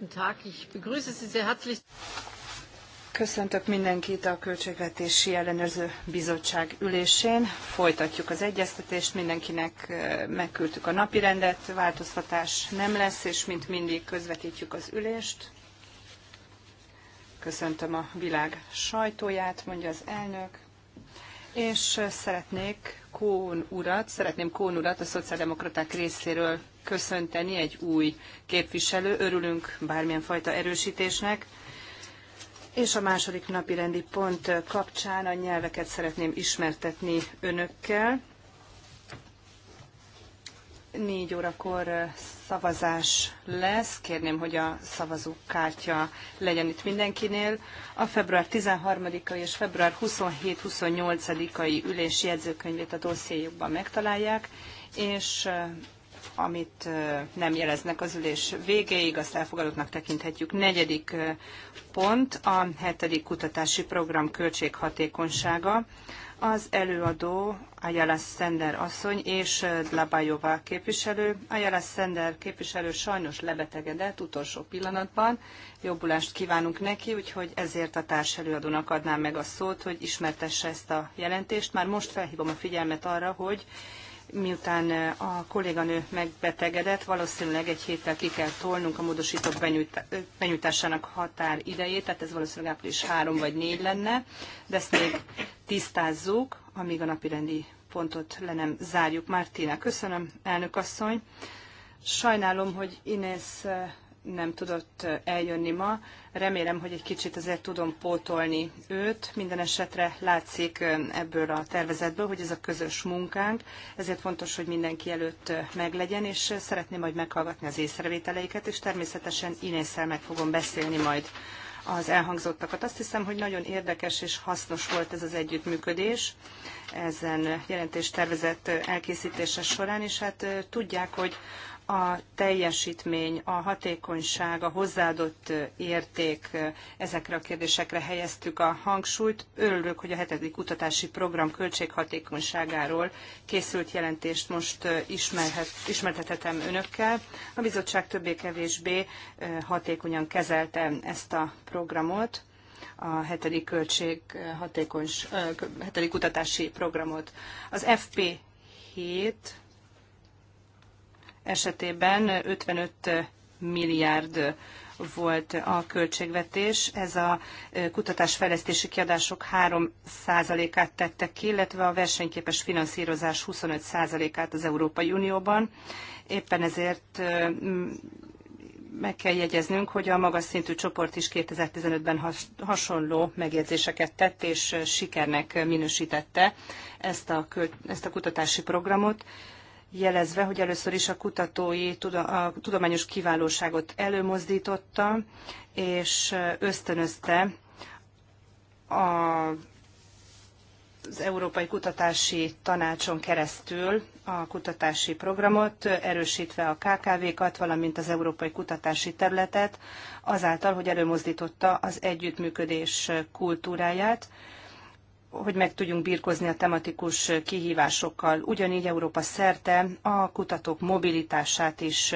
Guten Tag, ich begrüße Sie sehr herzlich. Köszöntök mindenkit a Költségvetési Ellenőrző Bizottság ülésén. Folytatjuk az egyeztetést, mindenkinek eh, megküldtük a napirendet, változtatás nem lesz, és mint mindig közvetítjük az ülést. Köszöntöm a világ sajtóját, mondja az elnök. És eh, szeretnék Kón urat, szeretném Kón urat a szociáldemokraták részéről köszönteni egy új képviselő. Örülünk bármilyen fajta erősítésnek. És a második napi rendi pont kapcsán a nyelveket szeretném ismertetni önökkel. Négy órakor szavazás lesz. Kérném, hogy a szavazókártya legyen itt mindenkinél. A február 13-ai és február 27-28-ai ülési jegyzőkönyvét a dossziéjukban megtalálják, és amit nem jeleznek az ülés végéig, azt elfogadottnak tekinthetjük. Negyedik pont, a hetedik kutatási program költséghatékonysága. Az előadó Ayala Szender asszony és Dlabajová képviselő. Ayala Szender képviselő sajnos lebetegedett utolsó pillanatban. Jobbulást kívánunk neki, úgyhogy ezért a előadónak adnám meg a szót, hogy ismertesse ezt a jelentést. Már most felhívom a figyelmet arra, hogy miután eh, a kolléganő megbetegedett, valószínűleg egy héttel ki kell tolnunk a módosítók benyújtásának határidejét, tehát ez valószínűleg április 3 vagy 4 lenne, de ezt még tisztázzuk, amíg a napirendi pontot le nem zárjuk. Mártina, köszönöm, elnök asszony. Sajnálom, hogy Inés eh, nem tudott eljönni ma. Remélem, hogy egy kicsit azért tudom pótolni őt. Minden esetre látszik ebből a tervezetből, hogy ez a közös munkánk, ezért fontos, hogy mindenki előtt meglegyen, és szeretném majd meghallgatni az észrevételeiket, és természetesen Inésszel meg fogom beszélni majd az elhangzottakat. Azt hiszem, hogy nagyon érdekes és hasznos volt ez az együttműködés ezen jelentéstervezet elkészítése során, és hát tudják, hogy a teljesítmény, a hatékonyság, a hozzáadott érték, ezekre a kérdésekre helyeztük a hangsúlyt. Örülök, hogy a hetedik kutatási program költséghatékonyságáról készült jelentést most ismerhet, ismertethetem önökkel. A bizottság többé-kevésbé hatékonyan kezelte ezt a programot a hetedik költség hatékony, hetedik kutatási programot. Az FP 7 esetében 55 milliárd volt a költségvetés. Ez a kutatásfejlesztési kiadások 3%-át tette ki, illetve a versenyképes finanszírozás 25%-át az Európai Unióban. Éppen ezért mm, meg kell jegyeznünk, hogy a magas szintű csoport is 2015-ben hasonló megjegyzéseket tett és sikernek minősítette ezt a, ezt a kutatási programot, jelezve, hogy először is a kutatói a tudományos kiválóságot előmozdította, és ösztönözte a, az Európai Kutatási Tanácson keresztül a kutatási programot, erősítve a KKV-kat, valamint az európai kutatási területet, azáltal, hogy előmozdította az együttműködés kultúráját, hogy meg tudjunk birkozni a tematikus kihívásokkal. Ugyanígy Európa szerte a kutatók mobilitását is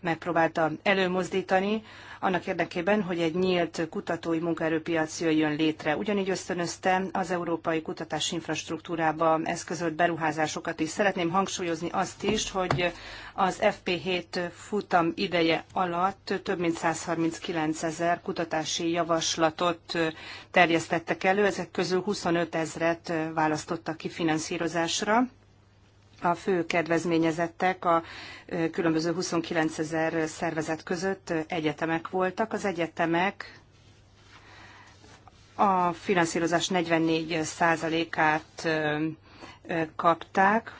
megpróbálta előmozdítani, annak érdekében, hogy egy nyílt kutatói munkaerőpiac jöjjön létre. Ugyanígy ösztönözte az európai kutatási infrastruktúrába eszközölt beruházásokat is. Szeretném hangsúlyozni azt is, hogy az FP7 futam ideje alatt több mint 139 ezer kutatási javaslatot terjesztettek elő, ezek közül 25 ezret választottak ki finanszírozásra a fő kedvezményezettek a különböző 29 ezer szervezet között egyetemek voltak. Az egyetemek a finanszírozás 44 százalékát kapták,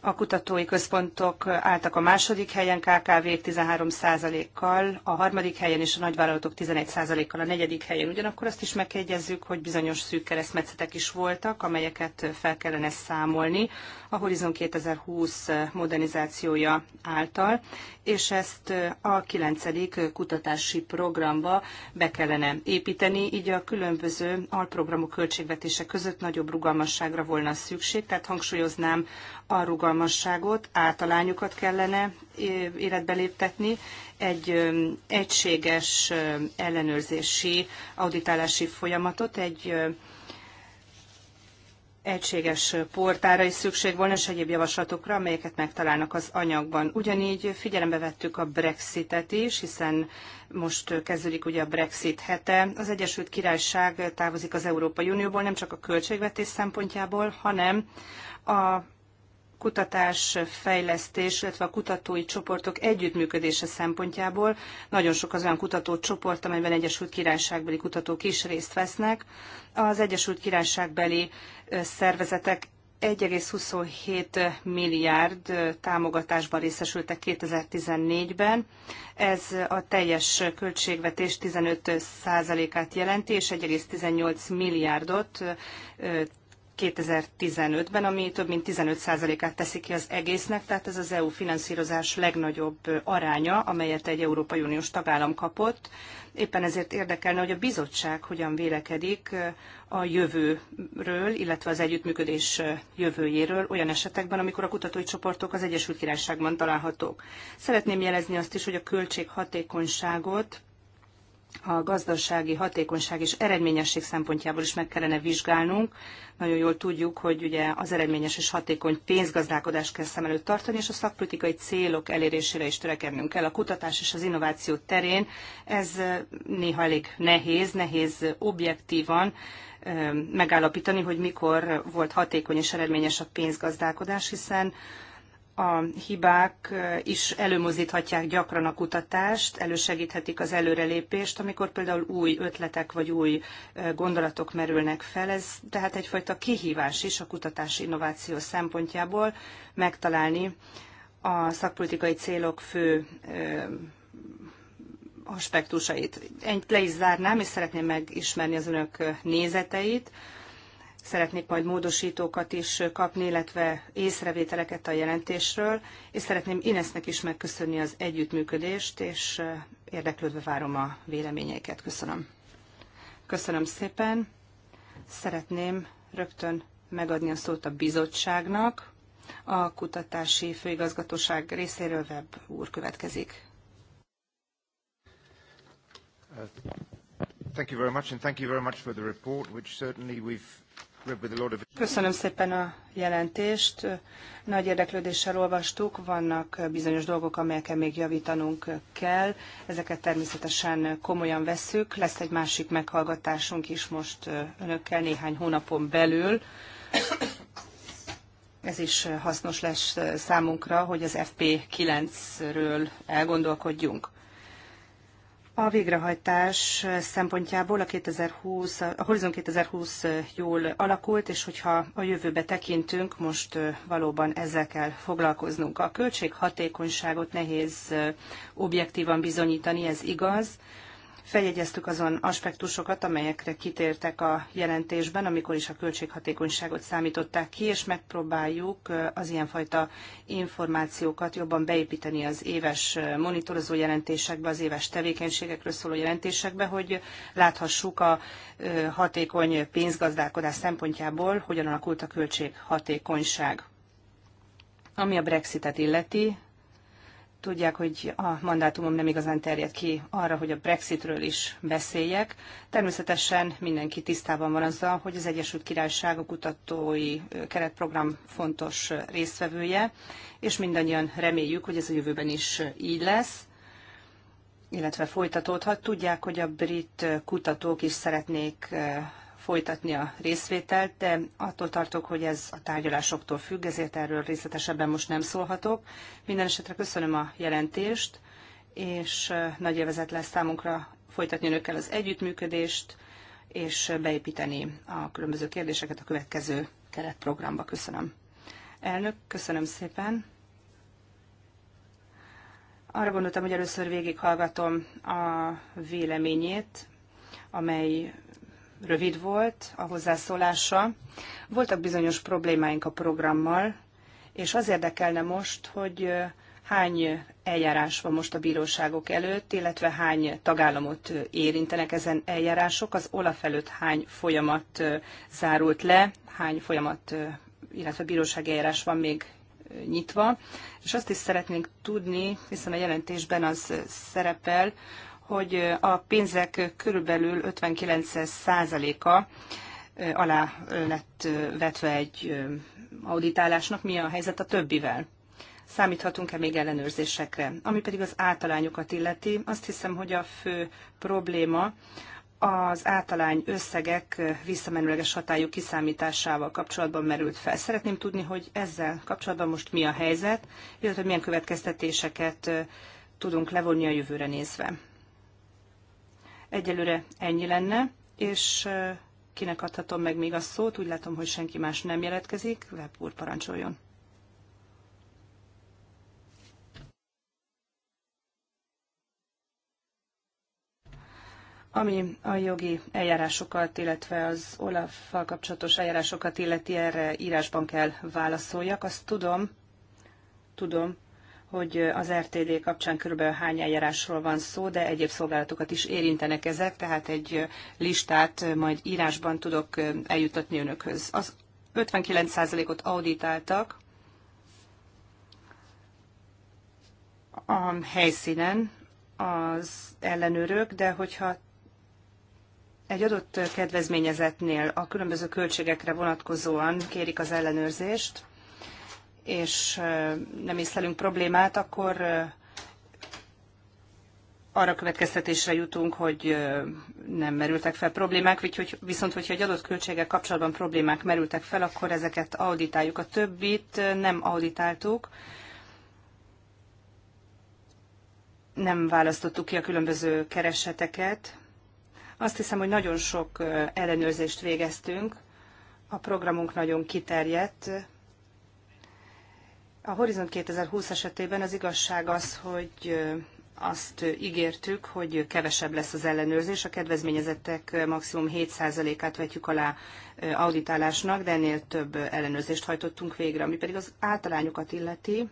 a kutatói központok álltak a második helyen, kkv 13%-kal, a harmadik helyen és a nagyvállalatok 11%-kal a negyedik helyen. Ugyanakkor azt is megjegyezzük, hogy bizonyos szűk keresztmetszetek is voltak, amelyeket fel kellene számolni a Horizon 2020 modernizációja által, és ezt a kilencedik kutatási programba be kellene építeni, így a különböző alprogramok költségvetése között nagyobb rugalmasságra volna szükség, tehát hangsúlyoznám a rugalmasságot, általányokat kellene életbe léptetni, egy egységes ellenőrzési, auditálási folyamatot, egy egységes portára is szükség volna, és egyéb javaslatokra, amelyeket megtalálnak az anyagban. Ugyanígy figyelembe vettük a Brexitet is, hiszen most kezdődik ugye a Brexit hete. Az Egyesült Királyság távozik az Európai Unióból nem csak a költségvetés szempontjából, hanem a kutatás, fejlesztés, illetve a kutatói csoportok együttműködése szempontjából. Nagyon sok az olyan kutatócsoport, amelyben Egyesült Királyságbeli kutatók is részt vesznek. Az Egyesült Királyságbeli szervezetek 1,27 milliárd támogatásban részesültek 2014-ben. Ez a teljes költségvetés 15%-át jelenti, és 1,18 milliárdot 2015-ben, ami több mint 15%-át teszi ki az egésznek, tehát ez az EU finanszírozás legnagyobb aránya, amelyet egy Európai Uniós tagállam kapott. Éppen ezért érdekelne, hogy a bizottság hogyan vélekedik a jövőről, illetve az együttműködés jövőjéről olyan esetekben, amikor a kutatói csoportok az Egyesült Királyságban találhatók. Szeretném jelezni azt is, hogy a költséghatékonyságot a gazdasági hatékonyság és eredményesség szempontjából is meg kellene vizsgálnunk. Nagyon jól tudjuk, hogy ugye az eredményes és hatékony pénzgazdálkodást kell szem előtt tartani, és a szakpolitikai célok elérésére is törekednünk kell. A kutatás és az innováció terén ez néha elég nehéz, nehéz objektívan megállapítani, hogy mikor volt hatékony és eredményes a pénzgazdálkodás, hiszen a hibák is előmozdíthatják gyakran a kutatást, elősegíthetik az előrelépést, amikor például új ötletek vagy új gondolatok merülnek fel. Ez tehát egyfajta kihívás is a kutatási innováció szempontjából megtalálni a szakpolitikai célok fő aspektusait. Egy le is zárnám, és szeretném megismerni az önök nézeteit Szeretnék majd módosítókat is kapni, illetve észrevételeket a jelentésről, és szeretném Inesnek is megköszönni az együttműködést, és eh, érdeklődve várom a véleményeiket. Köszönöm. Köszönöm szépen. Szeretném rögtön megadni a szót a bizottságnak. A kutatási főigazgatóság részéről Webb úr következik. Uh, thank you very much, and thank you very much for the report, which certainly we've Köszönöm szépen a jelentést. Nagy érdeklődéssel olvastuk, vannak bizonyos dolgok, amelyeket még javítanunk kell. Ezeket természetesen komolyan vesszük. Lesz egy másik meghallgatásunk is most önökkel néhány hónapon belül. Ez is hasznos lesz számunkra, hogy az FP9-ről elgondolkodjunk. A végrehajtás szempontjából a, 2020, a Horizon 2020 jól alakult, és hogyha a jövőbe tekintünk, most valóban ezzel kell foglalkoznunk. A költséghatékonyságot nehéz objektívan bizonyítani, ez igaz, Feljegyeztük azon aspektusokat, amelyekre kitértek a jelentésben, amikor is a költséghatékonyságot számították ki, és megpróbáljuk az ilyenfajta információkat jobban beépíteni az éves monitorozó jelentésekbe, az éves tevékenységekről szóló jelentésekbe, hogy láthassuk a hatékony pénzgazdálkodás szempontjából, hogyan alakult a költséghatékonyság. Ami a Brexitet illeti, Tudják, hogy a mandátumom nem igazán terjed ki arra, hogy a Brexitről is beszéljek. Természetesen mindenki tisztában van azzal, hogy az Egyesült Királyság a kutatói keretprogram fontos résztvevője, és mindannyian reméljük, hogy ez a jövőben is így lesz illetve folytatódhat. Tudják, hogy a brit kutatók is szeretnék folytatni a részvételt, de attól tartok, hogy ez a tárgyalásoktól függ, ezért erről részletesebben most nem szólhatok. Minden esetre köszönöm a jelentést, és nagy élvezet lesz számunkra folytatni önökkel az együttműködést, és beépíteni a különböző kérdéseket a következő keretprogramba. Köszönöm. Elnök, köszönöm szépen. Arra gondoltam, hogy először végighallgatom a véleményét, amely rövid volt a hozzászólása. Voltak bizonyos problémáink a programmal, és az érdekelne most, hogy hány eljárás van most a bíróságok előtt, illetve hány tagállamot érintenek ezen eljárások, az OLAF előtt hány folyamat zárult le, hány folyamat, illetve bírósági eljárás van még nyitva. És azt is szeretnénk tudni, hiszen a jelentésben az szerepel, hogy a pénzek körülbelül 59%-a alá lett vetve egy auditálásnak. Mi a helyzet a többivel? Számíthatunk-e még ellenőrzésekre? Ami pedig az általányokat illeti, azt hiszem, hogy a fő probléma az általány összegek visszamenőleges hatályú kiszámításával kapcsolatban merült fel. Szeretném tudni, hogy ezzel kapcsolatban most mi a helyzet, illetve milyen következtetéseket tudunk levonni a jövőre nézve. Egyelőre ennyi lenne, és kinek adhatom meg még a szót, úgy látom, hogy senki más nem jelentkezik. Web úr, parancsoljon. Ami a jogi eljárásokat, illetve az olaf kapcsolatos eljárásokat illeti, erre írásban kell válaszoljak. Azt tudom, tudom, hogy az RTD kapcsán körülbelül hány eljárásról van szó, de egyéb szolgálatokat is érintenek ezek, tehát egy listát majd írásban tudok eljutatni önökhöz. Az 59%-ot auditáltak a helyszínen az ellenőrök, de hogyha egy adott kedvezményezetnél a különböző költségekre vonatkozóan kérik az ellenőrzést, és nem észlelünk problémát, akkor arra következtetésre jutunk, hogy nem merültek fel problémák, úgyhogy viszont, hogyha egy adott költséggel kapcsolatban problémák merültek fel, akkor ezeket auditáljuk. A többit nem auditáltuk, nem választottuk ki a különböző kereseteket. Azt hiszem, hogy nagyon sok ellenőrzést végeztünk, a programunk nagyon kiterjedt, a Horizont 2020 esetében az igazság az, hogy azt ígértük, hogy kevesebb lesz az ellenőrzés, a kedvezményezettek maximum 7%-át vetjük alá auditálásnak, de ennél több ellenőrzést hajtottunk végre. Ami pedig az általányokat illeti,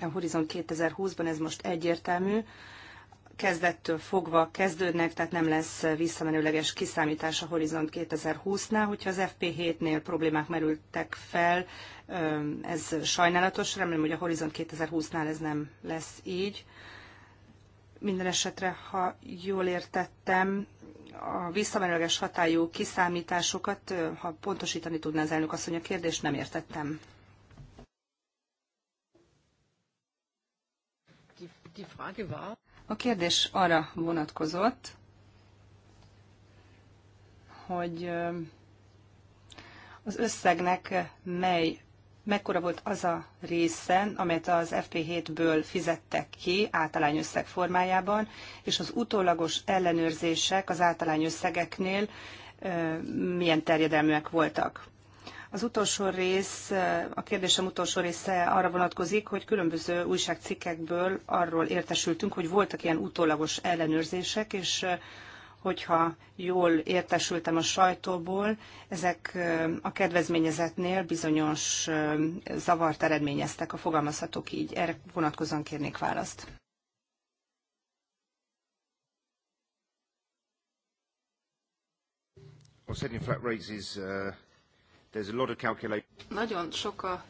a Horizont 2020-ban ez most egyértelmű, kezdettől fogva kezdődnek, tehát nem lesz visszamenőleges kiszámítás a Horizont 2020-nál. Hogyha az FP7-nél problémák merültek fel, ez sajnálatos, remélem, hogy a Horizont 2020-nál ez nem lesz így. Minden esetre, ha jól értettem, a visszamenőleges hatályú kiszámításokat, ha pontosítani tudná az elnök asszony a kérdést, nem értettem. Die Frage war... A kérdés arra vonatkozott, hogy az összegnek mely, mekkora volt az a része, amelyet az FP7-ből fizettek ki általány összeg formájában, és az utólagos ellenőrzések az általány összegeknél milyen terjedelműek voltak. Az utolsó rész, a kérdésem utolsó része arra vonatkozik, hogy különböző újságcikkekből arról értesültünk, hogy voltak ilyen utólagos ellenőrzések, és hogyha jól értesültem a sajtóból, ezek a kedvezményezetnél bizonyos zavart eredményeztek, a fogalmazhatók így. Erre vonatkozóan kérnék választ. Well, Setting flat rates is uh, There's a lot of calculation. Nagyon sok a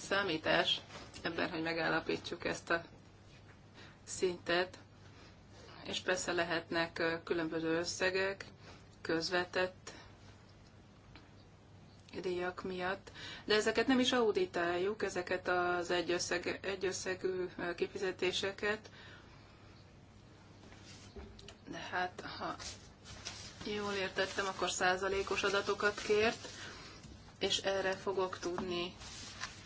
számítás ebben, hogy megállapítsuk ezt a szintet, és persze lehetnek különböző összegek, közvetett díjak miatt, de ezeket nem is auditáljuk, ezeket az egyösszeg, egyösszegű kifizetéseket, de hát ha jól értettem, akkor százalékos adatokat kért, és erre fogok tudni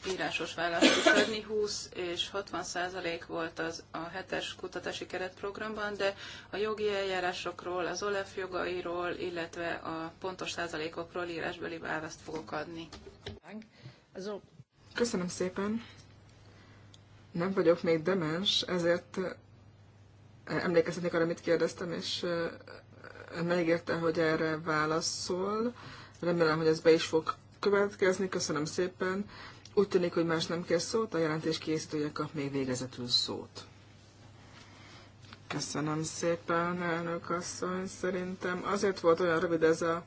írásos választ is adni. 20 és 60 százalék volt az a hetes kutatási keretprogramban, de a jogi eljárásokról, az OLEF jogairól, illetve a pontos százalékokról írásbeli választ fogok adni. Köszönöm szépen. Nem vagyok még demens, ezért eh, emlékeztetnék arra, amit kérdeztem, és eh, megígérte, hogy erre válaszol. Remélem, hogy ez be is fog következni. Köszönöm szépen. Úgy tűnik, hogy más nem kér szót, a jelentés készítője kap még végezetül szót. Köszönöm szépen, elnök asszony. Szerintem azért volt olyan rövid ez a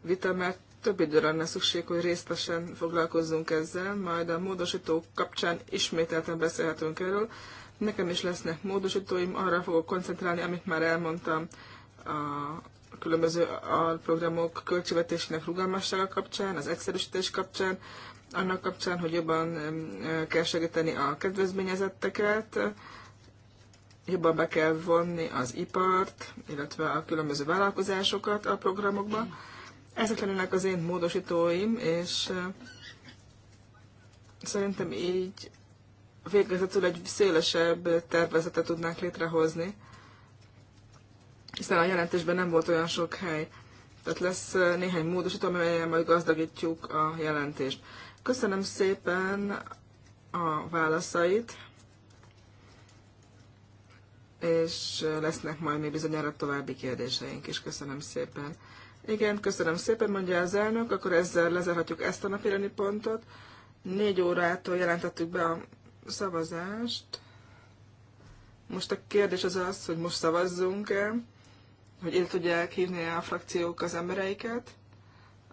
vita, mert több időre lenne szükség, hogy részletesen foglalkozzunk ezzel, majd a módosítók kapcsán ismételten beszélhetünk erről. Nekem is lesznek módosítóim, arra fogok koncentrálni, amit már elmondtam a különböző alprogramok költségvetésének rugalmassága kapcsán, az egyszerűsítés kapcsán, annak kapcsán, hogy jobban kell segíteni a kedvezményezetteket, jobban be kell vonni az ipart, illetve a különböző vállalkozásokat a programokba. Ezek lennének az én módosítóim, és szerintem így végezetül egy szélesebb tervezetet tudnánk létrehozni hiszen a jelentésben nem volt olyan sok hely. Tehát lesz néhány módosító, amelyen majd gazdagítjuk a jelentést. Köszönöm szépen a válaszait, és lesznek majd még bizonyára további kérdéseink is. Köszönöm szépen. Igen, köszönöm szépen, mondja az elnök, akkor ezzel lezárhatjuk ezt a napirani pontot. Négy órától jelentettük be a szavazást. Most a kérdés az az, hogy most szavazzunk-e hogy én tudják hívni a frakciók az embereiket.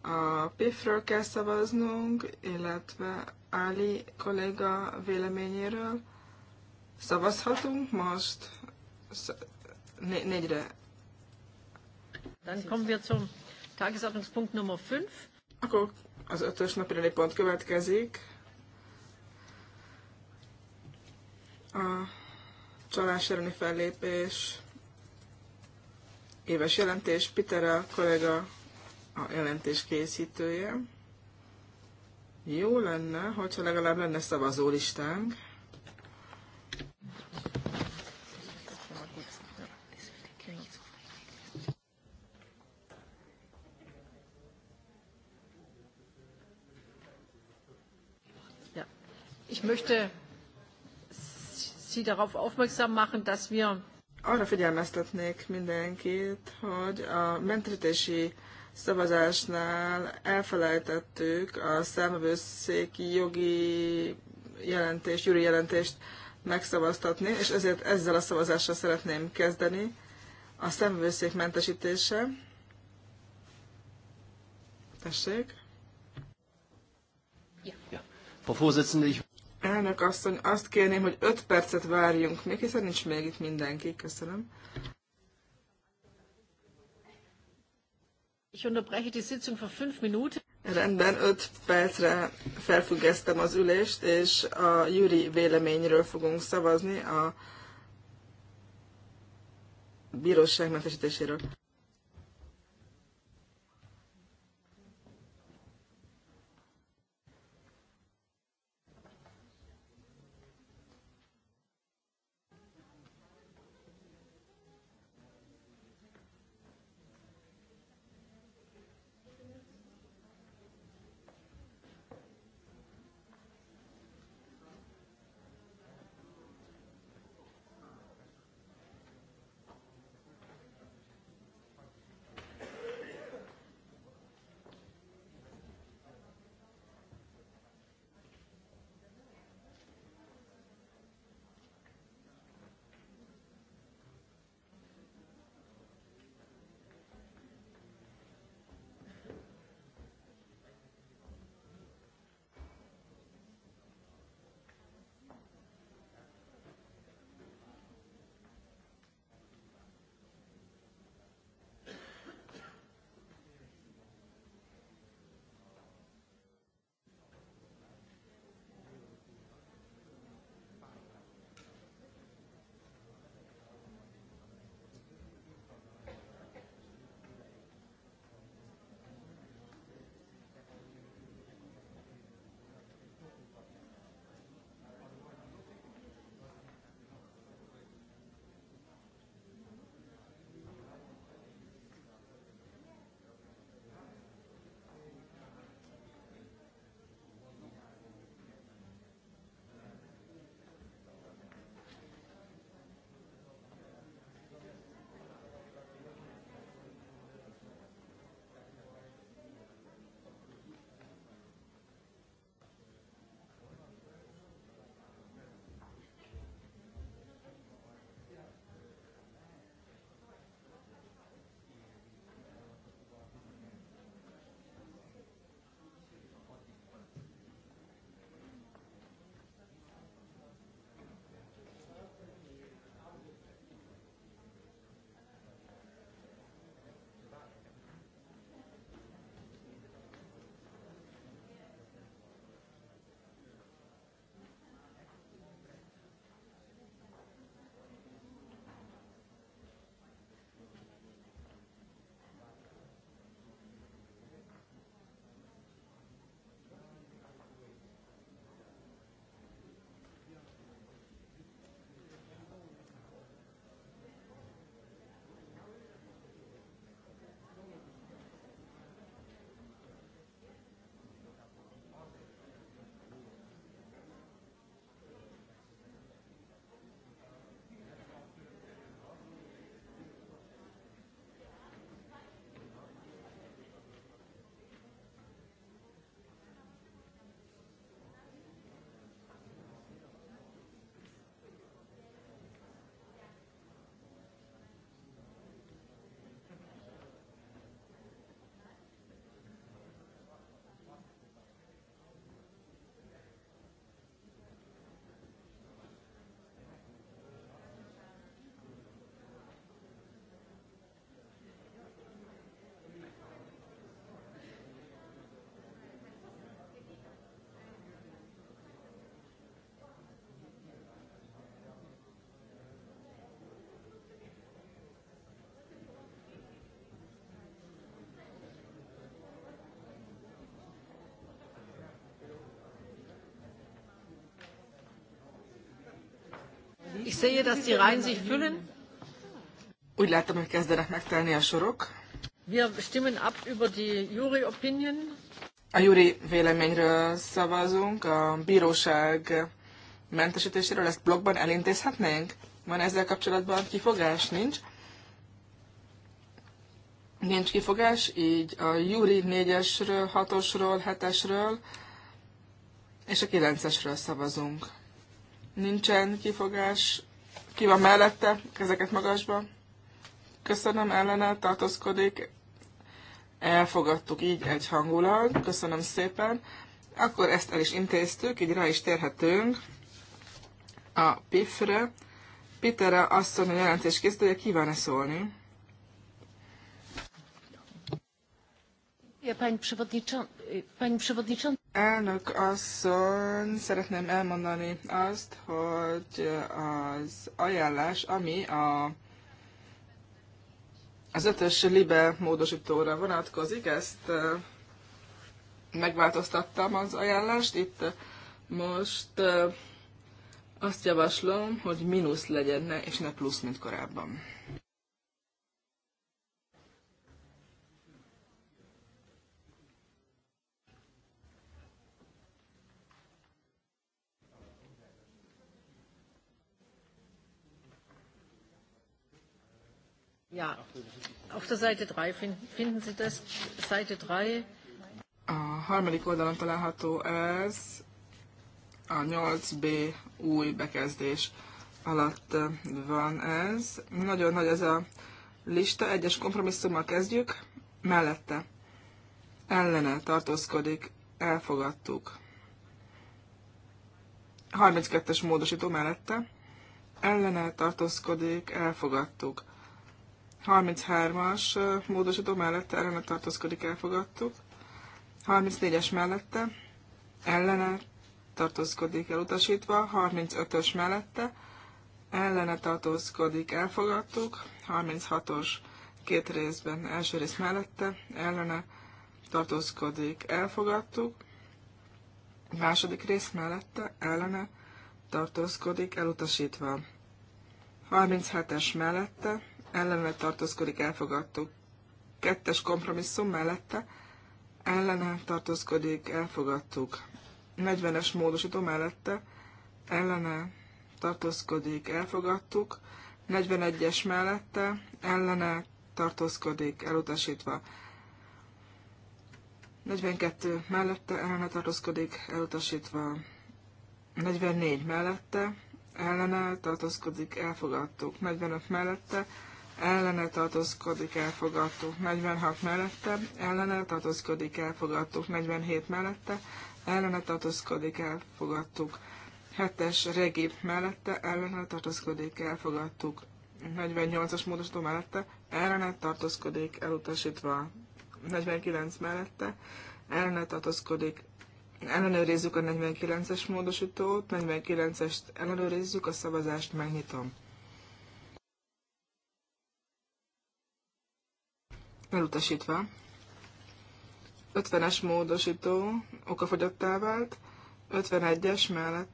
A PIF-ről kell szavaznunk, illetve Áli kolléga véleményéről. Szavazhatunk most né- négyre. Akkor az ötös napi pont következik. A csalás elleni fellépés éves jelentés. Peter a kollega a jelentés készítője. Jó lenne, hogyha legalább lenne szavazólistánk. Ich möchte Sie darauf aufmerksam machen, dass wir arra figyelmeztetnék mindenkit, hogy a mentesítési szavazásnál elfelejtettük a számövőszéki jogi jelentést, júri jelentést megszavaztatni, és ezért ezzel a szavazással szeretném kezdeni a számövőszék mentesítése. Tessék. Ja. Ja. Frau Vorsitzende, ich Elnök asszony, azt kérném, hogy öt percet várjunk még, hiszen nincs még itt mindenki. Köszönöm. Ich unterbreche die Sitzung für fünf Minuten. Rendben, öt percre felfüggesztem az ülést, és a Júri véleményről fogunk szavazni a bíróság mentesítéséről. Ich sehe, dass die Reihen sich füllen. Úgy látom, hogy kezdenek megtelni a sorok. Wir stimmen ab über die Jury Opinion. A Jury véleményről szavazunk, a bíróság mentesítéséről ezt blogban elintézhetnénk? Van ezzel kapcsolatban kifogás? Nincs. Nincs kifogás, így a júri 4-esről, 6-osról, 7-esről és a 9-esről szavazunk nincsen kifogás, ki van mellette, ezeket magasba. Köszönöm, ellene tartózkodik. Elfogadtuk így egy hangulat, Köszönöm szépen. Akkor ezt el is intéztük, így rá is térhetünk a PIF-re. Pitera asszony a jelentés készítője kíván-e szólni? Elnök asszony, szeretném elmondani azt, hogy az ajánlás, ami a, az ötös libe módosítóra vonatkozik, ezt megváltoztattam az ajánlást. Itt most azt javaslom, hogy mínusz legyen, és ne plusz, mint korábban. Ja, auf der Seite 3 finden Sie das, Seite 3. A harmadik oldalon található ez, a 8B új bekezdés alatt van ez. Nagyon nagy ez a lista, egyes kompromisszummal kezdjük, mellette ellene tartózkodik, elfogadtuk. 32-es módosító mellette ellene tartózkodik, elfogadtuk. 33-as módosító mellette ellene tartózkodik, elfogadtuk. 34-es mellette ellene tartózkodik, elutasítva. 35-ös mellette ellene tartózkodik, elfogadtuk. 36-os két részben, első rész mellette ellene tartózkodik, elfogadtuk. Második rész mellette ellene tartózkodik, elutasítva. 37-es mellette ellene tartózkodik, elfogadtuk. Kettes kompromisszum mellette ellene tartózkodik, elfogadtuk. 40-es módosító mellette ellene tartózkodik, elfogadtuk. 41-es mellette ellene tartózkodik, elutasítva. 42 mellette ellene tartózkodik, elutasítva. 44 mellette ellene tartózkodik, elfogadtuk. 45 mellette ellene tartózkodik, elfogadtuk 46 mellette, ellene tartózkodik, elfogadtuk 47 mellette, ellene tartózkodik, elfogadtuk 7-es regi mellette, ellene tartózkodik, elfogadtuk 48-as módosító mellette, ellene tartózkodik, elutasítva 49 mellette, ellene tartózkodik, ellenőrizzük a 49-es módosítót, 49-est ellenőrizzük, a szavazást megnyitom. elutasítva. 50-es módosító okafogyottá vált, 51-es mellett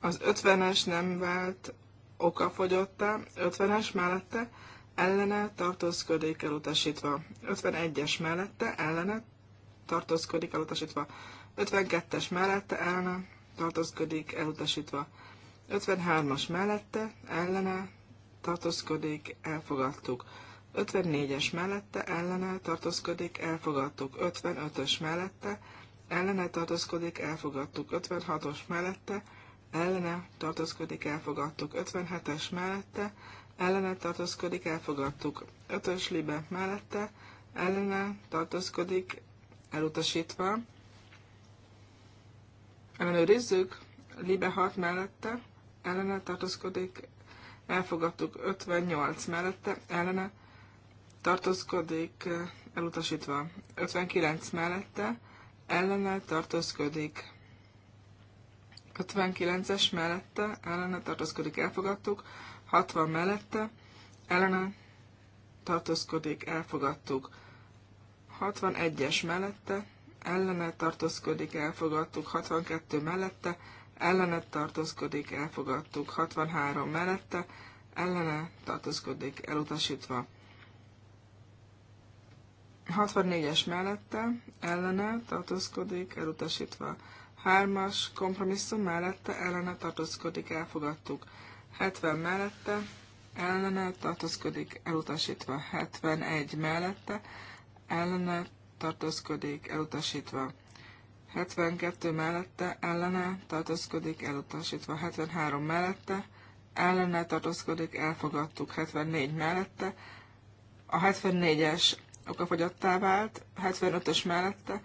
az 50-es nem vált okafogyottá, 50-es mellette ellene tartózkodik elutasítva, 51-es mellette ellene tartózkodik elutasítva, 52-es mellette ellene tartózkodik elutasítva, 53-as mellette ellene tartózkodik elfogadtuk. 54-es mellette ellene tartózkodik, elfogadtuk. 55-ös mellette ellene tartózkodik, elfogadtuk. 56-os mellette ellene tartózkodik, elfogadtuk. 57-es mellette ellene tartózkodik, elfogadtuk. 5-ös libe mellette ellene tartózkodik, elutasítva. Ellenőrizzük, libe 6 mellette ellene tartózkodik, elfogadtuk. 58 mellette ellene tartózkodik, tartózkodik, eh, elutasítva. 59 mellette, ellene tartózkodik. 59-es mellette, ellene tartózkodik, elfogadtuk. 60 mellette, ellene tartózkodik, elfogadtuk. 61-es mellette, ellene tartózkodik, elfogadtuk. 62 mellette, ellene tartózkodik, elfogadtuk. 63 mellette, ellene tartózkodik, elutasítva. 64-es mellette, ellene tartózkodik, elutasítva. 3-as kompromisszum mellette, ellene tartózkodik, elfogadtuk. 70 mellette, ellene tartózkodik, elutasítva. 71 mellette, ellene tartózkodik, elutasítva. 72 mellette, ellene tartózkodik, elutasítva. 73 mellette, ellene tartózkodik, elfogadtuk. 74 mellette, a 74-es okafogyattá vált, 75-ös mellette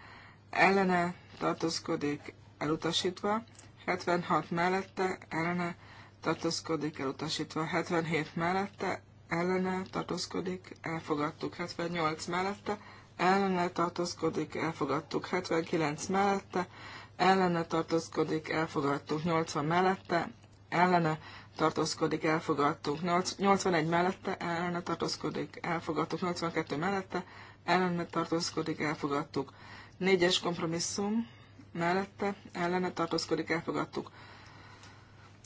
ellene tartózkodik elutasítva, 76 mellette ellene tartózkodik elutasítva, 77 mellette ellene tartózkodik, elfogadtuk, 78 mellette ellene tartózkodik, elfogadtuk, 79 mellette ellene tartózkodik, elfogadtuk, 80 mellette ellene tartózkodik, elfogadtuk. 81 mellette ellene tartózkodik, elfogadtuk. 82 mellette ellene tartózkodik, elfogadtuk. 4-es kompromisszum mellette ellene tartózkodik, elfogadtuk.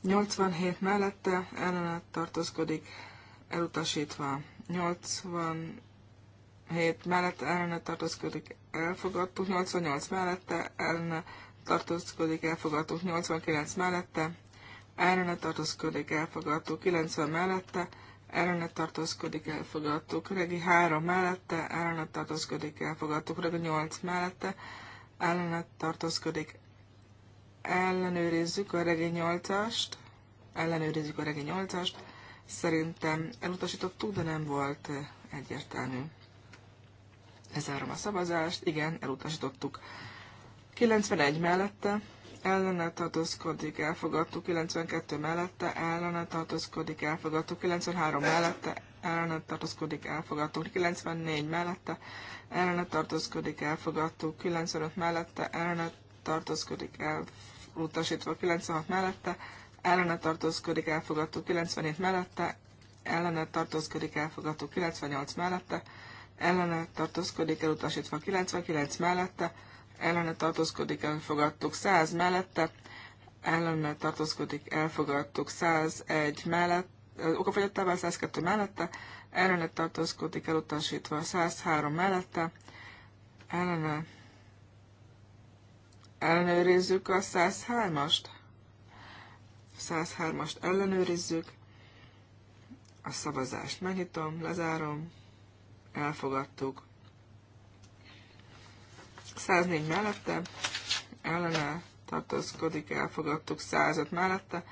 87 mellette ellene tartózkodik, elutasítva. 87 mellette ellene tartózkodik, elfogadtuk. 88 mellette ellene tartózkodik, elfogadtuk. 89 mellette ellene tartózkodik, elfogadó 90 mellette ellene tartózkodik, elfogadó Regi 3 mellette ellene tartózkodik, elfogadó Regi 8 mellette ellene tartózkodik, ellenőrizzük a regi 8-ast, ellenőrizzük a regi 8-ast, szerintem elutasítottuk, de nem volt egyértelmű. Lezárom a szavazást, igen, elutasítottuk. 91 mellette, ellene tartózkodik, elfogadtuk 92 mellette, ellene tartózkodik, elfogadtuk 93 mellette, ellene tartózkodik, elfogadtuk 94 mellette, ellene tartózkodik, elfogadtuk 95 mellette, ellene tartózkodik, elutasítva 96 mellette, ellene tartózkodik, elfogadtuk 97 mellette, ellene tartózkodik, elfogadtuk 98 mellette, ellene tartózkodik, elutasítva 99 mellette, ellene tartózkodik, elfogadtuk 100 mellette, ellene tartózkodik, elfogadtuk 101 mellett, okafogyottával 102 mellette, ellene tartózkodik, elutasítva 103 mellette, ellene ellenőrizzük a 103-ast, 103-ast ellenőrizzük, a szavazást megnyitom, lezárom, elfogadtuk, 104 mellette, ellene tartózkodik, elfogadtuk 105 mellette,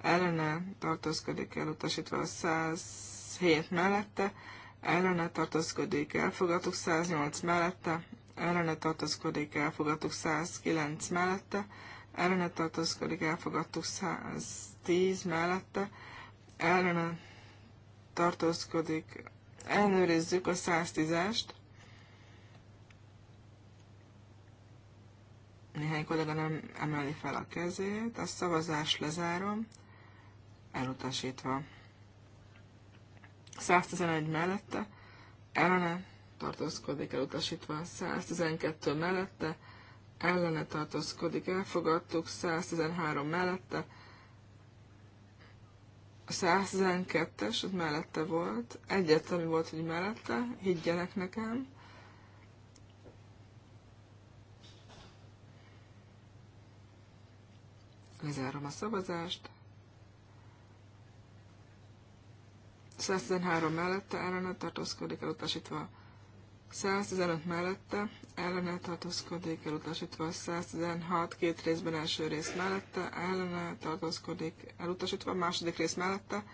ellene tartózkodik, elutasítva 107 mellette, ellene tartózkodik, elfogadtuk 108 mellette, ellene tartózkodik, elfogadtuk 109 mellette, ellene tartózkodik, elfogadtuk 110 mellette, ellene tartózkodik, ellenőrizzük a 110-est, Néhány kollega nem emeli fel a kezét. A szavazás lezárom. Elutasítva. 111 mellette. Ellene tartózkodik elutasítva. 112 mellette. Ellene tartózkodik elfogadtuk. 113 mellette. 112-es, ott mellette volt. Egyetlen volt, hogy mellette, higgyenek nekem. Lezárom a szavazást. 113 mellette ellenet tartózkodik elutasítva. 115 mellette ellenet tartózkodik elutasítva. 116 két részben első rész mellette ellenet tartózkodik elutasítva. Második rész mellette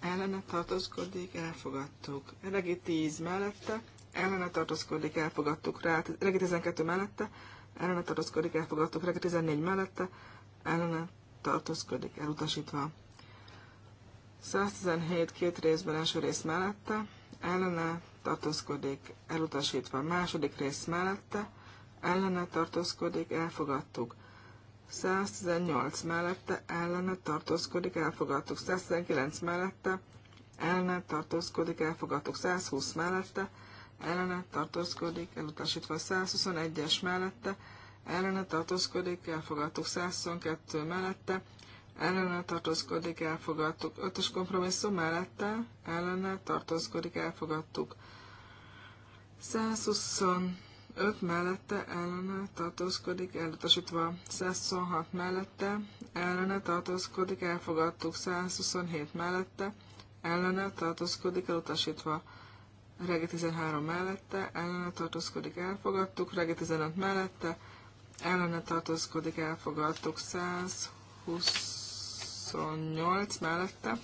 ellenet tartózkodik, elfogadtuk. Regi 10 mellette ellenet tartózkodik, elfogadtuk rá. Regi 12 mellette ellenet tartózkodik, elfogadtuk. Regi 14 mellette ellene tartózkodik elutasítva. 117 két részben első rész mellette, ellene tartózkodik elutasítva. Második rész mellette, ellene tartózkodik elfogadtuk. 118 mellette, ellene tartózkodik elfogadtuk. 119 mellette, ellene tartózkodik elfogadtuk. 120 mellette, ellene tartózkodik elutasítva. 121-es mellette, ellene tartózkodik, elfogadtuk 122 mellette, ellene tartózkodik, elfogadtuk 5-ös kompromisszum mellette, ellene tartózkodik, elfogadtuk 125 mellette, ellene tartózkodik, elutasítva 126 mellette, ellene tartózkodik, elfogadtuk 127 mellette, ellene tartózkodik, elutasítva Regi 13 mellette, ellene tartózkodik, elfogadtuk, Regi 15 mellette, ellene tartózkodik, elfogadtuk 128 mellette,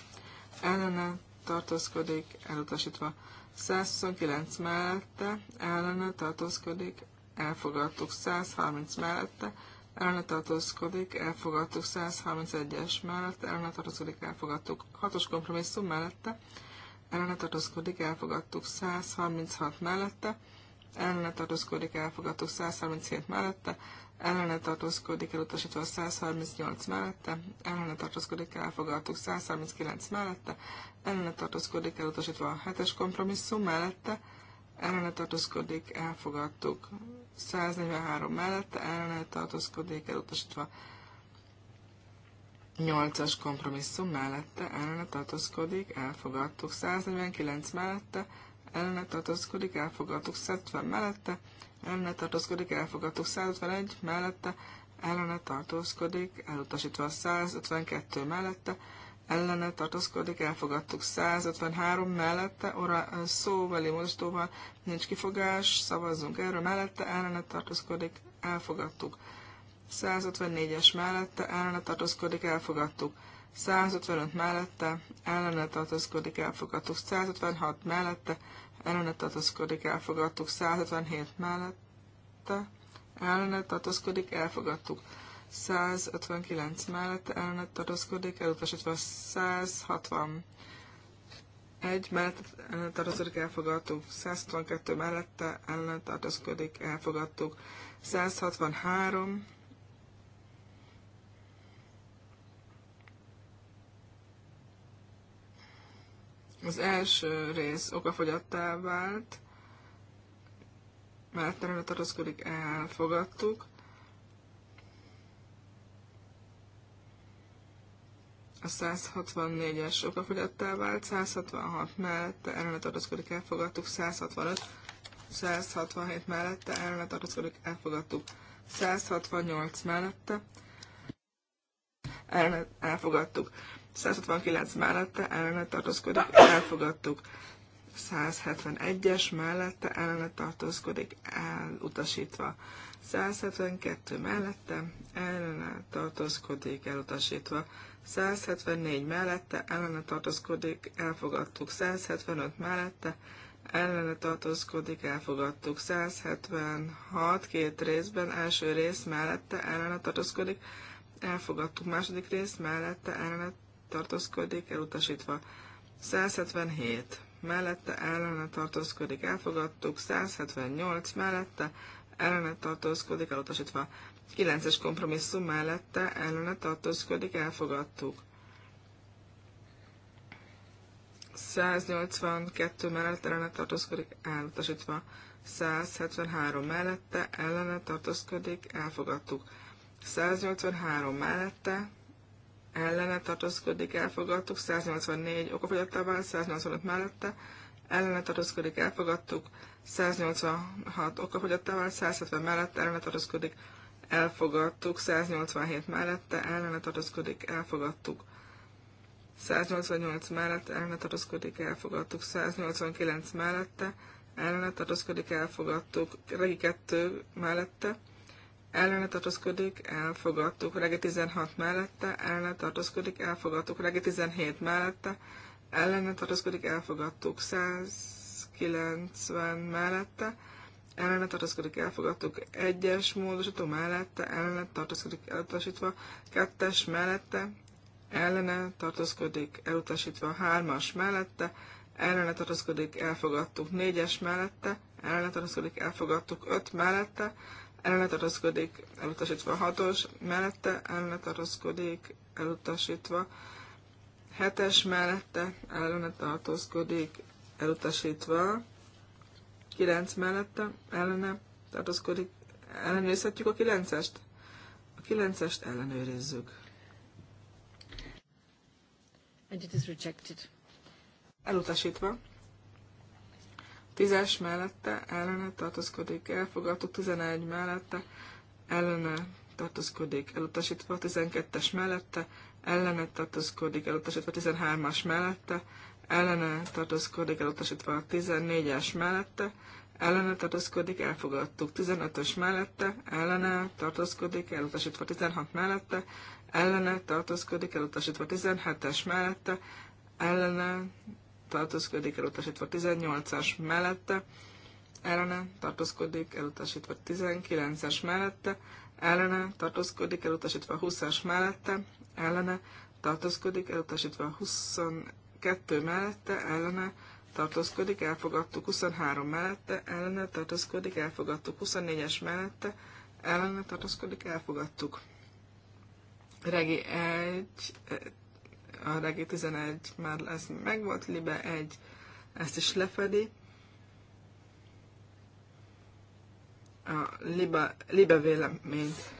ellene tartózkodik, elutasítva 129 mellette, ellene tartózkodik, elfogadtuk 130 mellette, ellene tartózkodik, elfogadtuk 131-es mellette, ellene tartózkodik, elfogadtuk 6-os kompromisszum mellette, ellene tartózkodik, elfogadtuk 136 mellette, ellene tartózkodik, elfogadó 137 mellette, ellene tartózkodik, elutasítva 138 mellette, ellene tartózkodik, elfogadó 139 mellette, ellene tartózkodik, elutasítva a 7-es kompromisszum mellette, ellene tartózkodik, elfogadtuk 143 mellette, ellene tartózkodik, elutasítva 8-as kompromisszum mellette, ellene tartózkodik, elfogadtuk 149 mellette, ellene tartozkodik, elfogadtuk 70 mellette, ellene tartozkodik, elfogadtuk 151 mellette, ellene tartózkodik, elutasítva 152 mellette, ellene tartózkodik, elfogadtuk 153 mellette, orra szóveli módosítóval nincs kifogás, szavazzunk erről mellette, ellene tartózkodik, elfogadtuk. 154-es mellette, ellene tartózkodik, elfogadtuk. 155 mellette ellene tartozkodik, elfogadtuk 156 mellette, ellene tartozkodik, elfogadtuk 157 mellette, ellene tartozkodik, elfogadtuk 159 mellette, ellene tartozkodik, elutasítva 160 mellette, mellett ellen tartozkodik, elfogadtuk, 162 mellette ellen tartozkodik, elfogadtuk, 163 Az első rész okafogyattá vált, mellette nem tartózkodik, elfogadtuk. a 164-es okafogyattá vált, 166 mellette ellene tartózkodik, elfogadtuk, 165, 167 mellette ellene tartózkodik, elfogadtuk, 168 mellette ellene elfogadtuk, 169 mellette ellene tartózkodik, elfogadtuk. 171-es mellette ellene tartózkodik, elutasítva. 172 mellette ellene tartózkodik, elutasítva. 174 mellette ellene tartózkodik, elfogadtuk. 175 mellette ellene tartózkodik, elfogadtuk. 176 két részben, első rész mellette ellene tartózkodik, elfogadtuk. Második rész mellette ellene tartózkodik, elutasítva. 177 mellette ellene tartózkodik, elfogadtuk. 178 mellette ellene tartózkodik, elutasítva. 9-es kompromisszum mellette ellene tartózkodik, elfogadtuk. 182 mellett ellene tartózkodik, elutasítva. 173 mellette ellene tartózkodik, elfogadtuk. 183 mellette ellene tartózkodik, elfogadtuk, 184 okafogyottá vált, 185 mellette, ellene tartózkodik, elfogadtuk, 186 okafogyottá vált, 170 mellette, ellene tartózkodik, elfogadtuk, 187 mellette, ellene tartózkodik, elfogadtuk, 188 mellette, ellene tartózkodik, elfogadtuk, 189 mellette, ellene tartózkodik, elfogadtuk, regi 2 mellette, ellene tartózkodik, elfogadtuk. Regi 16 mellette, ellene tartózkodik, elfogadtuk. Regi 17 mellette, ellene tartózkodik, elfogadtuk. 190 mellette, ellene tartózkodik, elfogadtuk. Egyes módosító mellette, ellene tartózkodik, elutasítva. Kettes mellette, ellene tartózkodik, elutasítva. Hármas mellette, ellene tartózkodik, elfogadtuk. Négyes mellette, ellene tartózkodik, elfogadtuk. Öt mellette, elletartózkodik, elutasítva hatos, mellette elletartózkodik, elutasítva hetes, mellette elletartózkodik, elutasítva kilenc mellette ellene tartozkodik. ellenőrizhetjük a kilencest? A kilencest ellenőrizzük. And it is rejected. Elutasítva. 10-es mellette ellene tartozkodik, elfogadó 11 mellette ellene tartozkodik elutasítva 12-es mellette ellene tartozkodik elutasítva 13-as mellette ellene tartozkodik elutasítva 14-es mellette ellene tartozkodik elfogadtuk 15-ös mellette ellene tartozkodik elutasítva 16 mellette ellene tartozkodik elutasítva 17-es mellette ellene tartózkodik, elutasítva 18-as mellette, ellene tartózkodik, elutasítva 19-es mellette, ellene tartózkodik, elutasítva 20-as mellette, ellene tartózkodik, elutasítva 22 mellette, ellene tartózkodik, elfogadtuk 23 mellette, ellene tartózkodik, elfogadtuk 24-es mellette, ellene tartózkodik, elfogadtuk. Regi 1 a regi 11 már ez meg volt libe 1 ezt is lefedi. A libe, libe véleményt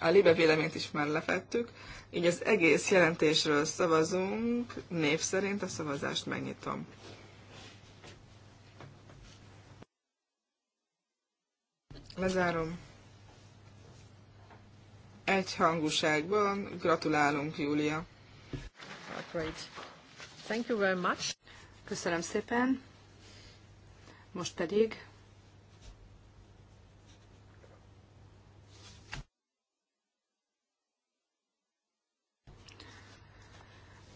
a libe véleményt is már lefettük, így az egész jelentésről szavazunk, név szerint a szavazást megnyitom. Lezárom egyhangúságban. Gratulálunk, Júlia! Ah, great. Thank you very much. Köszönöm szépen. Most pedig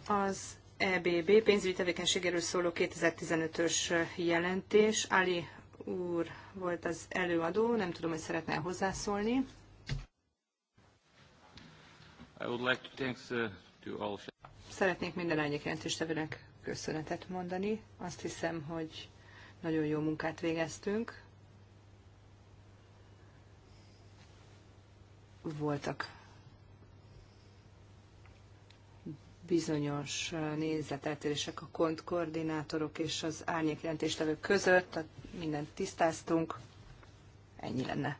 az EBB pénzügyi tevékenységéről szóló 2015-ös jelentés. Ali úr volt az előadó, nem tudom, hogy szeretne hozzászólni. Uh, Szeretnék minden árnyék jelentéstevőnek köszönetet mondani. Azt hiszem, hogy nagyon jó munkát végeztünk. Voltak bizonyos uh, nézeteltérések a kont koordinátorok és az jelentéstevők között, mindent tisztáztunk, ennyi lenne.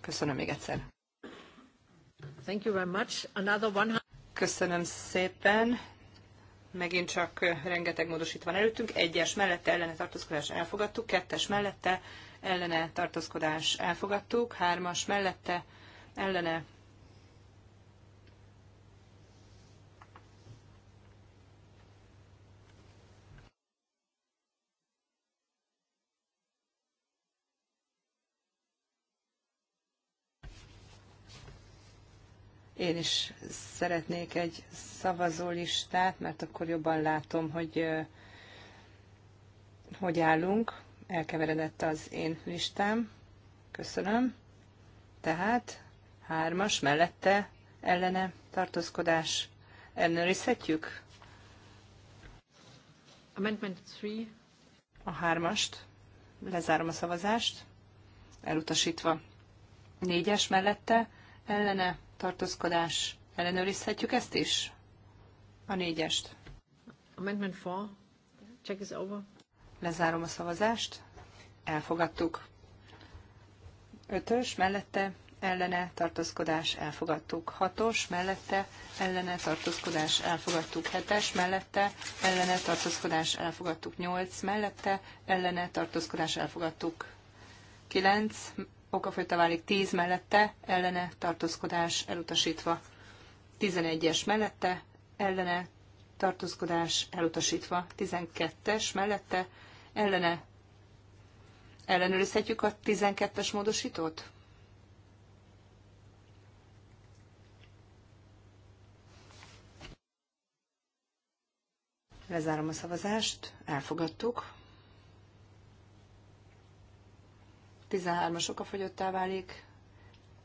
Köszönöm még egyszer. Thank you very much. Another one... Köszönöm szépen. Megint csak rengeteg módosítva van előttünk. Egyes mellette ellene tartózkodás elfogadtuk, kettes mellette ellene tartózkodás elfogadtuk, hármas mellette ellene Én is szeretnék egy szavazólistát, mert akkor jobban látom, hogy hogy állunk. Elkeveredett az én listám. Köszönöm. Tehát hármas mellette ellene tartózkodás. Ellenőrizhetjük? Amendment 3. A hármast. Lezárom a szavazást. Elutasítva. Négyes mellette ellene tartózkodás. Ellenőrizhetjük ezt is? A négyest. Amendment 4. Check is over. Lezárom a szavazást. Elfogadtuk. Ötös mellette ellene tartózkodás elfogadtuk. Hatos mellette ellene tartózkodás elfogadtuk. Hetes mellette ellene tartózkodás elfogadtuk. Nyolc mellette ellene tartózkodás elfogadtuk. Kilenc okafogyta válik 10 mellette, ellene tartózkodás elutasítva. 11-es mellette, ellene tartózkodás elutasítva. 12-es mellette, ellene ellenőrizhetjük a 12-es módosítót? Lezárom a szavazást, elfogadtuk. 13-as okafogyottá válik,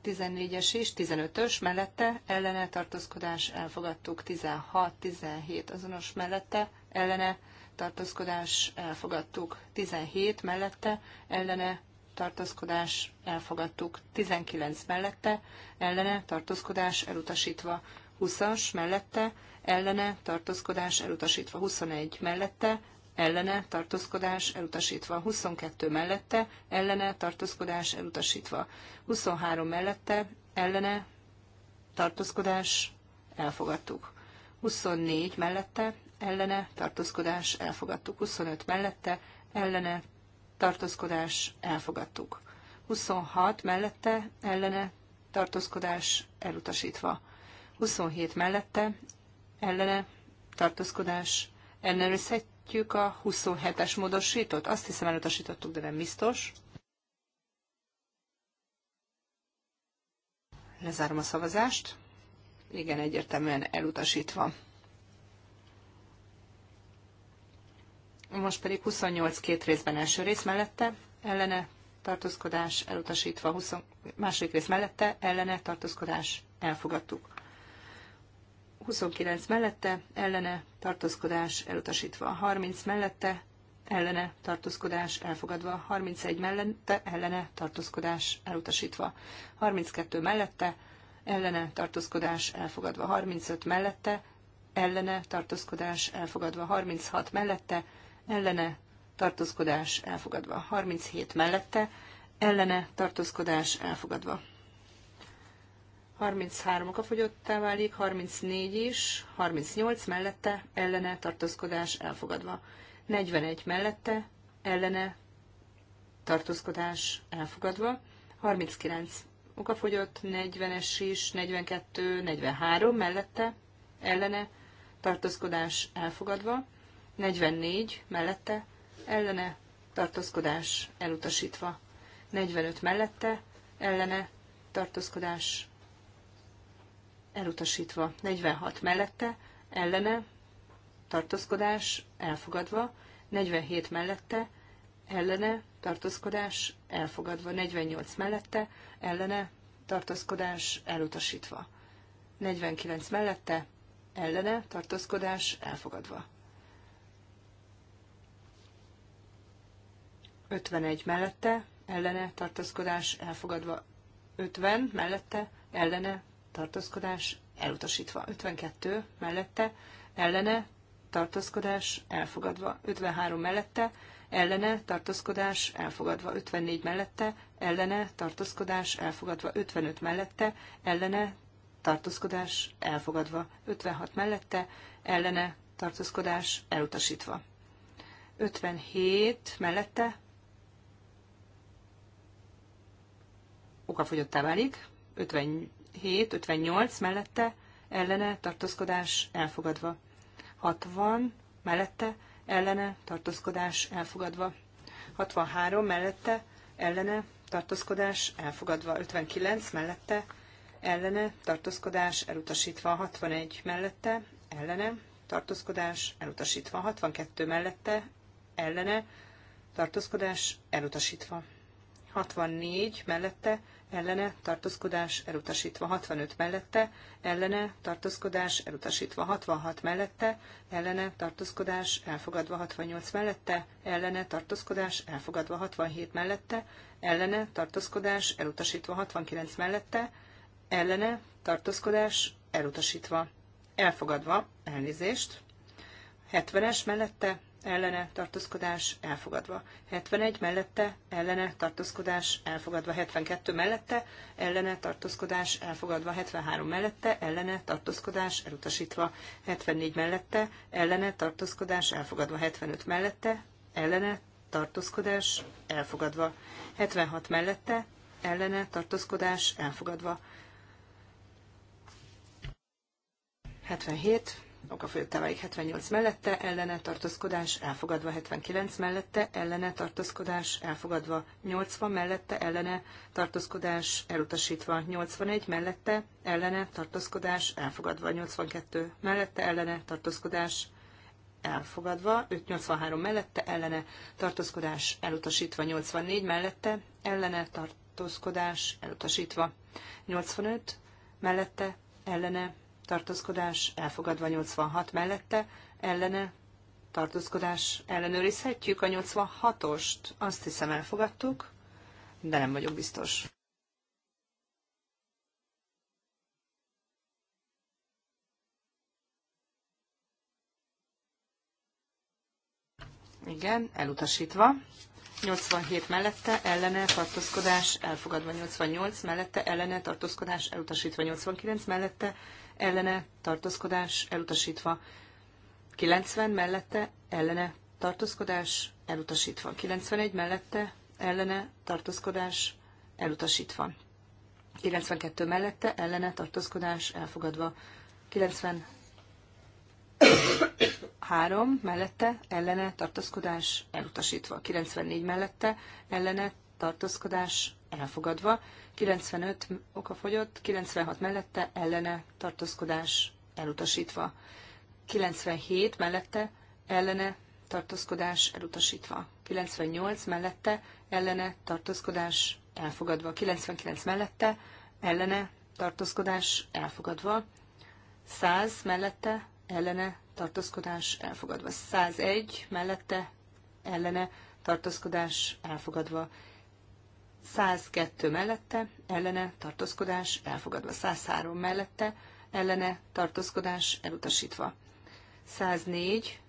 14-es is, 15-ös mellette, ellene tartózkodás elfogadtuk, 16-17 azonos mellette, ellene tartózkodás elfogadtuk, 17 mellette, ellene tartózkodás elfogadtuk, 19 mellette, ellene tartózkodás elutasítva, 20-as mellette, ellene tartózkodás elutasítva, 21 mellette, ellene tartózkodás elutasítva, 22 mellette ellene tartózkodás elutasítva, 23 mellette ellene tartózkodás elfogadtuk, 24 mellette ellene tartózkodás elfogadtuk, 25 mellette ellene tartózkodás elfogadtuk, 26 mellette ellene tartózkodás elutasítva, 27 mellette ellene tartózkodás ellenőrizhet, Ellenőrizhetjük a 27-es módosítót. Azt hiszem elutasítottuk, de nem biztos. Lezárom a szavazást. Igen, egyértelműen elutasítva. Most pedig 28 két részben első rész mellette, ellene tartózkodás elutasítva, 20, második rész mellette, ellene tartózkodás elfogadtuk. 29 mellette, ellene, tartózkodás elutasítva. 30 mellette, ellene, tartózkodás elfogadva. 31 mellette, ellene, tartózkodás elutasítva. 32 mellette, ellene, tartózkodás elfogadva. 35 mellette, ellene, tartózkodás elfogadva. 36 mellette, ellene, tartózkodás elfogadva. 37 mellette, ellene, tartózkodás elfogadva. 33 a fogyottá válik, 34 is, 38 mellette, ellene, tartózkodás elfogadva. 41 mellette, ellene, tartózkodás elfogadva. 39 okafogyott, 40-es is, 42, 43 mellette, ellene, tartózkodás elfogadva. 44 mellette, ellene, tartózkodás elutasítva. 45 mellette, ellene, tartózkodás elutasítva. 46 mellette, ellene, tartózkodás, elfogadva. 47 mellette, ellene, tartózkodás, elfogadva. 48 mellette, ellene, tartózkodás, elutasítva. 49 mellette, ellene, tartózkodás, elfogadva. 51 mellette, ellene, tartózkodás, elfogadva. 50 mellette, ellene, tartózkodás elutasítva. 52 mellette, ellene, tartózkodás elfogadva. 53 mellette, ellene, tartózkodás elfogadva. 54 mellette, ellene, tartózkodás elfogadva. 55 mellette, ellene, tartózkodás elfogadva. 56 mellette, ellene, tartózkodás elutasítva. 57 mellette, okafogyottá válik, 50, 58 mellette ellene tartózkodás elfogadva. 60 mellette ellene tartózkodás elfogadva. 63 mellette ellene tartózkodás elfogadva. 59 mellette ellene tartózkodás elutasítva. 61 mellette ellene tartózkodás elutasítva. 62 mellette ellene tartózkodás elutasítva. 64 mellette ellene tartózkodás elutasítva 65 mellette, ellene tartózkodás elutasítva 66 mellette, ellene tartózkodás elfogadva 68 mellette, ellene tartózkodás elfogadva 67 mellette, ellene tartózkodás elutasítva 69 mellette, ellene tartózkodás elutasítva, elfogadva, elnézést, 70-es mellette, ellene tartózkodás elfogadva. 71 mellette ellene tartózkodás elfogadva. 72 mellette ellene tartózkodás elfogadva. 73 mellette ellene tartózkodás elutasítva. 74 mellette ellene tartózkodás elfogadva. 75 mellette ellene tartózkodás elfogadva. 76 mellette ellene tartózkodás elfogadva. 77 okafőteleik 78 mellette, ellene tartózkodás elfogadva 79 mellette, ellene tartózkodás elfogadva 80 mellette, ellene tartózkodás elutasítva 81 mellette, ellene tartózkodás elfogadva 82 mellette, ellene tartózkodás elfogadva, 583 mellette, ellene tartózkodás elutasítva 84 mellette, ellene tartózkodás elutasítva 85 mellette, ellene tartózkodás elfogadva 86 mellette, ellene tartózkodás ellenőrizhetjük a 86-ost. Azt hiszem elfogadtuk, de nem vagyok biztos. Igen, elutasítva. 87 mellette ellene tartózkodás elfogadva 88, mellette ellene tartózkodás elutasítva 89, mellette ellene tartózkodás elutasítva. 90 mellette ellene tartózkodás elutasítva. 91 mellette ellene tartózkodás elutasítva. 92 mellette ellene tartózkodás elfogadva. 93 mellette ellene tartózkodás elutasítva. 94 mellette ellene tartózkodás elfogadva, 95 fogyott, 96 mellette ellene tartózkodás elutasítva, 97 mellette ellene tartózkodás elutasítva, 98 mellette ellene tartózkodás elfogadva, 99 mellette ellene tartózkodás elfogadva, 100 mellette ellene tartózkodás elfogadva, 101 mellette ellene tartózkodás elfogadva, 102 mellette, ellene tartózkodás elfogadva. 103 mellette, ellene tartózkodás elutasítva. 104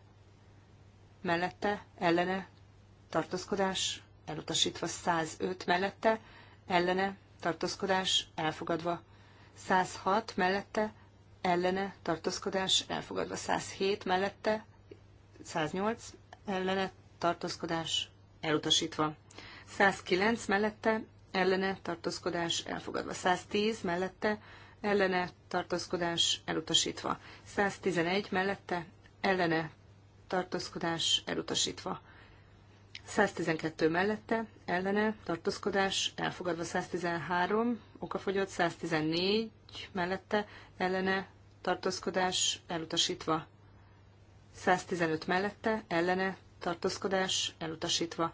mellette, ellene tartózkodás elutasítva. 105 mellette, ellene tartózkodás elfogadva. 106 mellette, ellene tartózkodás elfogadva. 107 mellette, 108 ellene tartózkodás elutasítva. 109 mellette ellene tartózkodás elfogadva. 110 mellette ellene tartózkodás elutasítva. 111 mellette ellene tartózkodás elutasítva. 112 mellette ellene tartózkodás elfogadva. 113 okafogyott. 114 mellette ellene tartózkodás elutasítva. 115 mellette ellene tartózkodás elutasítva.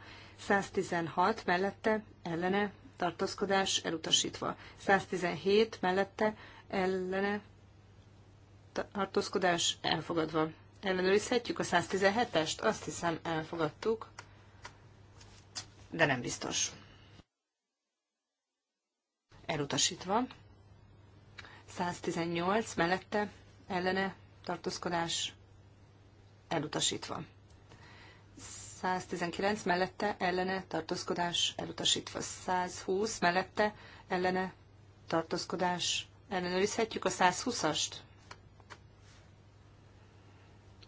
116 mellette ellene tartózkodás elutasítva. 117 mellette ellene tartózkodás elfogadva. Ellenőrizhetjük a 117-est? Azt hiszem elfogadtuk, de nem biztos. Elutasítva. 118 mellette ellene tartózkodás elutasítva. 119 mellette ellene tartózkodás elutasítva. 120 mellette ellene tartózkodás. Ellenőrizhetjük a 120-ast?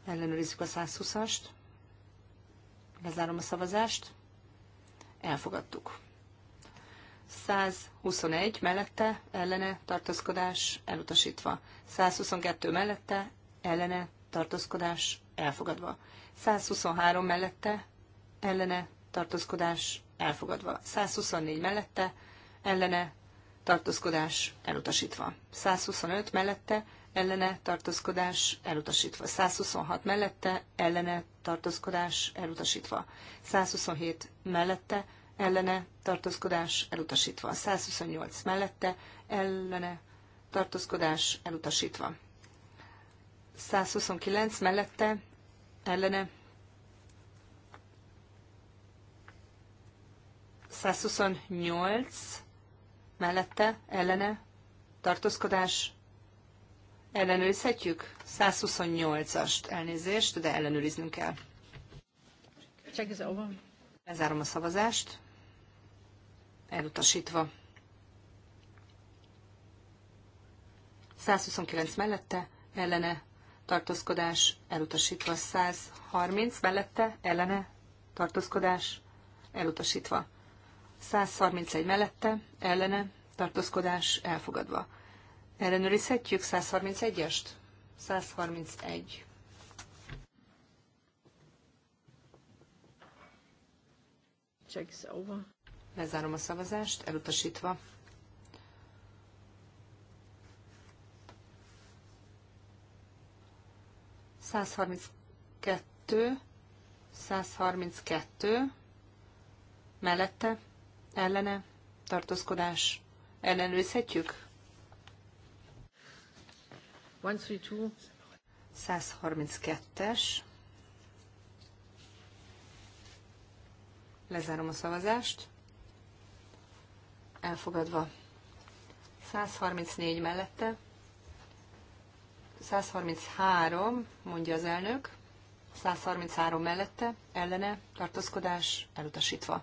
Ellenőrizzük a 120-ast. Lezárom a szavazást. Elfogadtuk. 121 mellette ellene tartózkodás elutasítva. 122 mellette ellene tartózkodás elfogadva. 123 mellette, ellene, tartózkodás, elfogadva. 124 mellette, ellene, tartózkodás, elutasítva. 125 mellette, ellene, tartózkodás, elutasítva. 126 mellette, ellene, tartózkodás, elutasítva. 127 mellette, ellene, tartózkodás, elutasítva. 128 mellette, ellene, tartózkodás, elutasítva. 129 mellette, ellene. 128 mellette, ellene. Tartózkodás. Ellenőrizhetjük? 128-ast elnézést, de ellenőriznünk kell. Lezárom a szavazást. Elutasítva. 129 mellette, ellene tartózkodás elutasítva. 130 mellette ellene tartózkodás elutasítva. 131 mellette ellene tartózkodás elfogadva. Ellenőrizhetjük 131-est? 131. Check is over. Lezárom a szavazást, elutasítva. 132, 132, mellette, ellene, tartózkodás, ellenőrizhetjük? 132. es Lezárom a szavazást. Elfogadva. 134 mellette, 133, mondja az elnök. 133 mellette, ellene, tartózkodás, elutasítva.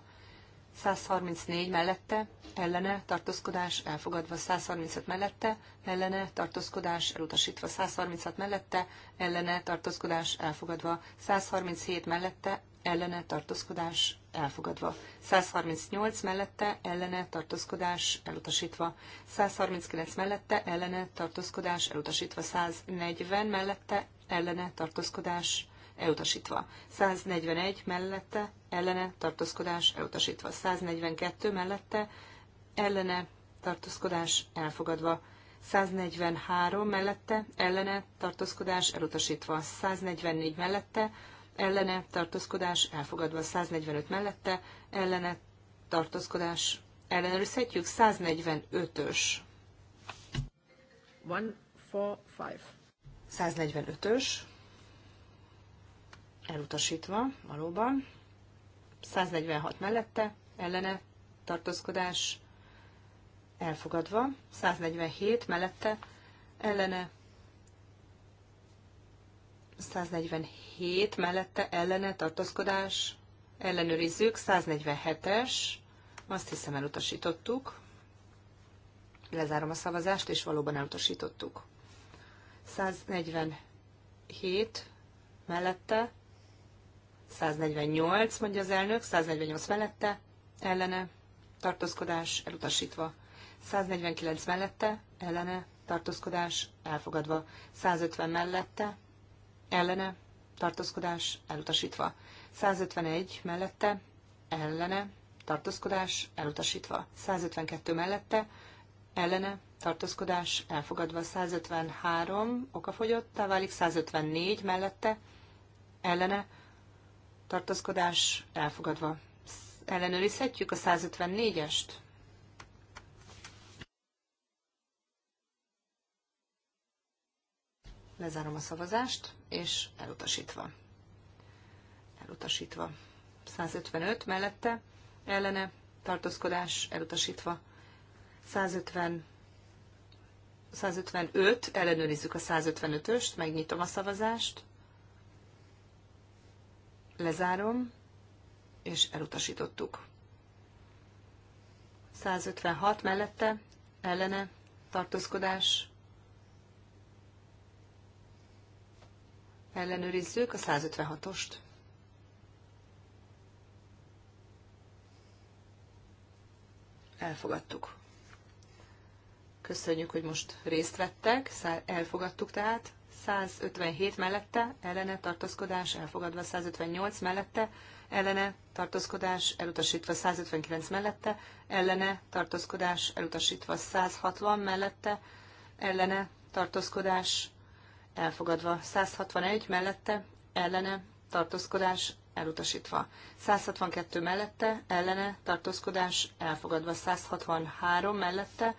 134 mellette, ellene, tartózkodás, elfogadva. 135 mellette, ellene, tartózkodás, elutasítva. 136 mellette, ellene, tartózkodás, elfogadva. 137 mellette, ellene, tartózkodás, elfogadva. 138 mellette ellene tartózkodás elutasítva. 139 mellette ellene tartózkodás elutasítva. 140 mellette ellene tartózkodás elutasítva. 141 mellette ellene tartózkodás elutasítva. 142 mellette ellene tartózkodás elfogadva. 143 mellette ellene tartózkodás elutasítva. 144 mellette ellene tartózkodás elfogadva 145 mellette, ellene tartózkodás ellenőrizhetjük 145-ös. 145-ös elutasítva valóban, 146 mellette ellene tartózkodás elfogadva, 147 mellette ellene 147 mellette ellene tartózkodás, ellenőrizzük, 147-es, azt hiszem elutasítottuk. Lezárom a szavazást, és valóban elutasítottuk. 147 mellette, 148, mondja az elnök, 148 mellette, ellene, tartózkodás, elutasítva. 149 mellette, ellene, tartózkodás, elfogadva. 150 mellette, ellene, tartózkodás elutasítva. 151 mellette, ellene, tartózkodás elutasítva. 152 mellette, ellene, tartózkodás elfogadva. 153 okafogyottá válik, 154 mellette, ellene, tartózkodás elfogadva. Ellenőrizhetjük a 154-est? Lezárom a szavazást, és elutasítva. Elutasítva. 155 mellette, ellene, tartózkodás, elutasítva. 150, 155, ellenőrizzük a 155-öst, megnyitom a szavazást, lezárom, és elutasítottuk. 156 mellette, ellene, tartózkodás, Ellenőrizzük a 156-ost. Elfogadtuk. Köszönjük, hogy most részt vettek. Elfogadtuk tehát. 157 mellette, ellene tartózkodás, elfogadva 158 mellette, ellene tartózkodás, elutasítva 159 mellette, ellene tartózkodás, elutasítva 160 mellette, ellene tartózkodás, elfogadva. 161 mellette, ellene, tartózkodás, elutasítva. 162 mellette, ellene, tartózkodás, elfogadva. 163 mellette,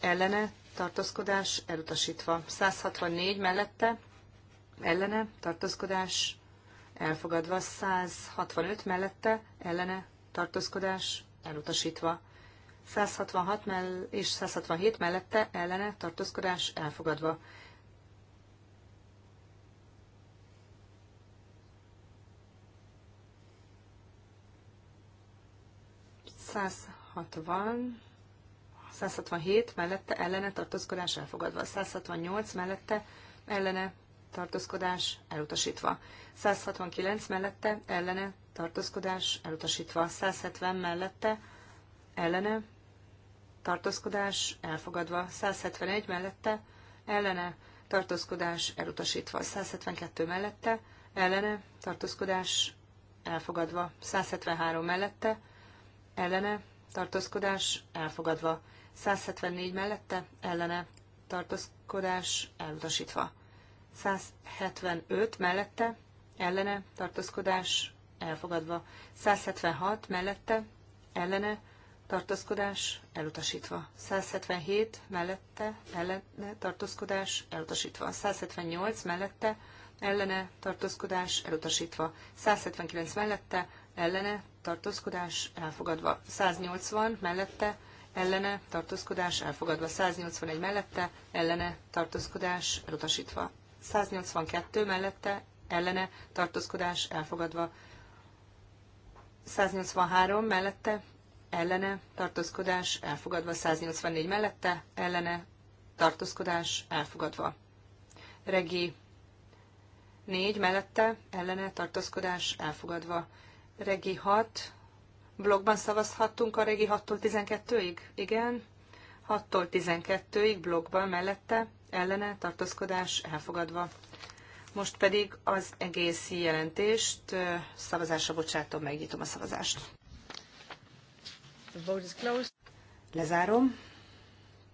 ellene, tartózkodás, elutasítva. 164 mellette, ellene, tartózkodás, elfogadva. 165 mellette, ellene, tartózkodás, elutasítva. 166 mell és 167 mellette, ellene, tartózkodás, elfogadva. 160, 167 mellette ellene tartózkodás elfogadva, 168 mellette ellene tartózkodás elutasítva, 169 mellette ellene tartózkodás elutasítva, 170 mellette ellene tartózkodás elfogadva, 171 mellette ellene tartózkodás elutasítva, 172 mellette ellene tartózkodás elfogadva, 173 mellette ellene, tartózkodás elfogadva. 174 mellette, ellene, tartózkodás elutasítva. 175 mellette, ellene, tartózkodás elfogadva. 176 mellette, ellene, tartózkodás elutasítva. 177 mellette, ellene, tartózkodás elutasítva. 178 mellette, ellene, tartózkodás elutasítva. 179 mellette, ellene, tartózkodás elfogadva. 180 mellette, ellene, tartózkodás elfogadva. 181 mellette, ellene, tartózkodás elutasítva. 182 mellette, ellene, tartózkodás elfogadva. 183 mellette, ellene, tartózkodás elfogadva. 184 mellette, ellene, tartózkodás elfogadva. Regi 4 mellette, ellene, tartózkodás elfogadva. Regi 6. Blogban szavazhattunk a Regi 6-tól 12-ig? Igen. 6-tól 12-ig blogban mellette ellene tartózkodás elfogadva. Most pedig az egész jelentést szavazásra bocsátom, megnyitom a szavazást. Lezárom.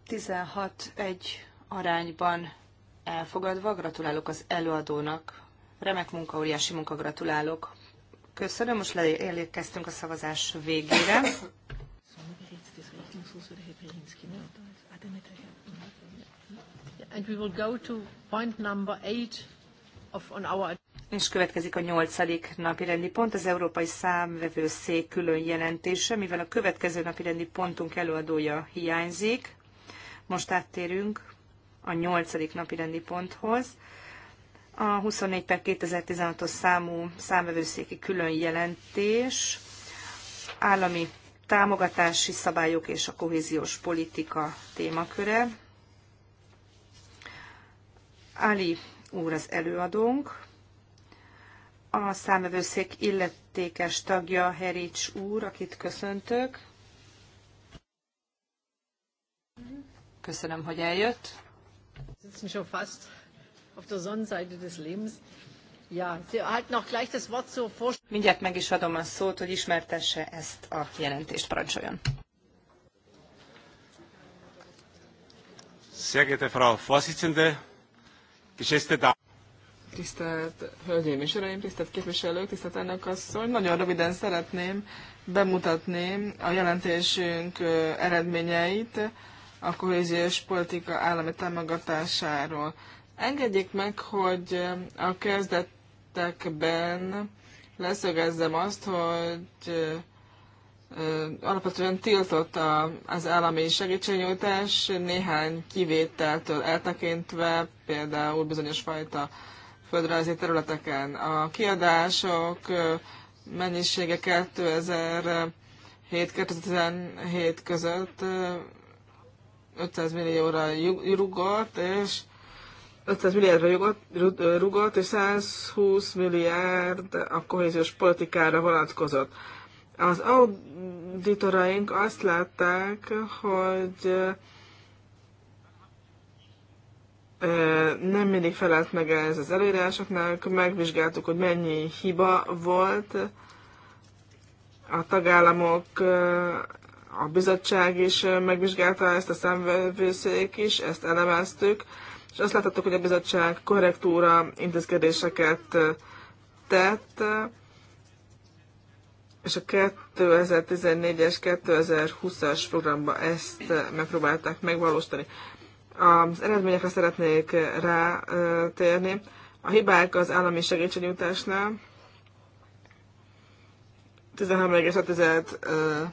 16-1 arányban elfogadva. Gratulálok az előadónak. Remek munka, óriási munka, gratulálok. Köszönöm, most elérkeztünk a szavazás végére. And we will go to point number eight of on our és következik a nyolcadik rendi pont, az Európai Számvevőszék külön jelentése, mivel a következő napi rendi pontunk előadója hiányzik. Most áttérünk a nyolcadik rendi ponthoz, a 24 per 2016-os számú számvevőszéki külön jelentés, állami támogatási szabályok és a kohéziós politika témaköre. Ali úr az előadónk, a számvevőszék illetékes tagja Herics úr, akit köszöntök. Köszönöm, hogy eljött. Sitzen schon fast auf der Sonnenseite des Lebens. Ja, Sie erhalten auch gleich das Wort zur Vorstellung. Mindjárt meg is adom a szót, hogy ismertesse ezt a jelentést, parancsoljon. Sehr geehrte Frau Vorsitzende, geschätzte Damen. Tisztelt Hölgyeim és Uraim, tisztelt képviselők, tisztelt elnök asszony, nagyon röviden szeretném bemutatni a jelentésünk eredményeit a kohéziós politika állami támogatásáról. Engedjék meg, hogy eh, a kezdetekben leszögezzem azt, hogy eh, eh, alapvetően tiltott az állami segítségnyújtás néhány kivételtől eltekintve, például bizonyos fajta földrajzi területeken. A kiadások mennyisége 2007-2017 között 500 millióra rugott, és 500 milliárdra rugott, és 120 milliárd a kohéziós politikára vonatkozott. Az auditoraink azt látták, hogy nem mindig felelt meg ez az előírásoknak, megvizsgáltuk, hogy mennyi hiba volt, a tagállamok, a bizottság is megvizsgálta ezt, a számvevőszék is, ezt elemeztük, és azt láthattuk, hogy a bizottság korrektúra intézkedéseket tett, és a 2014-es, 2020-as programba ezt megpróbálták megvalósítani. Az eredményekre szeretnék rátérni. A hibák az állami segítségnyújtásnál 13,6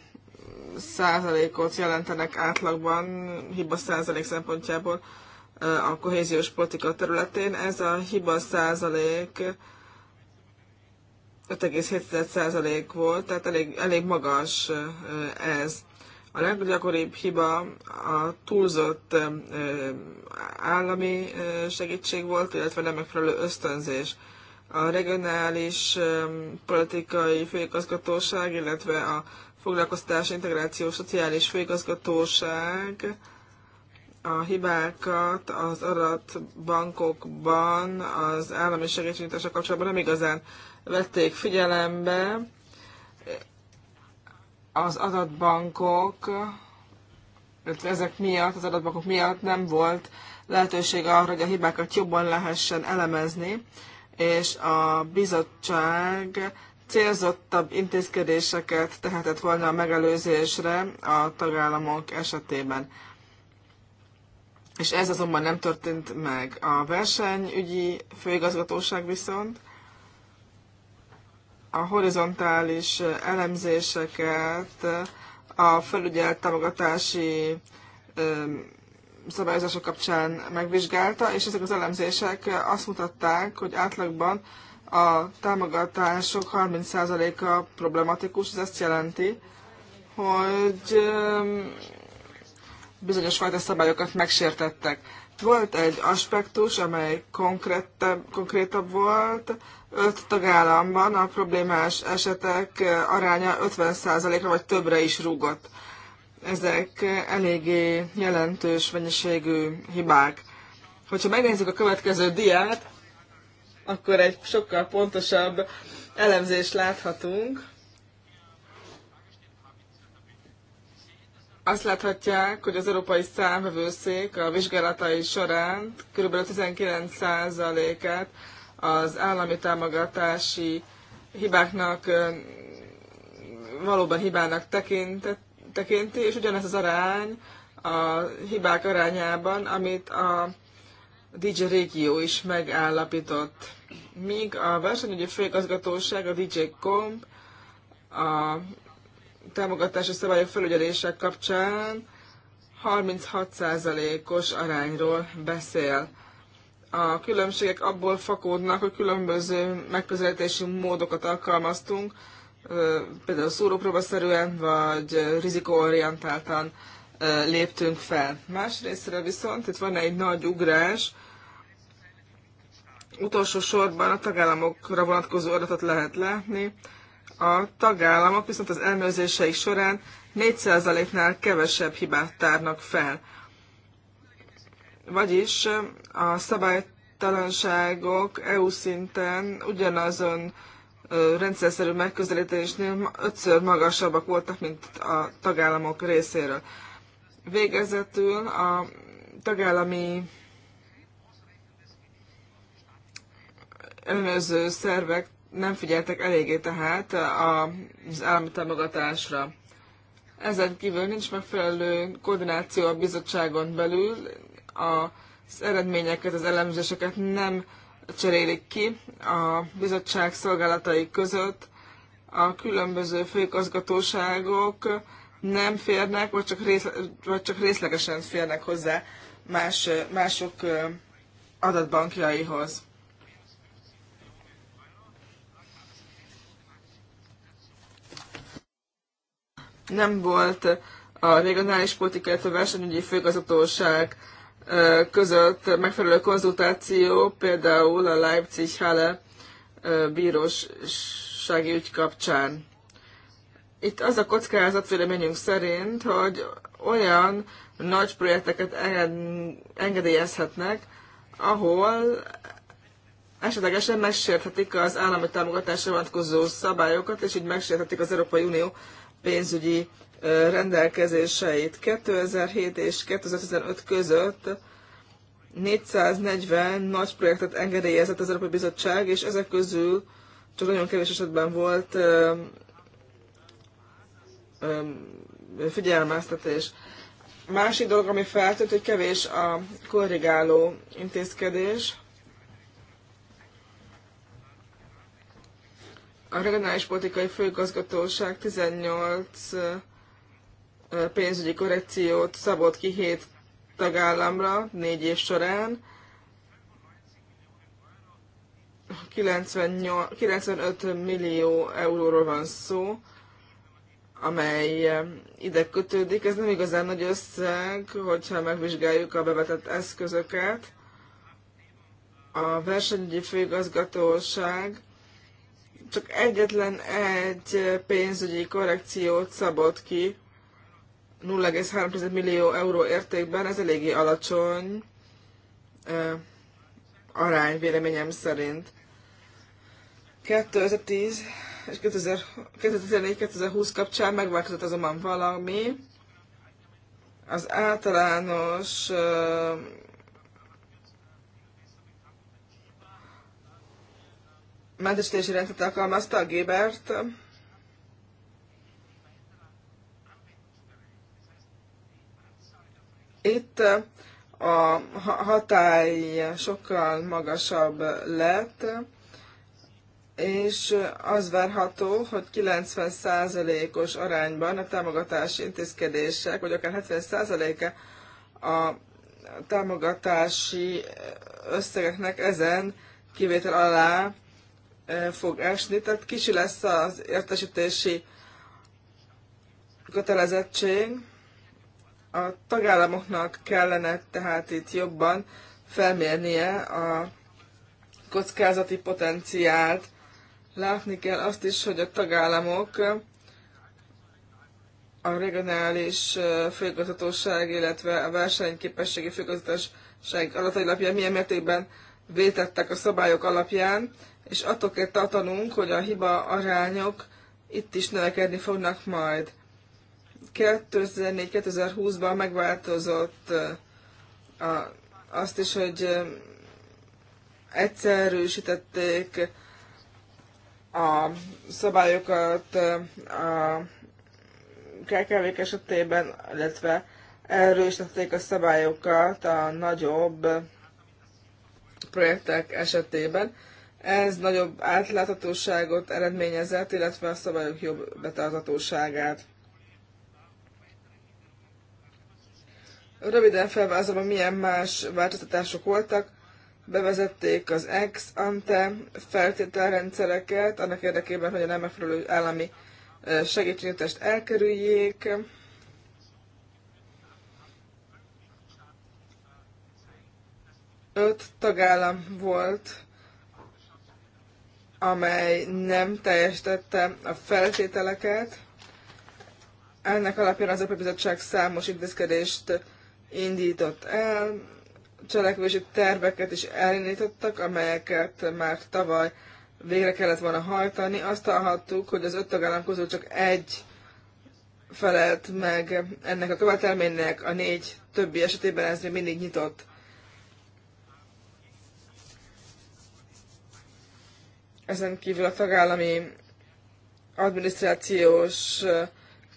százalékot jelentenek átlagban hiba százalék szempontjából a kohéziós politika területén. Ez a hiba százalék 5,7% volt, tehát elég, elég magas ez. A leggyakoribb hiba a túlzott állami segítség volt, illetve nem megfelelő ösztönzés. A regionális politikai főigazgatóság, illetve a foglalkoztatás integráció szociális főigazgatóság a hibákat az adatbankokban az állami segítségnyújtása kapcsolatban nem igazán vették figyelembe. Az adatbankok, illetve ezek miatt, az adatbankok miatt nem volt lehetőség arra, hogy a hibákat jobban lehessen elemezni, és a bizottság célzottabb intézkedéseket tehetett volna a megelőzésre a tagállamok esetében és ez azonban nem történt meg. A versenyügyi főigazgatóság viszont a horizontális elemzéseket a felügyelt támogatási szabályozások kapcsán megvizsgálta, és ezek az elemzések azt mutatták, hogy átlagban a támogatások 30%-a problematikus, ez azt jelenti, hogy bizonyos fajta szabályokat megsértettek. Volt egy aspektus, amely konkrétabb volt, öt tagállamban a problémás esetek aránya 50%-ra vagy többre is rúgott. Ezek eléggé jelentős mennyiségű hibák. Hogyha megnézzük a következő diát, akkor egy sokkal pontosabb elemzést láthatunk. azt láthatják, hogy az Európai Számvevőszék a vizsgálatai során kb. 19%-át az állami támogatási hibáknak valóban hibának tekinti, és ugyanez az arány a hibák arányában, amit a DJ Régió is megállapított. Míg a versenyügyi főigazgatóság, a DJ Comp, a támogatási szabályok felügyelése kapcsán 36%-os arányról beszél. A különbségek abból fakódnak, hogy különböző megközelítési módokat alkalmaztunk, például szúrópróbaszerűen vagy rizikóorientáltan léptünk fel. Másrésztről viszont itt van egy nagy ugrás, utolsó sorban a tagállamokra vonatkozó adatot lehet látni, a tagállamok viszont az ellenőrzéseik során 4%-nál kevesebb hibát tárnak fel. Vagyis a szabálytalanságok EU szinten ugyanazon rendszerszerű megközelítésnél ötször magasabbak voltak, mint a tagállamok részéről. Végezetül a tagállami ellenőrző szervek nem figyeltek eléggé tehát az állami támogatásra. Ezen kívül nincs megfelelő koordináció a bizottságon belül, az eredményeket, az elemzéseket nem cserélik ki a bizottság szolgálatai között, a különböző főigazgatóságok nem férnek, vagy csak, részle, vagy csak részlegesen férnek hozzá más, mások adatbankjaihoz. nem volt a regionális politika, illetve versenyügyi főgazgatóság között megfelelő konzultáció, például a Leipzig-Halle bírósági ügy kapcsán. Itt az a kockázat véleményünk szerint, hogy olyan nagy projekteket engedélyezhetnek, ahol esetlegesen megsérthetik az állami támogatásra vonatkozó szabályokat, és így megsérthetik az Európai Unió pénzügyi rendelkezéseit. 2007 és 2015 között 440 nagy projektet engedélyezett az Európai Bizottság, és ezek közül csak nagyon kevés esetben volt figyelmeztetés. Másik dolog, ami feltűnt, hogy kevés a korrigáló intézkedés. a regionális politikai főgazgatóság 18 pénzügyi korrekciót szabott ki hét tagállamra négy év során. 98, 95 millió euróról van szó, amely ide kötődik. Ez nem igazán nagy összeg, hogyha megvizsgáljuk a bevetett eszközöket. A versenyügyi főigazgatóság csak egyetlen egy pénzügyi korrekciót szabott ki 0,3 millió euró értékben, ez eléggé alacsony arány véleményem szerint. 2010 és 2014-2020 kapcsán megváltozott azonban valami. Az általános mentesítési rendszert alkalmazta, a Gébert. Itt uh, a hatály sokkal magasabb lett, és az várható, hogy 90%-os arányban a támogatási intézkedések, vagy akár 70%-e a támogatási összegeknek ezen kivétel alá fog esni, tehát kicsi lesz az értesítési kötelezettség. A tagállamoknak kellene tehát itt jobban felmérnie a kockázati potenciált. Látni kell azt is, hogy a tagállamok a regionális főigazgatóság, illetve a versenyképességi főigazgatóság adatai alapján milyen mértékben vétettek a szabályok alapján, és attól kell tartanunk, hogy a hiba arányok itt is növekedni fognak majd. 2004-2020-ban megváltozott a, azt is, hogy egyszerűsítették a szabályokat a kkv esetében, illetve erősítették a szabályokat a nagyobb projektek esetében. Ez nagyobb átláthatóságot eredményezett, illetve a szabályok jobb betartatóságát. Röviden felvázolom, milyen más változtatások voltak. Bevezették az ex-ante feltételrendszereket, annak érdekében, hogy a nem megfelelő állami segítségnyújtást elkerüljék. Öt tagállam volt, amely nem teljesítette a feltételeket. Ennek alapján az Európai Bizottság számos intézkedést indított el, cselekvési terveket is elindítottak, amelyeket már tavaly végre kellett volna hajtani. Azt hallhattuk, hogy az öt tagállam közül csak egy felelt meg ennek a követelménynek, a négy többi esetében ez még mindig nyitott. Ezen kívül a tagállami adminisztrációs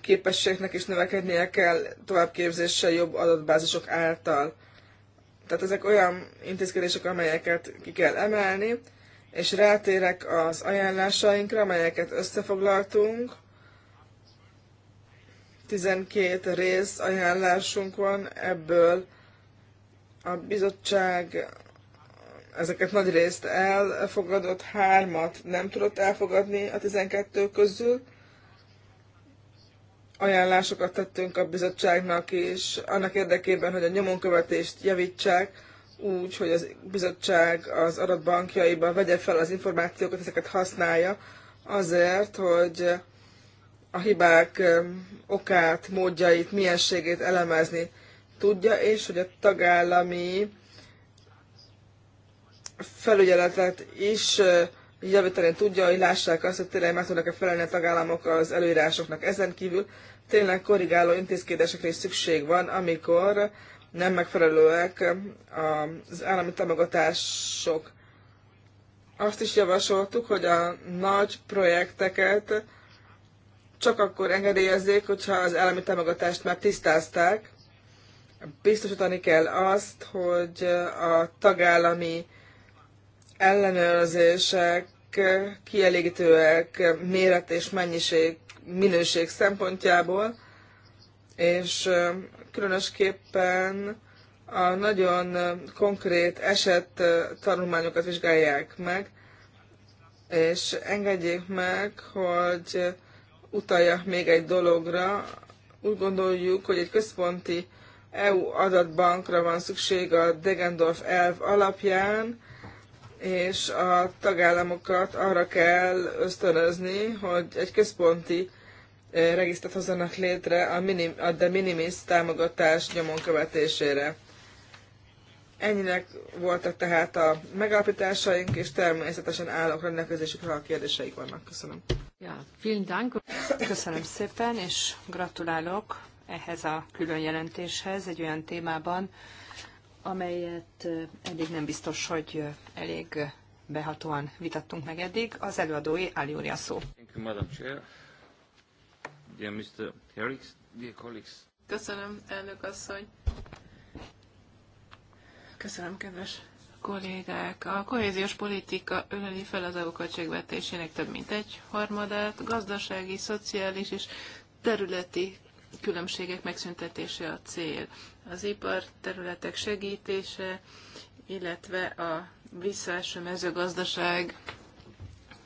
képességnek is növekednie kell továbbképzéssel jobb adatbázisok által. Tehát ezek olyan intézkedések, amelyeket ki kell emelni, és rátérek az ajánlásainkra, amelyeket összefoglaltunk. 12 rész ajánlásunk van, ebből a bizottság ezeket nagy részt elfogadott, hármat nem tudott elfogadni a 12 közül. Ajánlásokat tettünk a bizottságnak is, annak érdekében, hogy a nyomonkövetést javítsák, úgy, hogy a bizottság az adatbankjaiba vegye fel az információkat, ezeket használja, azért, hogy a hibák okát, módjait, mienségét elemezni tudja, és hogy a tagállami felügyeletet is javítani tudja, hogy lássák azt, hogy tényleg meg tudnak-e felelni a tagállamok az előírásoknak. Ezen kívül tényleg korrigáló intézkedésekre is szükség van, amikor nem megfelelőek az állami támogatások. Azt is javasoltuk, hogy a nagy projekteket csak akkor engedélyezzék, hogyha az állami támogatást már tisztázták. Biztosítani kell azt, hogy a tagállami ellenőrzések kielégítőek méret és mennyiség, minőség szempontjából, és különösképpen a nagyon konkrét eset tanulmányokat vizsgálják meg, és engedjék meg, hogy utaljak még egy dologra. Úgy gondoljuk, hogy egy központi EU adatbankra van szükség a Degendorf elv alapján, és a tagállamokat arra kell ösztönözni, hogy egy központi regisztrát hozzanak létre a, minim, a de minimis támogatás nyomon követésére. Ennyinek voltak tehát a megállapításaink, és természetesen állok rendelkezésükre, ha a kérdéseik vannak. Köszönöm. Ja, vielen Dank. Köszönöm szépen, és gratulálok ehhez a külön jelentéshez egy olyan témában, amelyet eddig nem biztos, hogy elég behatóan vitattunk meg eddig. Az előadói Ali úr a szó. Köszönöm, elnök asszony. Köszönöm, kedves kollégák. A kohéziós politika öleli fel az EU költségvetésének több mint egy harmadát, gazdasági, szociális és területi különbségek megszüntetése a cél az iparterületek segítése, illetve a visszaeső mezőgazdaság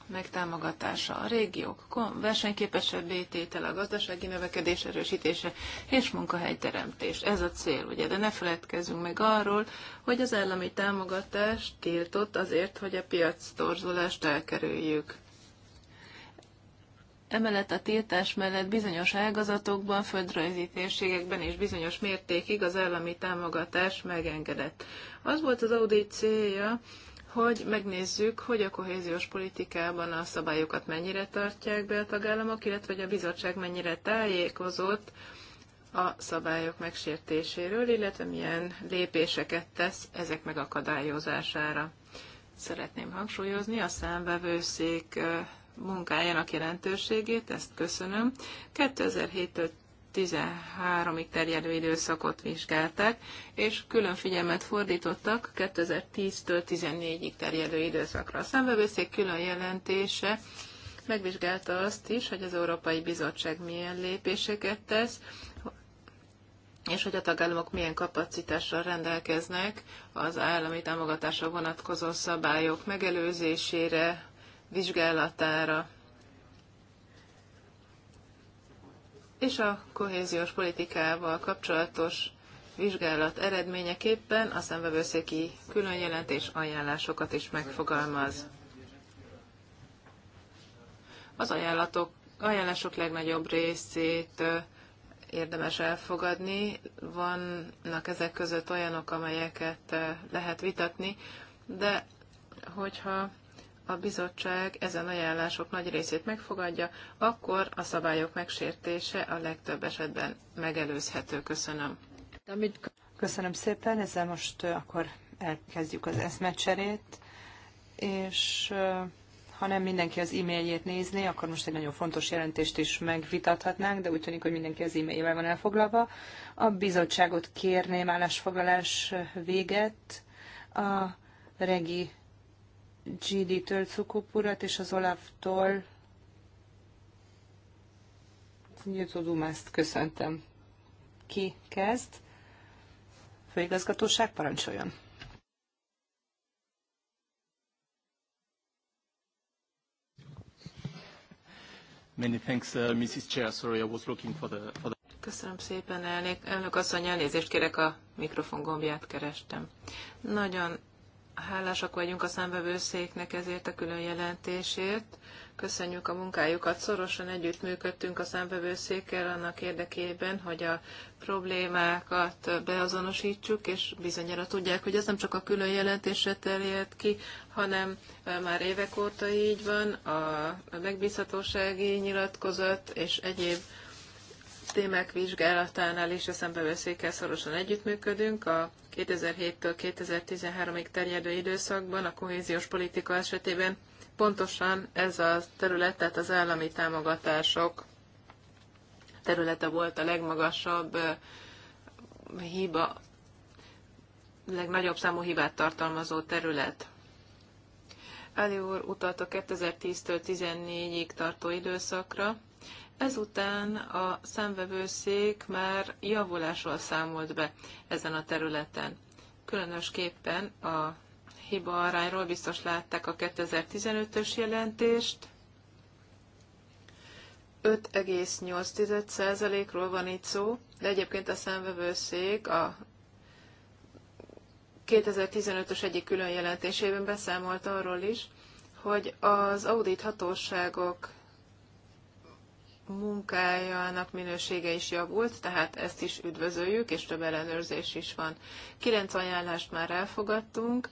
megtámogatása, a régiók versenyképesebb ététele, a gazdasági növekedés erősítése és munkahelyteremtés. Ez a cél, ugye, de ne feledkezzünk meg arról, hogy az állami támogatást tiltott azért, hogy a piac torzulást elkerüljük. Emellett a tiltás mellett bizonyos ágazatokban, földrajzi térségekben és bizonyos mértékig az állami támogatás megengedett. Az volt az audit célja, hogy megnézzük, hogy a kohéziós politikában a szabályokat mennyire tartják be a tagállamok, illetve hogy a bizottság mennyire tájékozott a szabályok megsértéséről, illetve milyen lépéseket tesz ezek megakadályozására. Szeretném hangsúlyozni, a számvevőszék munkájának jelentőségét, ezt köszönöm. 2007-től 13-ig terjedő időszakot vizsgálták, és külön figyelmet fordítottak 2010-től 14-ig terjedő időszakra. A szemvevőszék külön jelentése megvizsgálta azt is, hogy az Európai Bizottság milyen lépéseket tesz, és hogy a tagállamok milyen kapacitással rendelkeznek az állami támogatásra vonatkozó szabályok megelőzésére, vizsgálatára. És a kohéziós politikával kapcsolatos vizsgálat eredményeképpen a szemvevőszéki különjelentés ajánlásokat is megfogalmaz. Az ajánlatok, ajánlások legnagyobb részét érdemes elfogadni. Vannak ezek között olyanok, amelyeket lehet vitatni, de hogyha a bizottság ezen ajánlások nagy részét megfogadja, akkor a szabályok megsértése a legtöbb esetben megelőzhető. Köszönöm. Köszönöm szépen, ezzel most akkor elkezdjük az eszmecserét, és ha nem mindenki az e-mailjét nézné, akkor most egy nagyon fontos jelentést is megvitathatnánk, de úgy tűnik, hogy mindenki az e-mailjével van elfoglalva. A bizottságot kérném állásfoglalás véget. A regi GD-től Cukupurat és az Olaf-tól Nyitó Dumászt köszöntöm. Ki kezd? Főigazgatóság parancsoljon. Many thanks, uh, Mrs. Chair. Sorry, I was looking for the, for the... Köszönöm szépen, elnök, elnök asszony, elnézést kérek, a mikrofon gombját kerestem. Nagyon Hálásak vagyunk a számvevőszéknek ezért a külön jelentésért. Köszönjük a munkájukat. Szorosan együttműködtünk a számvevőszékkel annak érdekében, hogy a problémákat beazonosítsuk, és bizonyára tudják, hogy ez nem csak a külön jelentésre terjed ki, hanem már évek óta így van, a megbízhatósági nyilatkozat és egyéb témák vizsgálatánál is a szembevőszékkel szorosan együttműködünk. A 2007-től 2013-ig terjedő időszakban a kohéziós politika esetében pontosan ez a terület, tehát az állami támogatások területe volt a legmagasabb hiba, legnagyobb számú hibát tartalmazó terület. Ali úr utalt a 2010-től 2014 ig tartó időszakra, Ezután a szemvevőszék már javulásról számolt be ezen a területen. Különösképpen a hiba arányról biztos látták a 2015-ös jelentést. 5,8%-ról van itt szó, de egyébként a szemvevőszék a 2015-ös egyik külön jelentésében beszámolt arról is, hogy az audit hatóságok munkájának minősége is javult, tehát ezt is üdvözöljük, és több ellenőrzés is van. Kilenc ajánlást már elfogadtunk,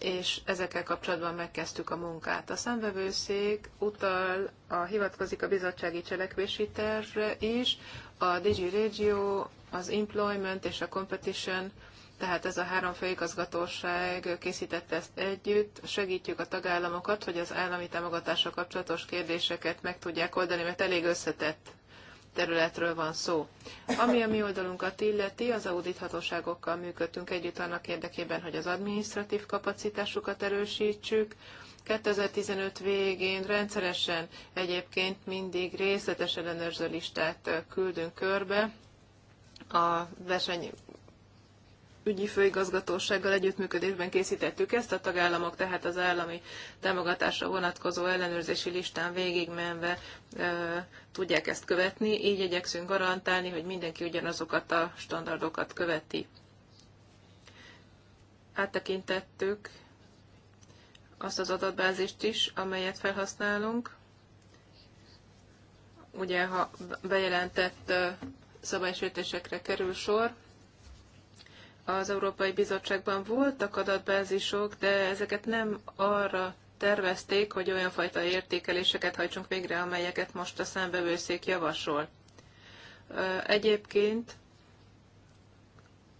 és ezekkel kapcsolatban megkezdtük a munkát. A szemvevőszék utal, a, hivatkozik a bizottsági cselekvési tervre is, a Digi Regio, az Employment és a Competition tehát ez a három főigazgatóság készítette ezt együtt. Segítjük a tagállamokat, hogy az állami támogatással kapcsolatos kérdéseket meg tudják oldani, mert elég összetett területről van szó. Ami a mi oldalunkat illeti, az audíthatóságokkal működtünk együtt annak érdekében, hogy az administratív kapacitásukat erősítsük. 2015 végén rendszeresen egyébként mindig részletes ellenőrző listát küldünk körbe a verseny ügyi főigazgatósággal együttműködésben készítettük ezt, a tagállamok tehát az állami támogatásra vonatkozó ellenőrzési listán végigmenve e, tudják ezt követni, így igyekszünk garantálni, hogy mindenki ugyanazokat a standardokat követi. Áttekintettük azt az adatbázist is, amelyet felhasználunk. Ugye, ha bejelentett szabálysértésekre kerül sor, az Európai Bizottságban voltak adatbázisok, de ezeket nem arra tervezték, hogy olyan fajta értékeléseket hajtsunk végre, amelyeket most a számbevőszék javasol. Egyébként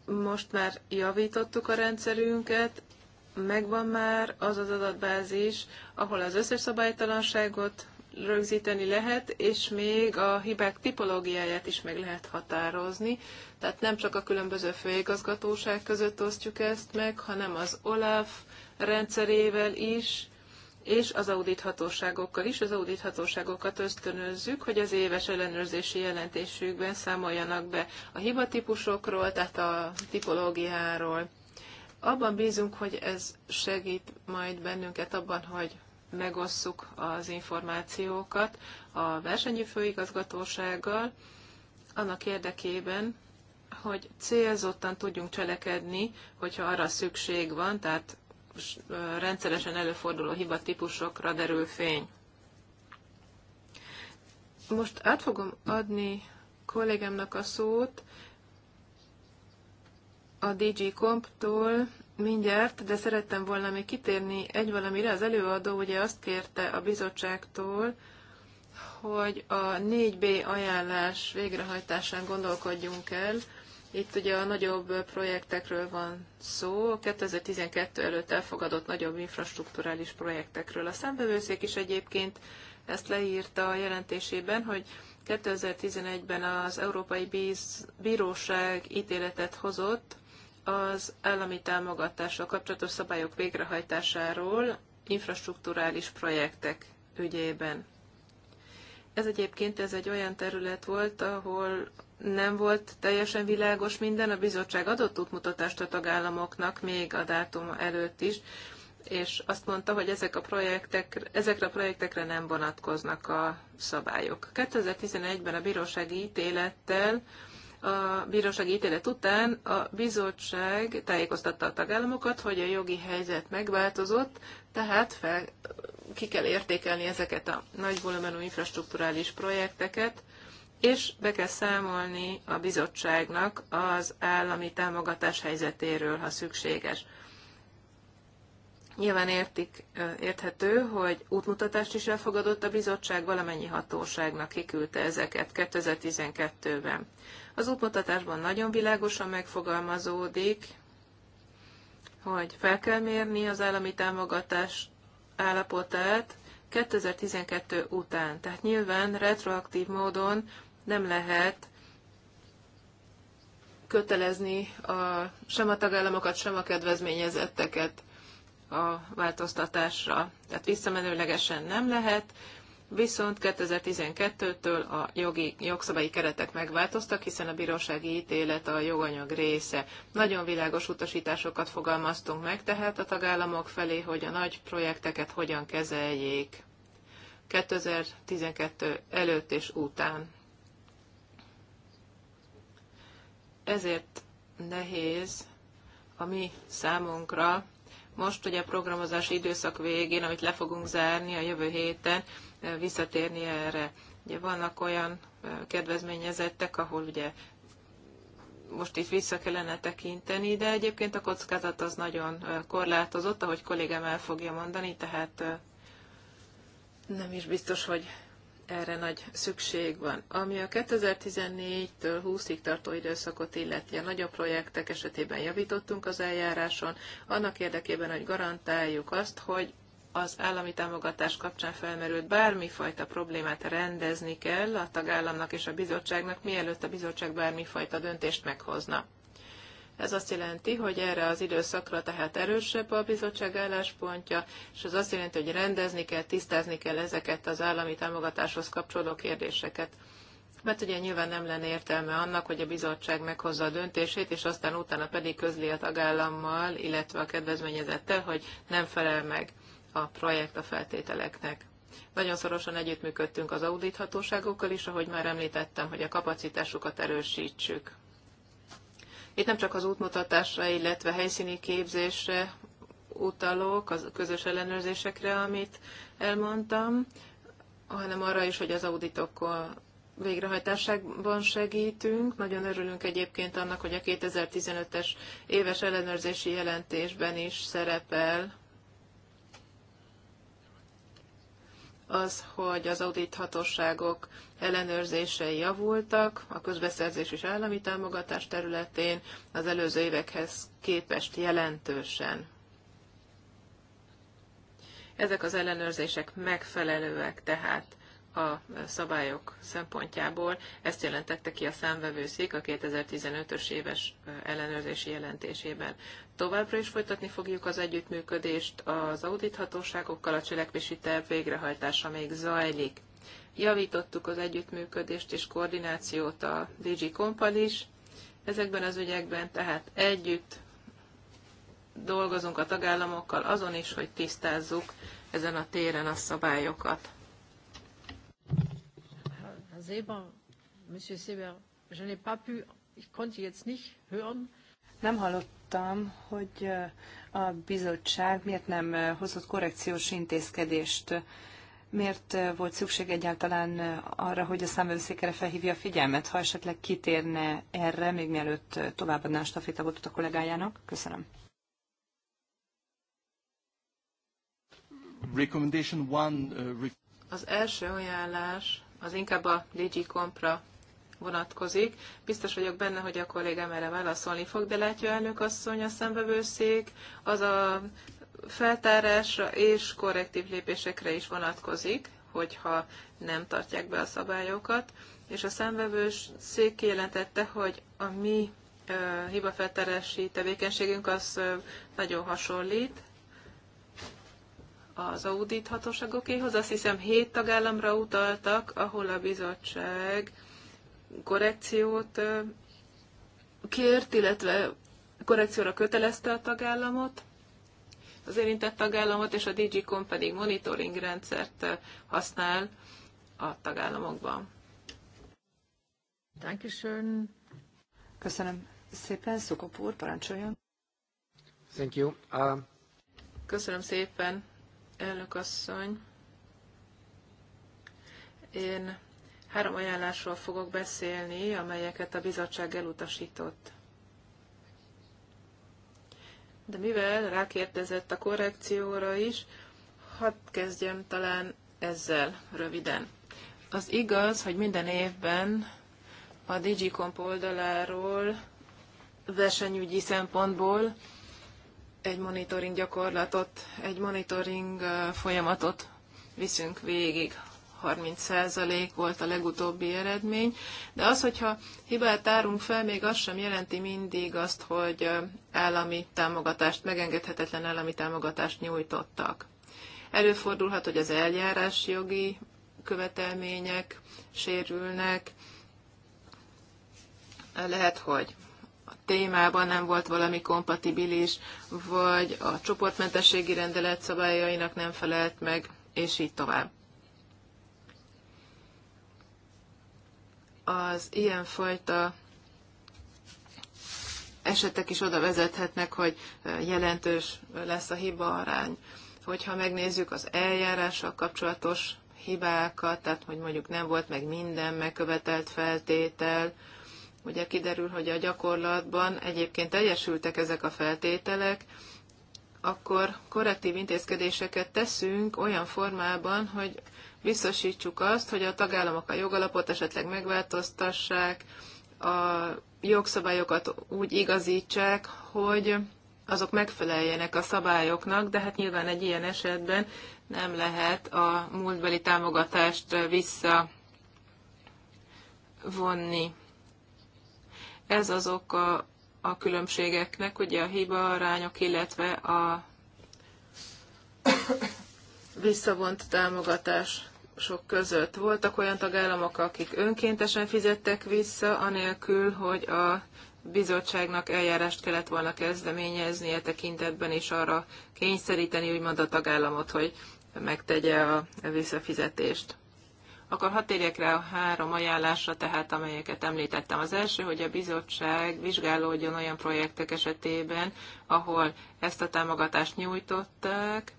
most már javítottuk a rendszerünket, megvan már az az adatbázis, ahol az összes szabálytalanságot rögzíteni lehet, és még a hibák tipológiáját is meg lehet határozni. Tehát nem csak a különböző főigazgatóság között osztjuk ezt meg, hanem az OLAF rendszerével is, és az audíthatóságokkal is. Az audíthatóságokat ösztönözzük, hogy az éves ellenőrzési jelentésükben számoljanak be a hibatípusokról, tehát a tipológiáról. Abban bízunk, hogy ez segít majd bennünket abban, hogy megosszuk az információkat a versenyi főigazgatósággal, annak érdekében, hogy célzottan tudjunk cselekedni, hogyha arra szükség van, tehát rendszeresen előforduló hibatípusokra derül fény. Most át fogom adni kollégámnak a szót a DG Comp-tól, mindjárt, de szerettem volna még kitérni egy valamire. Az előadó ugye azt kérte a bizottságtól, hogy a 4B ajánlás végrehajtásán gondolkodjunk el. Itt ugye a nagyobb projektekről van szó, 2012 előtt elfogadott nagyobb infrastruktúrális projektekről. A számbevőszék is egyébként ezt leírta a jelentésében, hogy 2011-ben az Európai Bíz, Bíróság ítéletet hozott az állami támogatással kapcsolatos szabályok végrehajtásáról infrastruktúrális projektek ügyében. Ez egyébként ez egy olyan terület volt, ahol nem volt teljesen világos minden, a bizottság adott útmutatást a tagállamoknak még a dátum előtt is, és azt mondta, hogy ezek a projektek, ezekre a projektekre nem vonatkoznak a szabályok. 2011-ben a bírósági ítélettel a bírósági ítélet után a bizottság tájékoztatta a tagállamokat, hogy a jogi helyzet megváltozott, tehát fel, ki kell értékelni ezeket a nagy volumenú infrastruktúrális projekteket, és be kell számolni a bizottságnak az állami támogatás helyzetéről, ha szükséges. Nyilván értik, érthető, hogy útmutatást is elfogadott a bizottság, valamennyi hatóságnak kiküldte ezeket 2012-ben. Az útmutatásban nagyon világosan megfogalmazódik, hogy fel kell mérni az állami támogatás állapotát 2012 után. Tehát nyilván retroaktív módon nem lehet kötelezni a, sem a tagállamokat, sem a kedvezményezetteket a változtatásra, tehát visszamenőlegesen nem lehet, viszont 2012-től a jogi, jogszabályi keretek megváltoztak, hiszen a bírósági ítélet a joganyag része. Nagyon világos utasításokat fogalmaztunk meg tehát a tagállamok felé, hogy a nagy projekteket hogyan kezeljék 2012 előtt és után. Ezért nehéz a mi számunkra most ugye a programozási időszak végén, amit le fogunk zárni a jövő héten, visszatérni erre. Ugye vannak olyan kedvezményezettek, ahol ugye most itt vissza kellene tekinteni, de egyébként a kockázat az nagyon korlátozott, ahogy kollégám el fogja mondani, tehát nem is biztos, hogy erre nagy szükség van. Ami a 2014-től 20-ig tartó időszakot illeti, a nagyobb projektek esetében javítottunk az eljáráson, annak érdekében, hogy garantáljuk azt, hogy az állami támogatás kapcsán felmerült bármifajta problémát rendezni kell a tagállamnak és a bizottságnak, mielőtt a bizottság bármifajta döntést meghozna. Ez azt jelenti, hogy erre az időszakra tehát erősebb a bizottság álláspontja, és az azt jelenti, hogy rendezni kell, tisztázni kell ezeket az állami támogatáshoz kapcsoló kérdéseket. Mert ugye nyilván nem lenne értelme annak, hogy a bizottság meghozza a döntését, és aztán utána pedig közli a tagállammal, illetve a kedvezményezettel, hogy nem felel meg a projekt a feltételeknek. Nagyon szorosan együttműködtünk az audíthatóságokkal is, ahogy már említettem, hogy a kapacitásukat erősítsük. Itt nem csak az útmutatásra, illetve helyszíni képzésre utalok, az közös ellenőrzésekre, amit elmondtam, hanem arra is, hogy az auditokkal végrehajtásában segítünk. Nagyon örülünk egyébként annak, hogy a 2015-es éves ellenőrzési jelentésben is szerepel az, hogy az audíthatóságok ellenőrzései javultak a közbeszerzés és állami támogatás területén az előző évekhez képest jelentősen. Ezek az ellenőrzések megfelelőek tehát a szabályok szempontjából. Ezt jelentette ki a számvevőszék a 2015-ös éves ellenőrzési jelentésében. Továbbra is folytatni fogjuk az együttműködést az audíthatóságokkal, a cselekvési terv végrehajtása még zajlik. Javítottuk az együttműködést és koordinációt a DG Kompal is. Ezekben az ügyekben tehát együtt dolgozunk a tagállamokkal azon is, hogy tisztázzuk ezen a téren a szabályokat. Monsieur Seber, je n'ai pas pu, ich konnte jetzt nicht hören. Nem hallottam, hogy a bizottság miért nem hozott korrekciós intézkedést, miért volt szükség egyáltalán arra, hogy a számvevőszékre felhívja a figyelmet, ha esetleg kitérne erre, még mielőtt továbbadná a stafétabotot a kollégájának. Köszönöm. Az első ajánlás az inkább a DG Compra vonatkozik. Biztos vagyok benne, hogy a kollégám erre válaszolni fog, de látja elnök asszony a szembevőszék, az a feltárásra és korrektív lépésekre is vonatkozik, hogyha nem tartják be a szabályokat. És a szembevős szék kijelentette, hogy a mi hibafeltárási tevékenységünk az nagyon hasonlít az audíthatóságokéhoz. Azt hiszem hét tagállamra utaltak, ahol a bizottság korrekciót kért, illetve korrekcióra kötelezte a tagállamot, az érintett tagállamot, és a Digicom pedig monitoring rendszert használ a tagállamokban. Dankeschön. Köszönöm szépen, Szukop úr, parancsoljon. Thank you. Uh... Köszönöm szépen, elnök asszony. Én három ajánlásról fogok beszélni, amelyeket a bizottság elutasított. De mivel rákérdezett a korrekcióra is, hadd kezdjem talán ezzel röviden. Az igaz, hogy minden évben a Digicomp oldaláról versenyügyi szempontból egy monitoring gyakorlatot, egy monitoring folyamatot viszünk végig. 30% volt a legutóbbi eredmény, de az, hogyha hibát árunk fel, még az sem jelenti mindig azt, hogy állami támogatást, megengedhetetlen állami támogatást nyújtottak. Előfordulhat, hogy az eljárás jogi követelmények sérülnek, lehet, hogy témában nem volt valami kompatibilis, vagy a csoportmentességi rendelet szabályainak nem felelt meg, és így tovább. Az ilyenfajta esetek is oda vezethetnek, hogy jelentős lesz a hiba arány. Hogyha megnézzük az eljárással kapcsolatos hibákat, tehát hogy mondjuk nem volt meg minden megkövetelt feltétel, ugye kiderül, hogy a gyakorlatban egyébként teljesültek ezek a feltételek, akkor korrektív intézkedéseket teszünk olyan formában, hogy biztosítsuk azt, hogy a tagállamok a jogalapot esetleg megváltoztassák, a jogszabályokat úgy igazítsák, hogy azok megfeleljenek a szabályoknak, de hát nyilván egy ilyen esetben nem lehet a múltbeli támogatást visszavonni. Ez az oka a különbségeknek, ugye a hiba arányok, illetve a visszavont támogatás sok között. Voltak olyan tagállamok, akik önkéntesen fizettek vissza, anélkül, hogy a bizottságnak eljárást kellett volna kezdeményezni e tekintetben, és arra kényszeríteni úgymond a tagállamot, hogy megtegye a visszafizetést. Akkor hadd térjek rá a három ajánlásra, tehát amelyeket említettem. Az első, hogy a bizottság vizsgálódjon olyan projektek esetében, ahol ezt a támogatást nyújtották,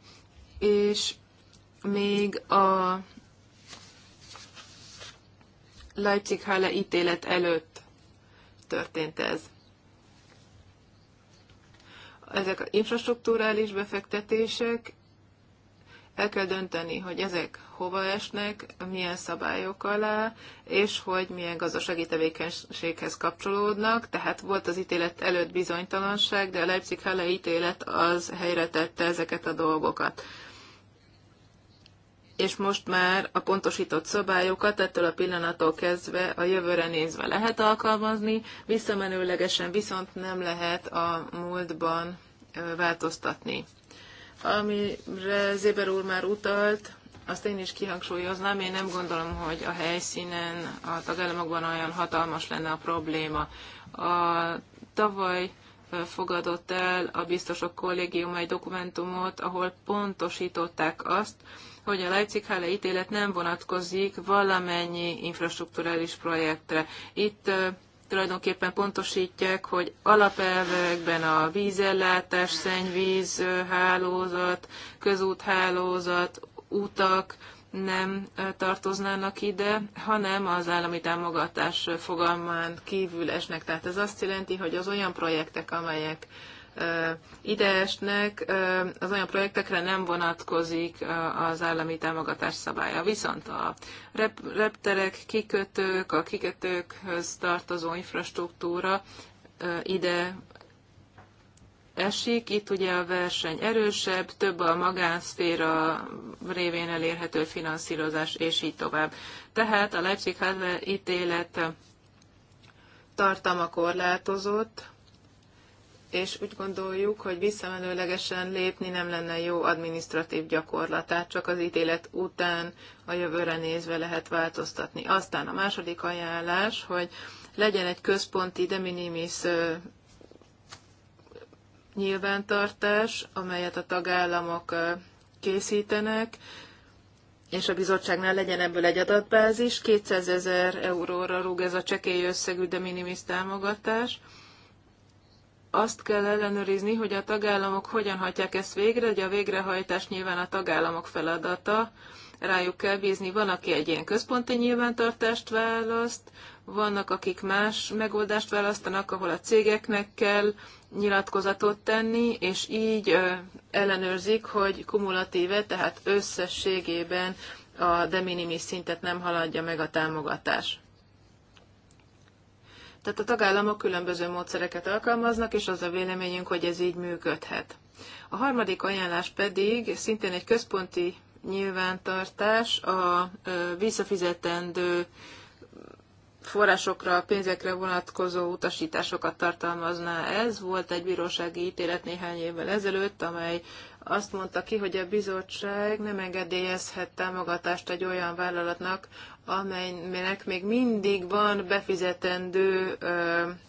és még a Leipzig-Halle ítélet előtt történt ez ezek a infrastruktúrális befektetések el kell dönteni, hogy ezek hova esnek, milyen szabályok alá, és hogy milyen gazdasági tevékenységhez kapcsolódnak. Tehát volt az ítélet előtt bizonytalanság, de a Leipzig-Halle ítélet az helyre tette ezeket a dolgokat és most már a pontosított szabályokat ettől a pillanattól kezdve a jövőre nézve lehet alkalmazni, visszamenőlegesen viszont nem lehet a múltban változtatni. Amire Zéber úr már utalt, azt én is kihangsúlyoznám, én nem gondolom, hogy a helyszínen, a tagállamokban olyan hatalmas lenne a probléma. A tavaly fogadott el a biztosok kollégium egy dokumentumot, ahol pontosították azt, hogy a Leipzig-Halle ítélet nem vonatkozik valamennyi infrastruktúrális projektre. Itt tulajdonképpen pontosítják, hogy alapelvekben a vízellátás, szennyvíz, hálózat, közúthálózat, utak nem tartoznának ide, hanem az állami támogatás fogalmán kívül esnek. Tehát ez azt jelenti, hogy az olyan projektek, amelyek ideesnek, az olyan projektekre nem vonatkozik az állami támogatás szabálya. Viszont a rep- repterek, kikötők, a kikötőkhöz tartozó infrastruktúra ide esik. Itt ugye a verseny erősebb, több a magánszféra révén elérhető finanszírozás, és így tovább. Tehát a Leipzig hadler ítélet tartama korlátozott, és úgy gondoljuk, hogy visszamenőlegesen lépni nem lenne jó adminisztratív tehát csak az ítélet után a jövőre nézve lehet változtatni. Aztán a második ajánlás, hogy legyen egy központi de minimis nyilvántartás, amelyet a tagállamok készítenek, és a bizottságnál legyen ebből egy adatbázis. 200 ezer euróra rúg ez a csekély összegű de minimis támogatás azt kell ellenőrizni, hogy a tagállamok hogyan hajtják ezt végre, hogy a végrehajtás nyilván a tagállamok feladata, rájuk kell bízni. Van, aki egy ilyen központi nyilvántartást választ, vannak, akik más megoldást választanak, ahol a cégeknek kell nyilatkozatot tenni, és így ellenőrzik, hogy kumulatíve, tehát összességében a de minimis szintet nem haladja meg a támogatás. Tehát a tagállamok különböző módszereket alkalmaznak, és az a véleményünk, hogy ez így működhet. A harmadik ajánlás pedig szintén egy központi nyilvántartás a visszafizetendő forrásokra, pénzekre vonatkozó utasításokat tartalmazná ez. Volt egy bírósági ítélet néhány évvel ezelőtt, amely azt mondta ki, hogy a bizottság nem engedélyezhet támogatást egy olyan vállalatnak, amelynek még mindig van befizetendő,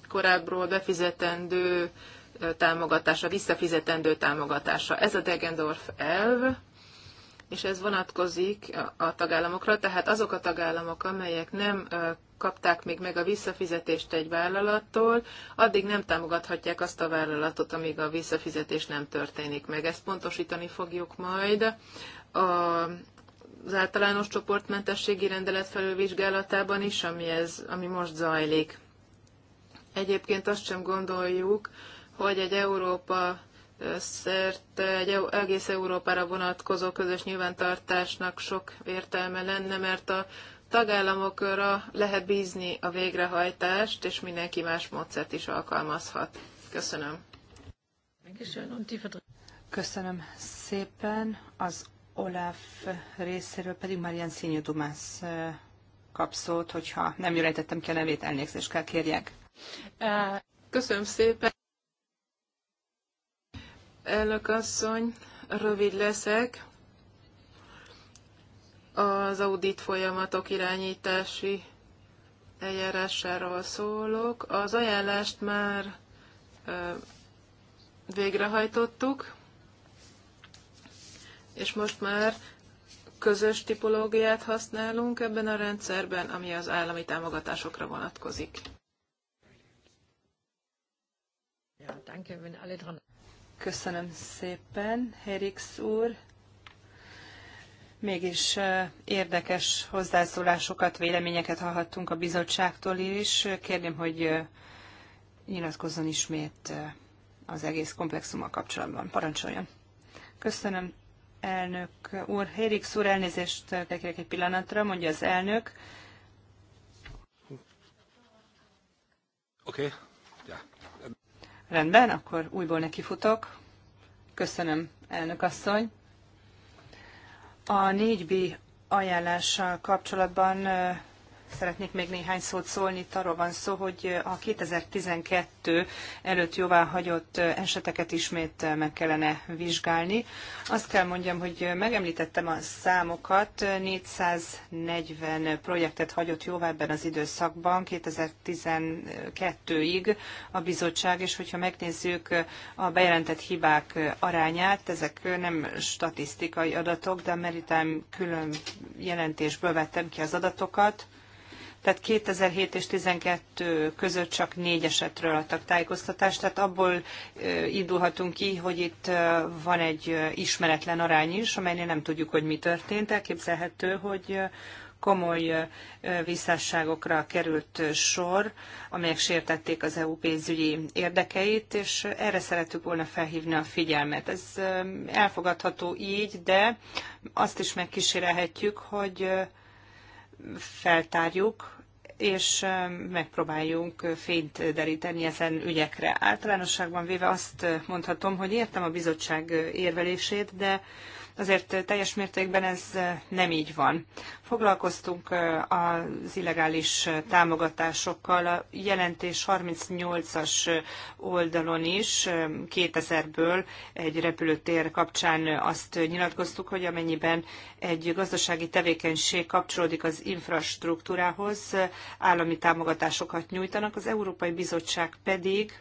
korábbról befizetendő támogatása, visszafizetendő támogatása. Ez a Degendorf elv, és ez vonatkozik a tagállamokra, tehát azok a tagállamok, amelyek nem kapták még meg a visszafizetést egy vállalattól, addig nem támogathatják azt a vállalatot, amíg a visszafizetés nem történik meg. Ezt pontosítani fogjuk majd. A, az általános csoportmentességi rendelet felülvizsgálatában is, ami, ez, ami most zajlik. Egyébként azt sem gondoljuk, hogy egy Európa szert egy egész Európára vonatkozó közös nyilvántartásnak sok értelme lenne, mert a tagállamokra lehet bízni a végrehajtást, és mindenki más módszert is alkalmazhat. Köszönöm. Köszönöm szépen. Az Olaf részéről pedig Marian Színyi Dumász kap szót, hogyha nem jól ejtettem ki a nevét, elnézést kell kérjek. Köszönöm szépen. Elnök asszony, rövid leszek az audit folyamatok irányítási eljárásáról szólok. Az ajánlást már végrehajtottuk, és most már közös tipológiát használunk ebben a rendszerben, ami az állami támogatásokra vonatkozik. Köszönöm szépen, Herix úr. Mégis érdekes hozzászólásokat, véleményeket hallhattunk a bizottságtól is. Kérném, hogy nyilatkozzon ismét az egész komplexummal kapcsolatban. Parancsoljon. Köszönöm, elnök úr. Hérik úr, elnézést kérek egy pillanatra, mondja az elnök. Oké. Okay. Yeah. Rendben, akkor újból nekifutok. Köszönöm, elnök asszony. A 4B ajánlással kapcsolatban szeretnék még néhány szót szólni. Itt arról van szó, hogy a 2012 előtt jóvá hagyott eseteket ismét meg kellene vizsgálni. Azt kell mondjam, hogy megemlítettem a számokat. 440 projektet hagyott jóvá ebben az időszakban, 2012-ig a bizottság, és hogyha megnézzük a bejelentett hibák arányát, ezek nem statisztikai adatok, de a Meritime külön jelentésből vettem ki az adatokat, tehát 2007 és 2012 között csak négy esetről adtak tájékoztatást, tehát abból indulhatunk ki, hogy itt van egy ismeretlen arány is, amelynél nem tudjuk, hogy mi történt. Elképzelhető, hogy komoly visszásságokra került sor, amelyek sértették az EU pénzügyi érdekeit, és erre szerettük volna felhívni a figyelmet. Ez elfogadható így, de azt is megkísérelhetjük, hogy feltárjuk, és megpróbáljunk fényt deríteni ezen ügyekre. Általánosságban véve azt mondhatom, hogy értem a bizottság érvelését, de Azért eh, teljes mértékben ez eh, nem így van. Foglalkoztunk eh, az illegális támogatásokkal, a jelentés 38-as oldalon is 2000-ből egy repülőtér kapcsán azt nyilatkoztuk, hogy amennyiben egy gazdasági tevékenység kapcsolódik az infrastruktúrához, állami támogatásokat nyújtanak, az Európai Bizottság pedig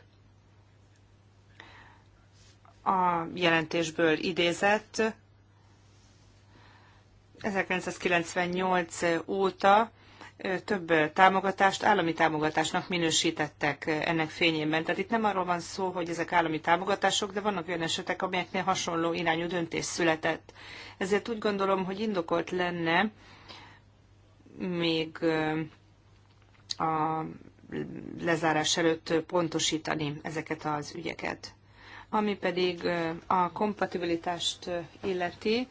a jelentésből idézett, 1998 óta több támogatást állami támogatásnak minősítettek ennek fényében. Tehát itt nem arról van szó, hogy ezek állami támogatások, de vannak olyan esetek, amelyeknél hasonló irányú döntés született. Ezért úgy gondolom, hogy indokolt lenne még a lezárás előtt pontosítani ezeket az ügyeket. Ami pedig a kompatibilitást illeti,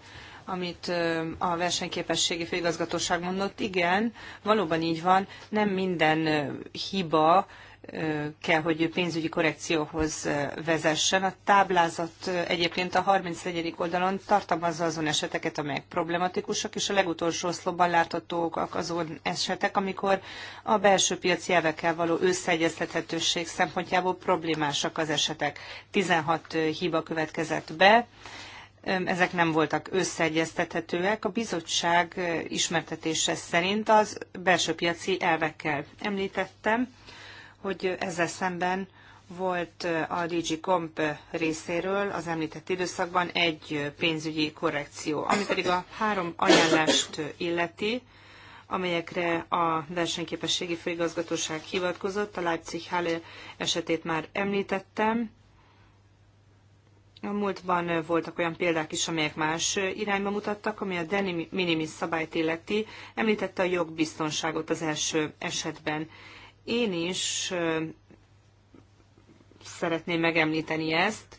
amit a versenyképességi főigazgatóság mondott. Igen, valóban így van, nem minden hiba kell, hogy pénzügyi korrekcióhoz vezessen. A táblázat egyébként a 34. oldalon tartalmazza azon eseteket, amelyek problematikusak, és a legutolsó oszlopban láthatók azon esetek, amikor a belső piaci elvekkel való összeegyeztethetőség szempontjából problémásak az esetek. 16 hiba következett be, ezek nem voltak összeegyeztethetőek. A bizottság ismertetése szerint az belső piaci elvekkel említettem, hogy ezzel szemben volt a DG Comp részéről az említett időszakban egy pénzügyi korrekció, ami pedig a három ajánlást illeti, amelyekre a versenyképességi főigazgatóság hivatkozott. A Leipzig Halle esetét már említettem, a múltban voltak olyan példák is, amelyek más irányba mutattak, ami a Deni minimis szabályt illeti, említette a jogbiztonságot az első esetben. Én is szeretném megemlíteni ezt.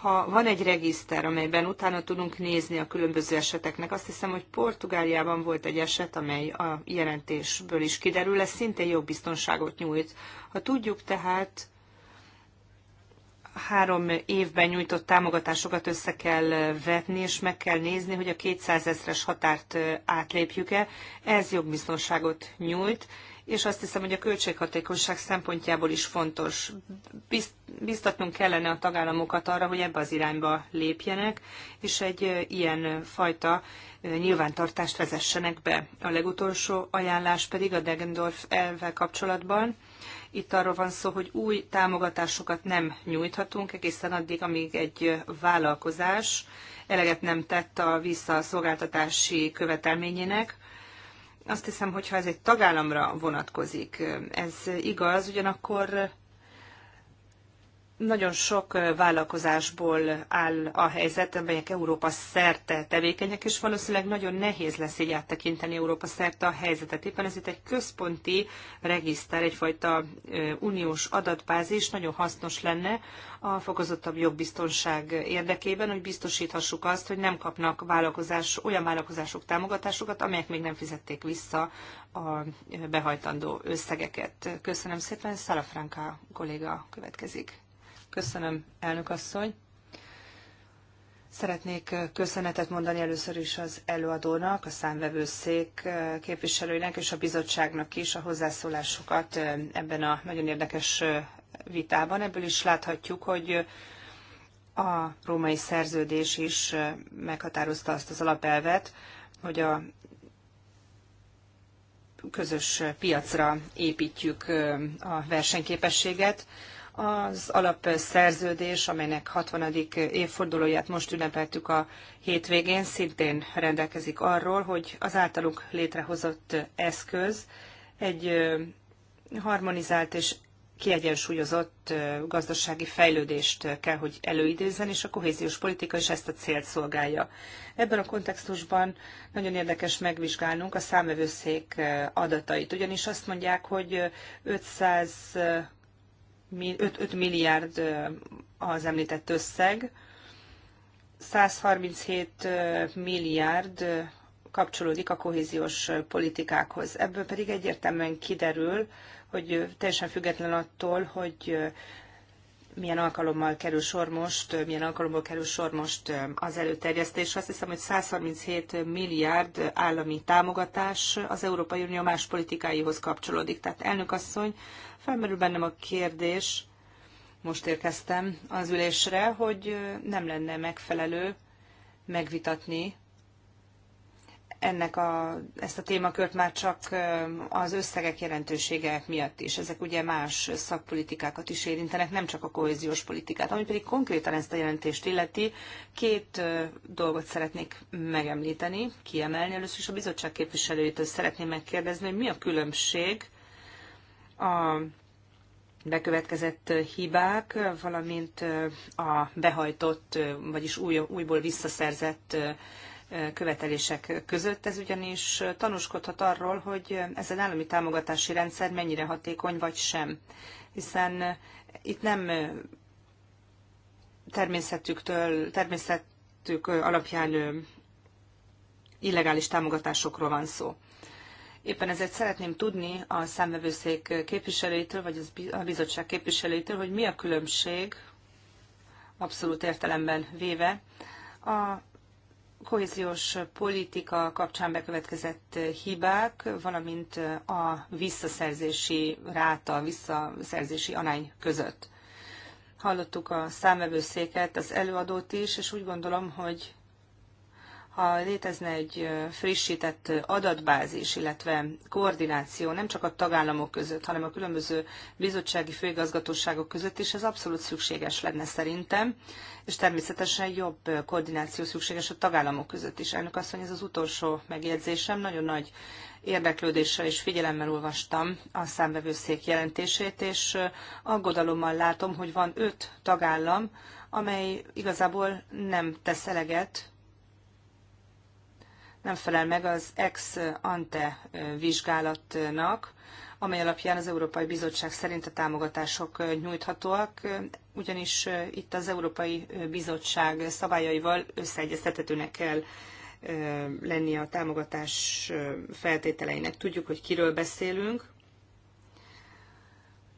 Ha van egy regiszter, amelyben utána tudunk nézni a különböző eseteknek, azt hiszem, hogy Portugáliában volt egy eset, amely a jelentésből is kiderül, ez szintén biztonságot nyújt. Ha tudjuk tehát, három évben nyújtott támogatásokat össze kell vetni, és meg kell nézni, hogy a 200 ezres határt átlépjük-e. Ez jogbiztonságot nyújt, és azt hiszem, hogy a költséghatékonyság szempontjából is fontos. Biztatnunk kellene a tagállamokat arra, hogy ebbe az irányba lépjenek, és egy ilyen fajta nyilvántartást vezessenek be. A legutolsó ajánlás pedig a Degendorf elvvel kapcsolatban itt arról van szó, hogy új támogatásokat nem nyújthatunk egészen addig, amíg egy vállalkozás eleget nem tett a visszaszolgáltatási követelményének. Azt hiszem, hogyha ez egy tagállamra vonatkozik, ez igaz, ugyanakkor nagyon sok vállalkozásból áll a helyzet, amelyek Európa szerte tevékenyek, és valószínűleg nagyon nehéz lesz így áttekinteni Európa szerte a helyzetet. Éppen ez itt egy központi regiszter, egyfajta uniós adatbázis nagyon hasznos lenne a fokozottabb jogbiztonság érdekében, hogy biztosíthassuk azt, hogy nem kapnak vállalkozás, olyan vállalkozások támogatásokat, amelyek még nem fizették vissza a behajtandó összegeket. Köszönöm szépen, Szalafranka kolléga következik. Köszönöm, elnök asszony. Szeretnék köszönetet mondani először is az előadónak, a számvevőszék képviselőinek és a bizottságnak is a hozzászólásokat ebben a nagyon érdekes vitában. Ebből is láthatjuk, hogy a római szerződés is meghatározta azt az alapelvet, hogy a közös piacra építjük a versenyképességet. Az alapszerződés, amelynek 60. évfordulóját most ünnepeltük a hétvégén, szintén rendelkezik arról, hogy az általunk létrehozott eszköz egy harmonizált és kiegyensúlyozott gazdasági fejlődést kell, hogy előidézzen, és a kohéziós politika is ezt a célt szolgálja. Ebben a kontextusban nagyon érdekes megvizsgálnunk a számövőszék adatait, ugyanis azt mondják, hogy 500 5, 5 milliárd az említett összeg, 137 milliárd kapcsolódik a kohéziós politikákhoz. Ebből pedig egyértelműen kiderül, hogy teljesen független attól, hogy milyen alkalommal kerül sor most, milyen alkalommal kerül sor most az előterjesztés. Azt hiszem, hogy 137 milliárd állami támogatás az Európai Unió más politikáihoz kapcsolódik. Tehát elnök asszony, felmerül bennem a kérdés, most érkeztem az ülésre, hogy nem lenne megfelelő megvitatni ennek a, ezt a témakört már csak az összegek jelentősége miatt is. Ezek ugye más szakpolitikákat is érintenek, nem csak a kohéziós politikát. Ami pedig konkrétan ezt a jelentést illeti, két dolgot szeretnék megemlíteni, kiemelni. Először is a bizottság képviselőjétől szeretném megkérdezni, hogy mi a különbség a bekövetkezett hibák, valamint a behajtott, vagyis új, újból visszaszerzett követelések között. Ez ugyanis tanúskodhat arról, hogy ez az állami támogatási rendszer mennyire hatékony vagy sem. Hiszen itt nem természetüktől, természetük alapján illegális támogatásokról van szó. Éppen ezért szeretném tudni a számvevőszék képviselőitől, vagy a bizottság képviselőitől, hogy mi a különbség abszolút értelemben véve a kohéziós politika kapcsán bekövetkezett hibák, valamint a visszaszerzési ráta, a visszaszerzési arány között. Hallottuk a számvevőszéket, az előadót is, és úgy gondolom, hogy ha létezne egy frissített adatbázis, illetve koordináció nem csak a tagállamok között, hanem a különböző bizottsági főigazgatóságok között is, ez abszolút szükséges lenne szerintem, és természetesen jobb koordináció szükséges a tagállamok között is. Elnök asszony, ez az utolsó megjegyzésem, nagyon nagy érdeklődéssel és figyelemmel olvastam a számvevőszék jelentését, és aggodalommal látom, hogy van öt tagállam, amely igazából nem tesz eleget nem felel meg az ex ante vizsgálatnak, amely alapján az Európai Bizottság szerint a támogatások nyújthatóak, ugyanis itt az Európai Bizottság szabályaival összeegyeztethetőnek kell lenni a támogatás feltételeinek. Tudjuk, hogy kiről beszélünk.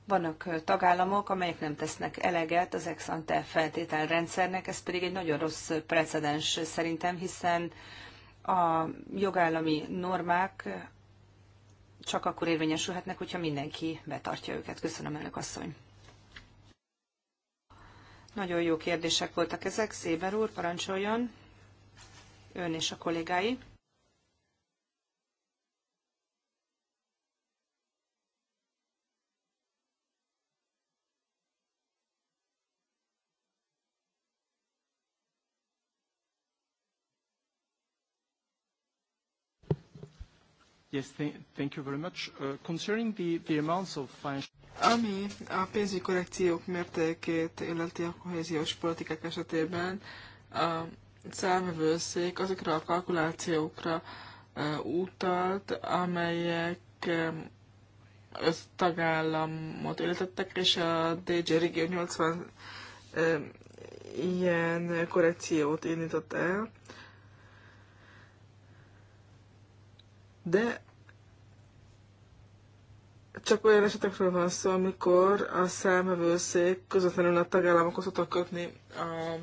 Vannak tagállamok, amelyek nem tesznek eleget az ex ante feltételrendszernek, ez pedig egy nagyon rossz precedens szerintem, hiszen a jogállami normák csak akkor érvényesülhetnek, hogyha mindenki betartja őket. Köszönöm, elnök asszony. Nagyon jó kérdések voltak ezek. Széber úr, parancsoljon. Ön és a kollégái. Yes, thank you very much. Uh, concerning the, the amounts of financial... Ami a pénzügyi korrekciók mértékét illeti a kohéziós politikák esetében, a számvevőszék azokra a kalkulációkra utalt, amelyek az tagállamot illetettek, és a DJ Regio 80 ilyen korrekciót indított el. de csak olyan esetekről van szó, amikor a számövőszék közvetlenül a tagállamokhoz tudta kötni a,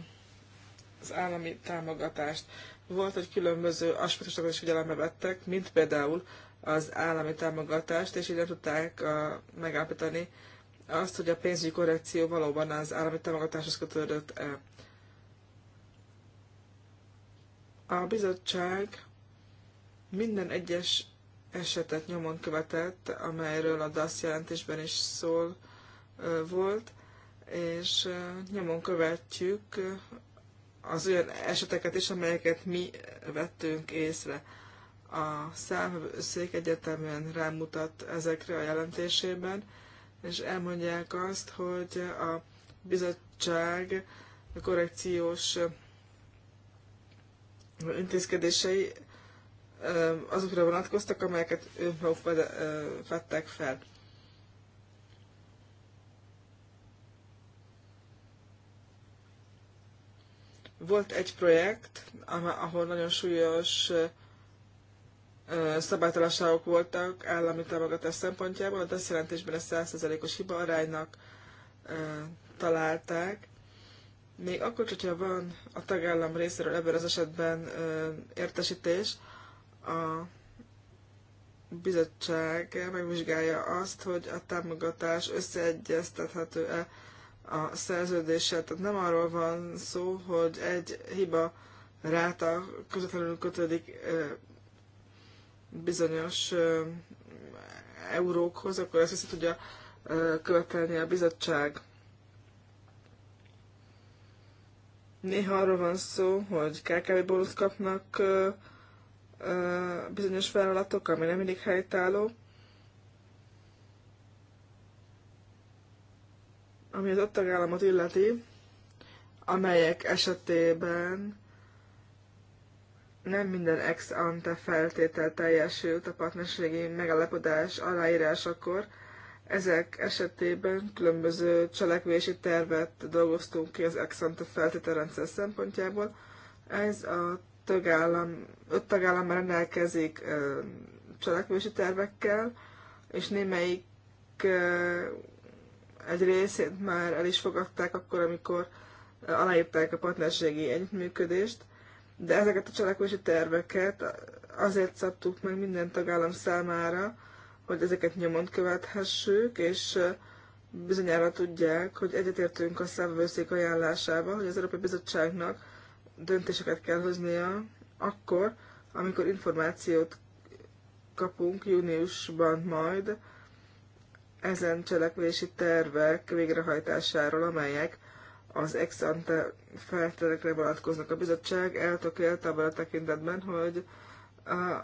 az állami támogatást. Volt, hogy különböző aspektusokat is figyelembe vettek, mint például az állami támogatást, és így nem tudták a, megállapítani azt, hogy a pénzügyi korrekció valóban az állami támogatáshoz kötődött-e. A bizottság minden egyes esetet nyomon követett, amelyről a DASZ jelentésben is szól volt, és nyomon követjük az olyan eseteket is, amelyeket mi vettünk észre. A számszék egyetemen rámutat ezekre a jelentésében, és elmondják azt, hogy a bizottság korrekciós intézkedései azokra vonatkoztak, amelyeket ők maguk vettek fel. Volt egy projekt, ahol nagyon súlyos szabálytalanságok voltak állami támogatás szempontjából, a DESZ jelentésben a 100%-os aránynak találták. Még akkor, hogyha van a tagállam részéről ebben az esetben értesítés, a bizottság megvizsgálja azt, hogy a támogatás összeegyeztethető-e a szerződéssel. Tehát nem arról van szó, hogy egy hiba ráta közvetlenül kötődik bizonyos eurókhoz, akkor ezt vissza tudja követelni a bizottság. Néha arról van szó, hogy KKV bónusz kapnak bizonyos feladatok, ami nem mindig helytálló, ami az ott tagállamot illeti, amelyek esetében nem minden ex ante feltétel teljesült a partnerségi megalapodás aláírásakor, ezek esetében különböző cselekvési tervet dolgoztunk ki az ex ante feltételrendszer szempontjából. Ez a tagállam, öt tagállam rendelkezik cselekvési tervekkel, és némelyik egy részét már el is fogadták akkor, amikor aláírták a partnerségi együttműködést, de ezeket a cselekvési terveket azért szabtuk meg minden tagállam számára, hogy ezeket nyomon követhessük, és bizonyára tudják, hogy egyetértünk a számvőszék ajánlásával, hogy az Európai Bizottságnak döntéseket kell hoznia akkor, amikor információt kapunk júniusban majd ezen cselekvési tervek végrehajtásáról, amelyek az ex ante feltételekre vonatkoznak. A bizottság eltökélt abban a tekintetben, hogy a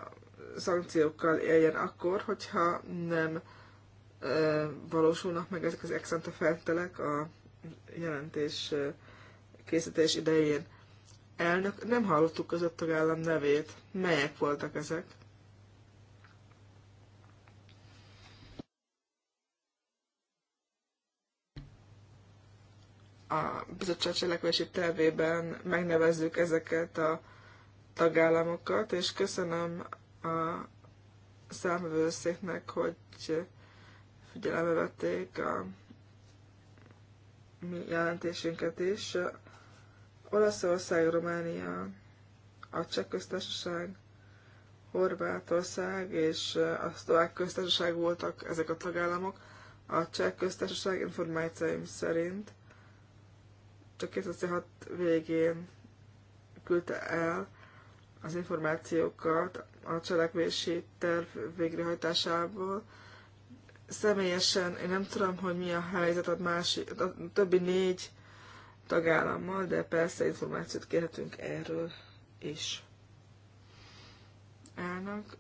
szankciókkal éljen akkor, hogyha nem valósulnak meg ezek az ex ante feltételek a jelentés készítés idején elnök, nem hallottuk az öt tagállam nevét. Melyek voltak ezek? A bizottság cselekvési tervében megnevezzük ezeket a tagállamokat, és köszönöm a számvevőszéknek, hogy figyelembe vették a mi jelentésünket is. Olaszország, Románia, a Cseh köztársaság, Horvátország és eh, a szlovák köztársaság voltak ezek a tagállamok. A cseh köztársaság információim szerint csak 2006 végén küldte el az információkat a cselekvési terv végrehajtásából. Személyesen én nem tudom, hogy mi a helyzet a, másik, a többi négy tagállammal, de persze információt kérhetünk erről is. Elnök,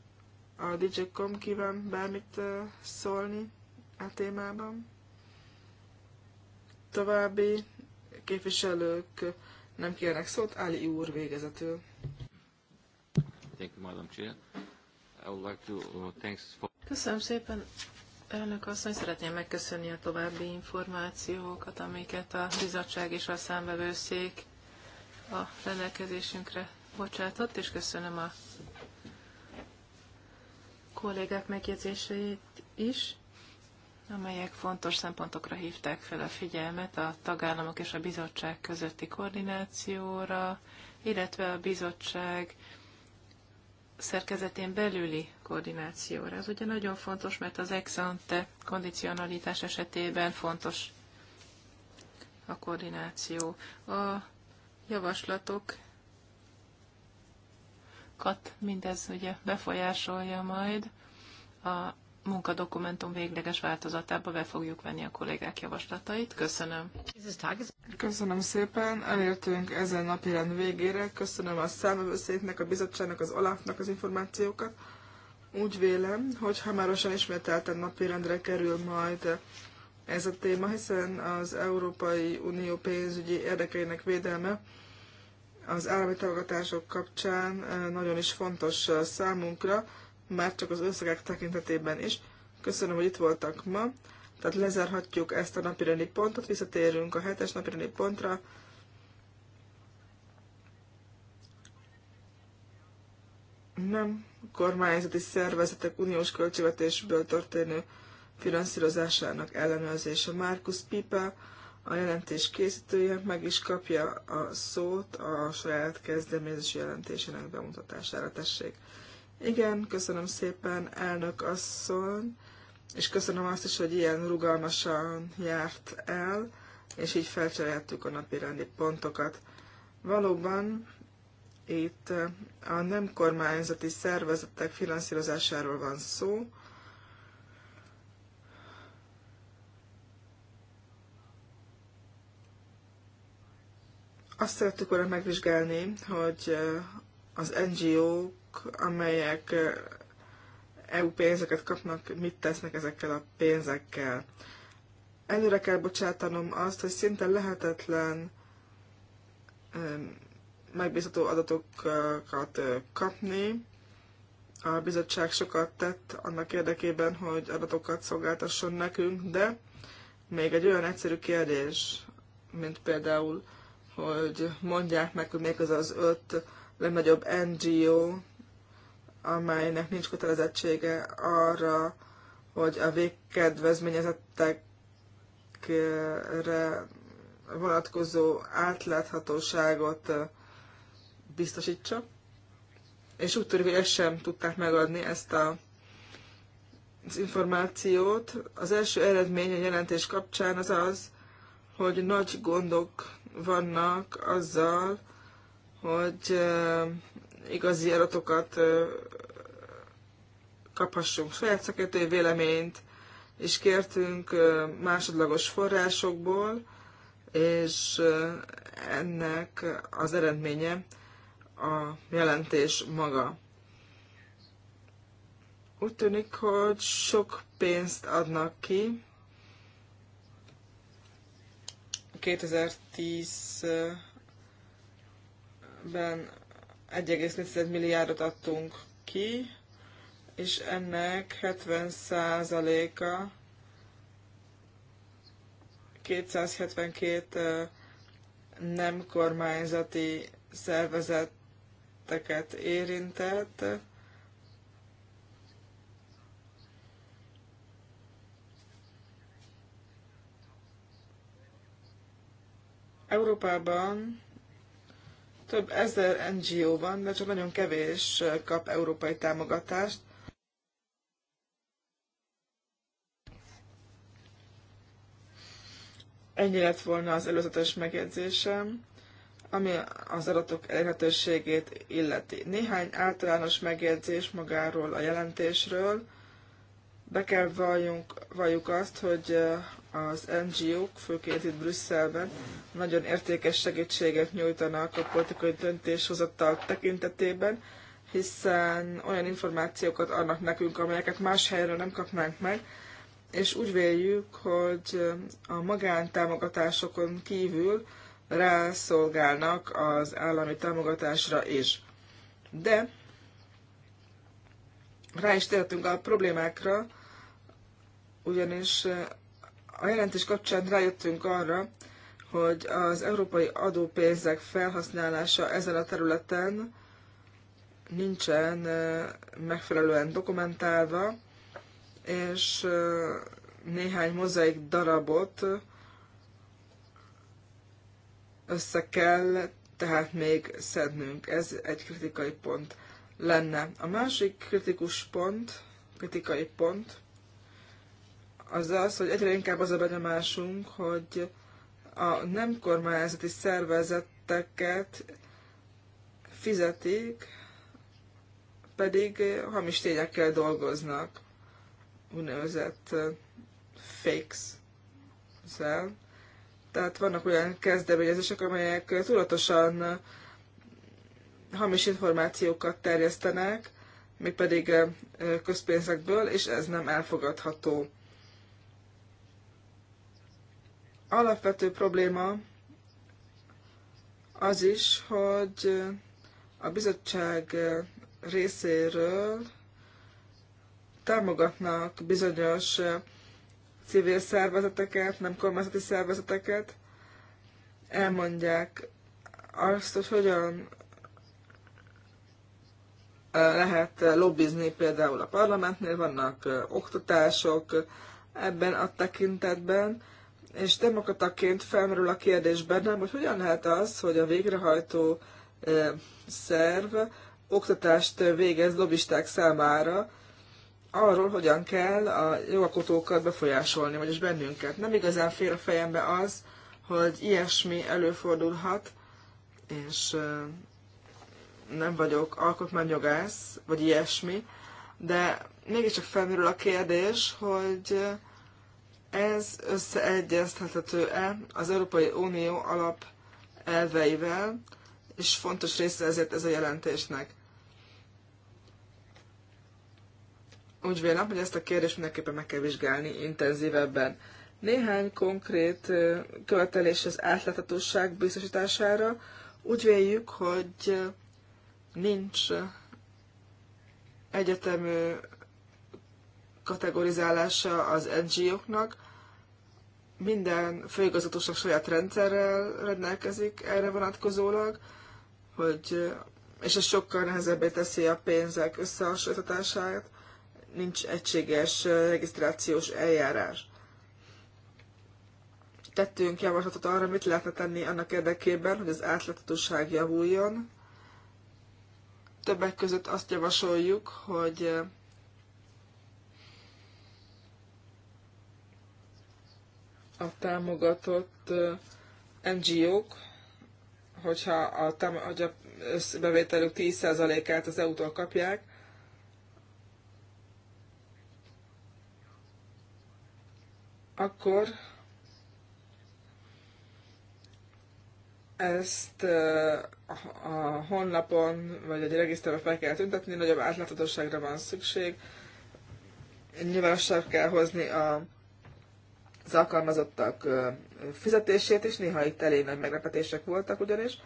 a DJ.com kíván bármit szólni a témában. További képviselők nem kérnek szót, Ali úr végezetül. Thank you, Madam Chair. I would like to, uh, thanks for... Köszönöm szépen, Elnök asszony, szeretném megköszönni a további információkat, amiket a bizottság és a számvevőszék a rendelkezésünkre bocsátott, és köszönöm a kollégák megjegyzéseit is, amelyek fontos szempontokra hívták fel a figyelmet a tagállamok és a bizottság közötti koordinációra, illetve a bizottság szerkezetén belüli koordinációra. Ez ugye nagyon fontos, mert az ex ante kondicionalitás esetében fontos a koordináció. A javaslatokat mindez ugye befolyásolja majd a munkadokumentum végleges változatába be fogjuk venni a kollégák javaslatait. Köszönöm. Köszönöm szépen, elértünk ezen napi rend végére. Köszönöm a számövőszéknek, a bizottságnak, az Olafnak az információkat. Úgy vélem, hogy hamarosan ismételten napi rendre kerül majd ez a téma, hiszen az Európai Unió pénzügyi érdekeinek védelme az állami támogatások kapcsán eh, nagyon is fontos eh, számunkra már csak az összegek tekintetében is. Köszönöm, hogy itt voltak ma. Tehát lezárhatjuk ezt a napirendi pontot, visszatérünk a hetes napirendi pontra. Nem kormányzati szervezetek uniós költségvetésből történő finanszírozásának ellenőrzése. Markus Pipa, a jelentés készítője, meg is kapja a szót a saját kezdeményezési jelentésének bemutatására. Tessék! Igen, köszönöm szépen, elnök asszony, és köszönöm azt is, hogy ilyen rugalmasan járt el, és így felcseréltük a napi rendi pontokat. Valóban itt eh, a nem kormányzati szervezetek finanszírozásáról van szó. Azt szerettük volna megvizsgálni, hogy eh, az NGO-k, amelyek eh, EU pénzeket kapnak, mit tesznek ezekkel a pénzekkel. Előre kell bocsátanom azt, hogy szinte lehetetlen eh, megbízható adatokat eh, kapni. A bizottság sokat tett annak érdekében, hogy adatokat szolgáltasson nekünk, de még egy olyan egyszerű kérdés, mint például, hogy mondják meg, hogy még az az öt legnagyobb NGO, amelynek nincs kötelezettsége arra, hogy a végkedvezményezettekre vonatkozó átláthatóságot biztosítsa. És úgy tűnik, hogy ezt sem tudták megadni, ezt a, az információt. Az első eredmény a jelentés kapcsán az az, hogy nagy gondok vannak azzal, hogy igazi adatokat kaphassunk saját szakértői véleményt, és kértünk másodlagos forrásokból, és ennek az eredménye a jelentés maga. Úgy tűnik, hogy sok pénzt adnak ki. 2010 évben 1,4 milliárdot adtunk ki, és ennek 70%-a 272 nem kormányzati szervezeteket érintett. Európában több ezer NGO van, de csak nagyon kevés kap európai támogatást. Ennyi lett volna az előzetes megjegyzésem, ami az adatok elérhetőségét illeti. Néhány általános megjegyzés magáról a jelentésről. Be kell valljunk, valljuk azt, hogy az NGO-k, főként itt Brüsszelben, nagyon értékes segítséget nyújtanak a politikai döntéshozatal tekintetében, hiszen olyan információkat adnak nekünk, amelyeket más helyről nem kapnánk meg, és úgy véljük, hogy a magántámogatásokon kívül rászolgálnak az állami támogatásra is. De rá is tértünk a problémákra, ugyanis a jelentés kapcsán rájöttünk arra, hogy az európai adópénzek felhasználása ezen a területen nincsen megfelelően dokumentálva, és néhány mozaik darabot össze kell tehát még szednünk. Ez egy kritikai pont lenne. A másik kritikus pont, kritikai pont az az, hogy egyre inkább az a benyomásunk, hogy a nem kormányzati szervezeteket fizetik, pedig hamis tényekkel dolgoznak, úgynevezett fakes -szel. Tehát vannak olyan kezdeményezések, amelyek tudatosan hamis információkat terjesztenek, mégpedig közpénzekből, és ez nem elfogadható. Alapvető probléma az is, hogy a bizottság részéről támogatnak bizonyos civil szervezeteket, nem kormányzati szervezeteket, elmondják azt, hogy hogyan lehet lobbizni például a parlamentnél, vannak oktatások ebben a tekintetben, és demokrataként felmerül a kérdés bennem, hogy hogyan lehet az, hogy a végrehajtó szerv oktatást végez lobbisták számára arról, hogyan kell a jogalkotókat befolyásolni, vagyis bennünket. Nem igazán fér a fejembe az, hogy ilyesmi előfordulhat, és nem vagyok alkotmányjogász, vagy ilyesmi, de mégiscsak felmerül a kérdés, hogy ez összeegyeztethető-e az Európai Unió alap elveivel, és fontos része ezért ez a jelentésnek. Úgy vélem, hogy ezt a kérdést mindenképpen meg kell vizsgálni intenzívebben. Néhány konkrét követelés az átláthatóság biztosítására. Úgy véljük, hogy nincs egyetemű kategorizálása az NGO-knak. Minden főigazgatóság saját rendszerrel rendelkezik erre vonatkozólag, hogy, és ez sokkal nehezebbé teszi a pénzek összehasonlítását, nincs egységes regisztrációs eljárás. Tettünk javaslatot arra, mit lehetne tenni annak érdekében, hogy az átláthatóság javuljon. Többek között azt javasoljuk, hogy a támogatott NGO-k, hogyha a, hogy a összbevételük 10%-át az EU-tól kapják, akkor ezt a honlapon vagy egy regiszterbe fel kell tüntetni, nagyobb átláthatóságra van szükség. Nyilvánosság kell hozni a az alkalmazottak fizetését is, néha itt elég nagy meglepetések voltak ugyanis,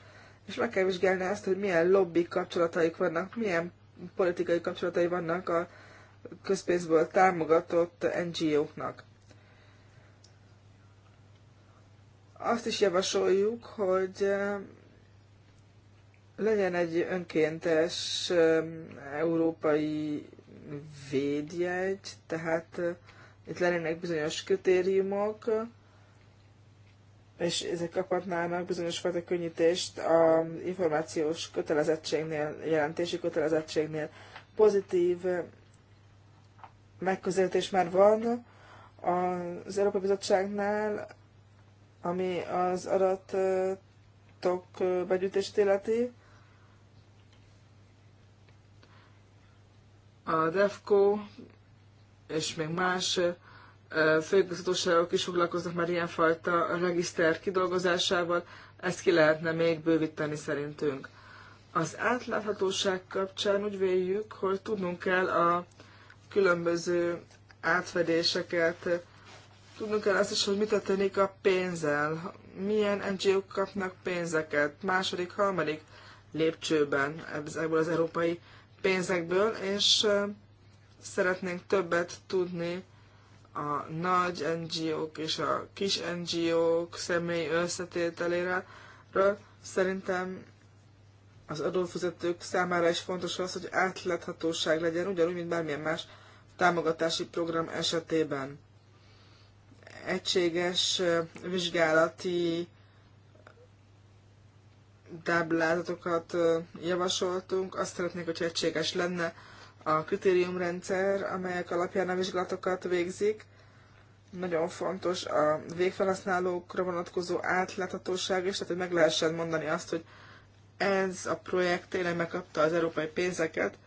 és meg kell vizsgálni azt, hogy milyen lobby kapcsolataik vannak, milyen politikai kapcsolatai vannak a közpénzből támogatott NGO-knak. Azt is javasoljuk, hogy legyen egy önkéntes európai védjegy, tehát itt lennének bizonyos kritériumok, és ezek kaphatnának bizonyos fajta könnyítést a információs kötelezettségnél, jelentési kötelezettségnél. Pozitív megközelítés már van az Európai Bizottságnál, ami az adatok begyűjtését illeti. A DEFCO és még más főigazgatóságok is foglalkoznak már ilyenfajta regiszter kidolgozásával, ezt ki lehetne még bővíteni szerintünk. Az átláthatóság kapcsán úgy véljük, hogy tudnunk kell a különböző átfedéseket, tudnunk kell azt is, hogy mi történik a pénzzel, milyen NGO-k kapnak pénzeket, második, harmadik lépcsőben ebből az európai pénzekből, és szeretnénk többet tudni a nagy NGO-k és a kis NGO-k személy összetételéről. Szerintem az adófizetők számára is fontos az, hogy átláthatóság legyen, ugyanúgy, mint bármilyen más támogatási program esetében. Egységes vizsgálati táblázatokat javasoltunk, azt szeretnék, hogy egységes lenne a kritériumrendszer, amelyek alapján a vizsgálatokat végzik. Nagyon fontos a végfelhasználókra vonatkozó átláthatóság is, tehát hogy meg lehessen mondani azt, hogy ez a projekt tényleg megkapta az európai pénzeket,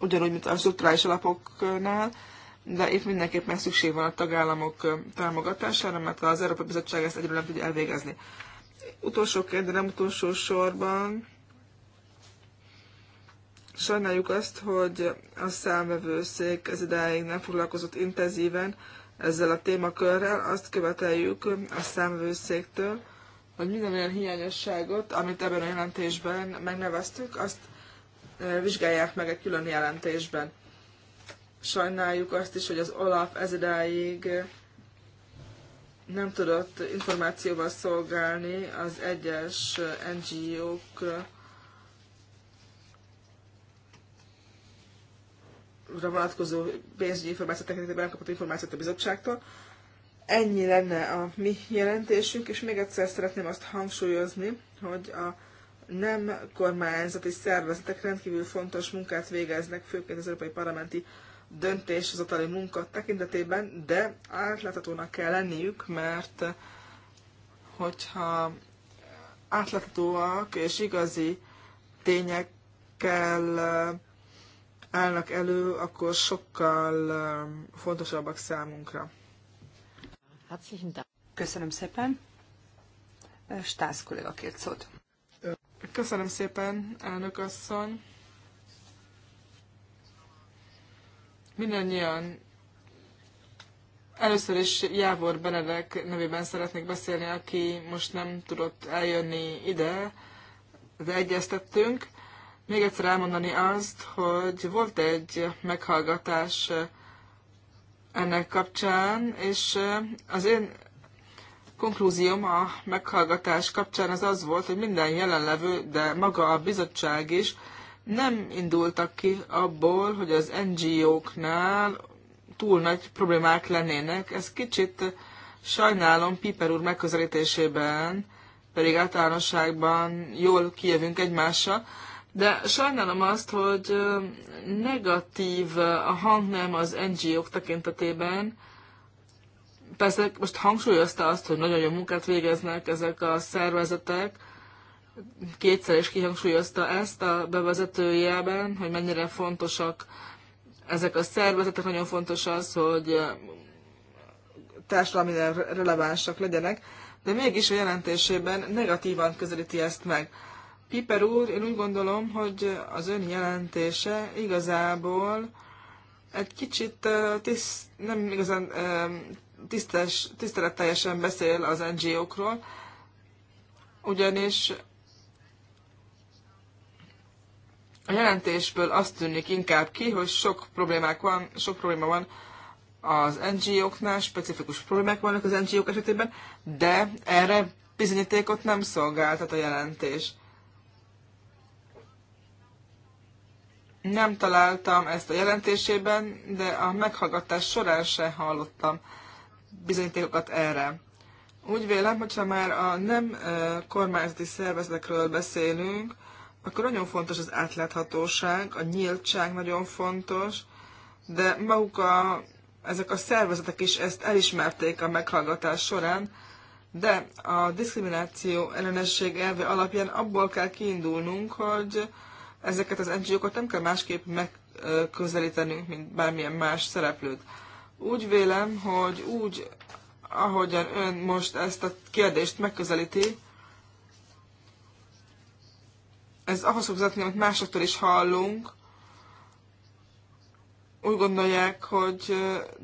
ugyanúgy, mint a strukturális alapoknál, de itt mindenképpen szükség van a tagállamok támogatására, mert az Európai Bizottság ezt egyre nem tudja elvégezni. Utolsó kérdés, de nem utolsó sorban, Sajnáljuk azt, hogy a számvevőszék ez idáig nem foglalkozott intenzíven ezzel a témakörrel. Azt követeljük a számvevőszéktől, hogy minden olyan hiányosságot, amit ebben a jelentésben megneveztük, azt eh, vizsgálják meg egy külön jelentésben. Sajnáljuk azt is, hogy az OLAF ez idáig eh, nem tudott információval szolgálni az egyes eh, NGO-k vonatkozó pénzügyi információt tekintetében nem kapott információt a bizottságtól. Ennyi lenne a mi jelentésünk, és még egyszer szeretném azt hangsúlyozni, hogy a nem kormányzati szervezetek rendkívül fontos munkát végeznek, főként az Európai Parlamenti döntés az döntéshozatali munka tekintetében, de átláthatónak kell lenniük, mert hogyha átláthatóak és igazi tényekkel állnak elő, akkor sokkal fontosabbak számunkra. Köszönöm szépen. Stász kolléga két szót. Köszönöm szépen, elnök asszony. Mindannyian először is Jávor Benedek nevében szeretnék beszélni, aki most nem tudott eljönni ide, de egyeztettünk még egyszer elmondani azt, hogy volt egy meghallgatás eh, ennek kapcsán, és eh, az én konklúzióm a meghallgatás kapcsán az az volt, hogy minden jelenlevő, de maga a bizottság is nem indultak ki abból, hogy az NGO-knál túl nagy problémák lennének. Ez kicsit sajnálom Piper úr megközelítésében, pedig általánosságban jól kijövünk egymással, de sajnálom azt, hogy negatív a hang nem az NGO-k tekintetében. Persze most hangsúlyozta azt, hogy nagyon jó munkát végeznek ezek a szervezetek, kétszer is kihangsúlyozta ezt a bevezetőjében, hogy mennyire fontosak ezek a szervezetek, nagyon fontos az, hogy társadalmi relevánsak legyenek, de mégis a jelentésében negatívan közelíti ezt meg. Piper úr, én úgy gondolom, hogy az ön jelentése igazából egy kicsit tiszt, nem igazán tisztes, tiszteletteljesen beszél az NGO-król, ugyanis a jelentésből azt tűnik inkább ki, hogy sok, problémák van, sok probléma van az NGO-knál, specifikus problémák vannak az NGO-k esetében, de erre bizonyítékot nem szolgáltat a jelentés. Nem találtam ezt a jelentésében, de a meghallgatás során se hallottam bizonyítékokat erre. Úgy vélem, hogyha már a nem kormányzati szervezetekről beszélünk, akkor nagyon fontos az átláthatóság, a nyíltság nagyon fontos, de maguk a, ezek a szervezetek is ezt elismerték a meghallgatás során, de a diszkrimináció ellenesség elve alapján abból kell kiindulnunk, hogy ezeket az NGO-kat nem kell másképp megközelítenünk, mint bármilyen más szereplőt. Úgy vélem, hogy úgy, ahogyan ön most ezt a kérdést megközelíti, ez ahhoz fog vezetni, amit másoktól is hallunk, úgy gondolják, hogy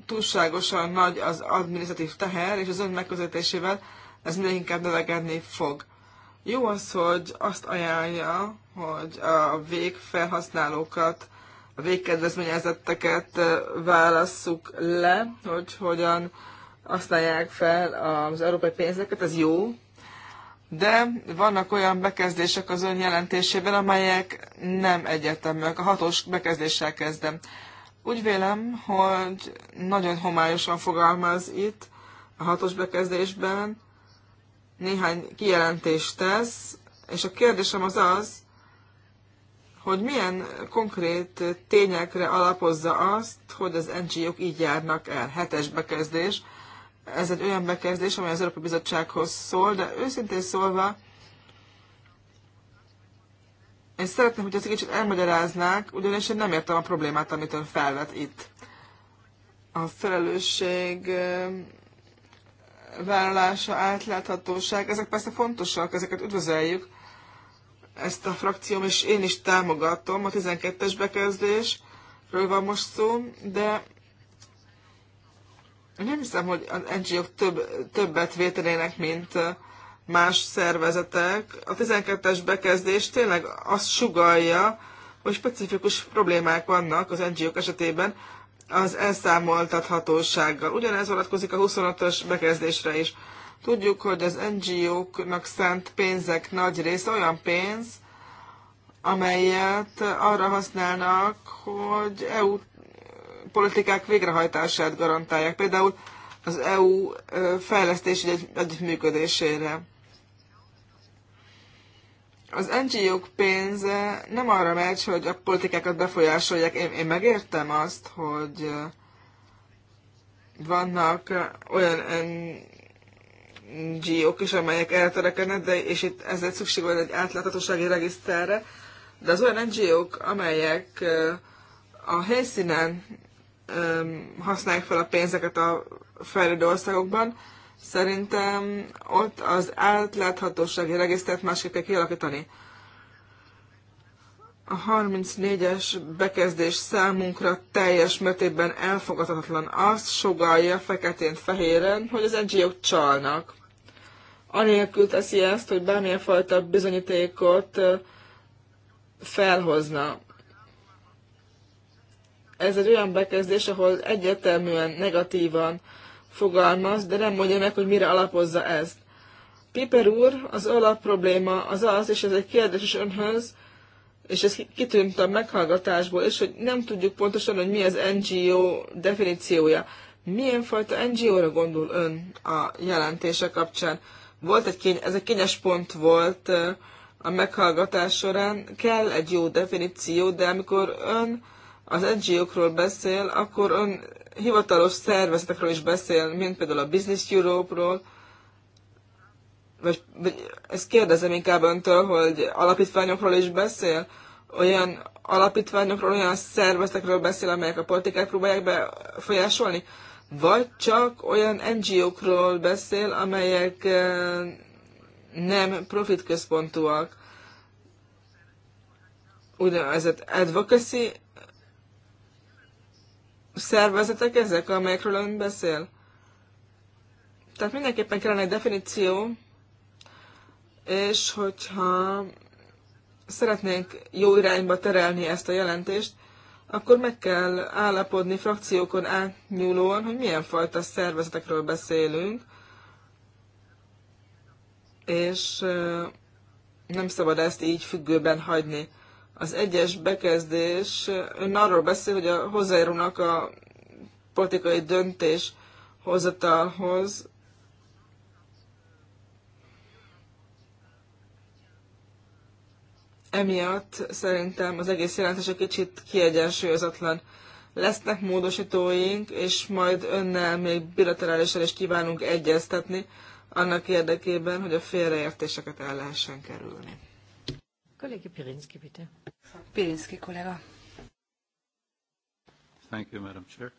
túlságosan nagy az administratív teher, és az ön megközelítésével ez még inkább növekedni fog. Jó az, hogy azt ajánlja, hogy a végfelhasználókat, a végkedvezményezetteket válasszuk le, hogy hogyan használják fel az európai pénzeket, ez jó, de vannak olyan bekezdések az ön jelentésében, amelyek nem egyeteműek. A hatos bekezdéssel kezdem. Úgy vélem, hogy nagyon homályosan fogalmaz itt a hatos bekezdésben, néhány kijelentést tesz, és a kérdésem az az, hogy milyen konkrét tényekre alapozza azt, hogy az NGO-k így járnak el. Hetes bekezdés. Ez egy olyan bekezdés, amely az Európai Bizottsághoz szól, de őszintén szólva, én szeretném, hogy ezt kicsit elmagyaráznák, ugyanis én nem értem a problémát, amit ön felvet itt. A felelősség vállalása, átláthatóság, ezek persze fontosak, ezeket üdvözeljük. Ezt a frakcióm és én is támogatom, a 12-es bekezdésről van most szó, de nem hiszem, hogy az NGO-k több, többet vételének, mint uh, más szervezetek. A 12-es bekezdés tényleg azt sugalja, hogy specifikus problémák vannak az NGO-k esetében, az elszámoltathatósággal. Ugyanez vonatkozik a 25-ös bekezdésre is. Tudjuk, hogy az NGO-knak szánt pénzek nagy része olyan pénz, amelyet arra használnak, hogy EU politikák végrehajtását garantálják. Például az EU fejlesztési együttműködésére az NGO-k pénze nem arra megy, hogy a politikákat befolyásolják. Én, én megértem azt, hogy eh, vannak eh, olyan NGO-k is, amelyek eltörekednek, de és itt ezért szükség van egy átláthatósági regiszterre, de az olyan NGO-k, amelyek eh, a helyszínen használják fel a pénzeket a fejlődő országokban, Szerintem ott az átláthatósági regisztert másképp kell kialakítani. A 34-es bekezdés számunkra teljes mértékben elfogadhatatlan. Azt sugalja feketén fehéren, hogy az ngo csalnak. Anélkül teszi ezt, hogy bármilyen fajta bizonyítékot felhozna. Ez egy olyan bekezdés, ahol egyértelműen negatívan fogalmaz, de nem mondja meg, hogy mire alapozza ezt. Piper úr, az alap probléma az az, és ez egy kérdés is önhöz, és ez kitűnt a meghallgatásból, és hogy nem tudjuk pontosan, hogy mi az NGO definíciója. Milyen fajta NGO-ra gondol ön a jelentése kapcsán? Volt egy kény, ez egy kényes pont volt a meghallgatás során. Kell egy jó definíció, de amikor ön az NGO-król beszél, akkor ön hivatalos szervezetekről is beszél, mint például a Business Europe-ról, vagy, vagy ezt kérdezem inkább öntől, hogy alapítványokról is beszél, olyan alapítványokról, olyan szervezetekről beszél, amelyek a politikát próbálják befolyásolni, vagy csak olyan NGO-król beszél, amelyek eh, nem profitközpontúak. Ugyanez advocacy szervezetek ezek, amelyekről ön beszél? Tehát mindenképpen kellene egy definíció, és hogyha szeretnénk jó irányba terelni ezt a jelentést, akkor meg kell állapodni frakciókon átnyúlóan, hogy milyen fajta szervezetekről beszélünk, és nem szabad ezt így függőben hagyni. Az egyes bekezdés ön arról beszél, hogy a hozzájárulnak a politikai döntés hozatalhoz. Emiatt szerintem az egész jelentés egy kicsit kiegyensúlyozatlan lesznek módosítóink, és majd önnel még bilaterálisan is kívánunk egyeztetni annak érdekében, hogy a félreértéseket el lehessen kerülni. Kollege Pirinski, bitte. Pirinski, Kollege. Thank you, Madam Chair.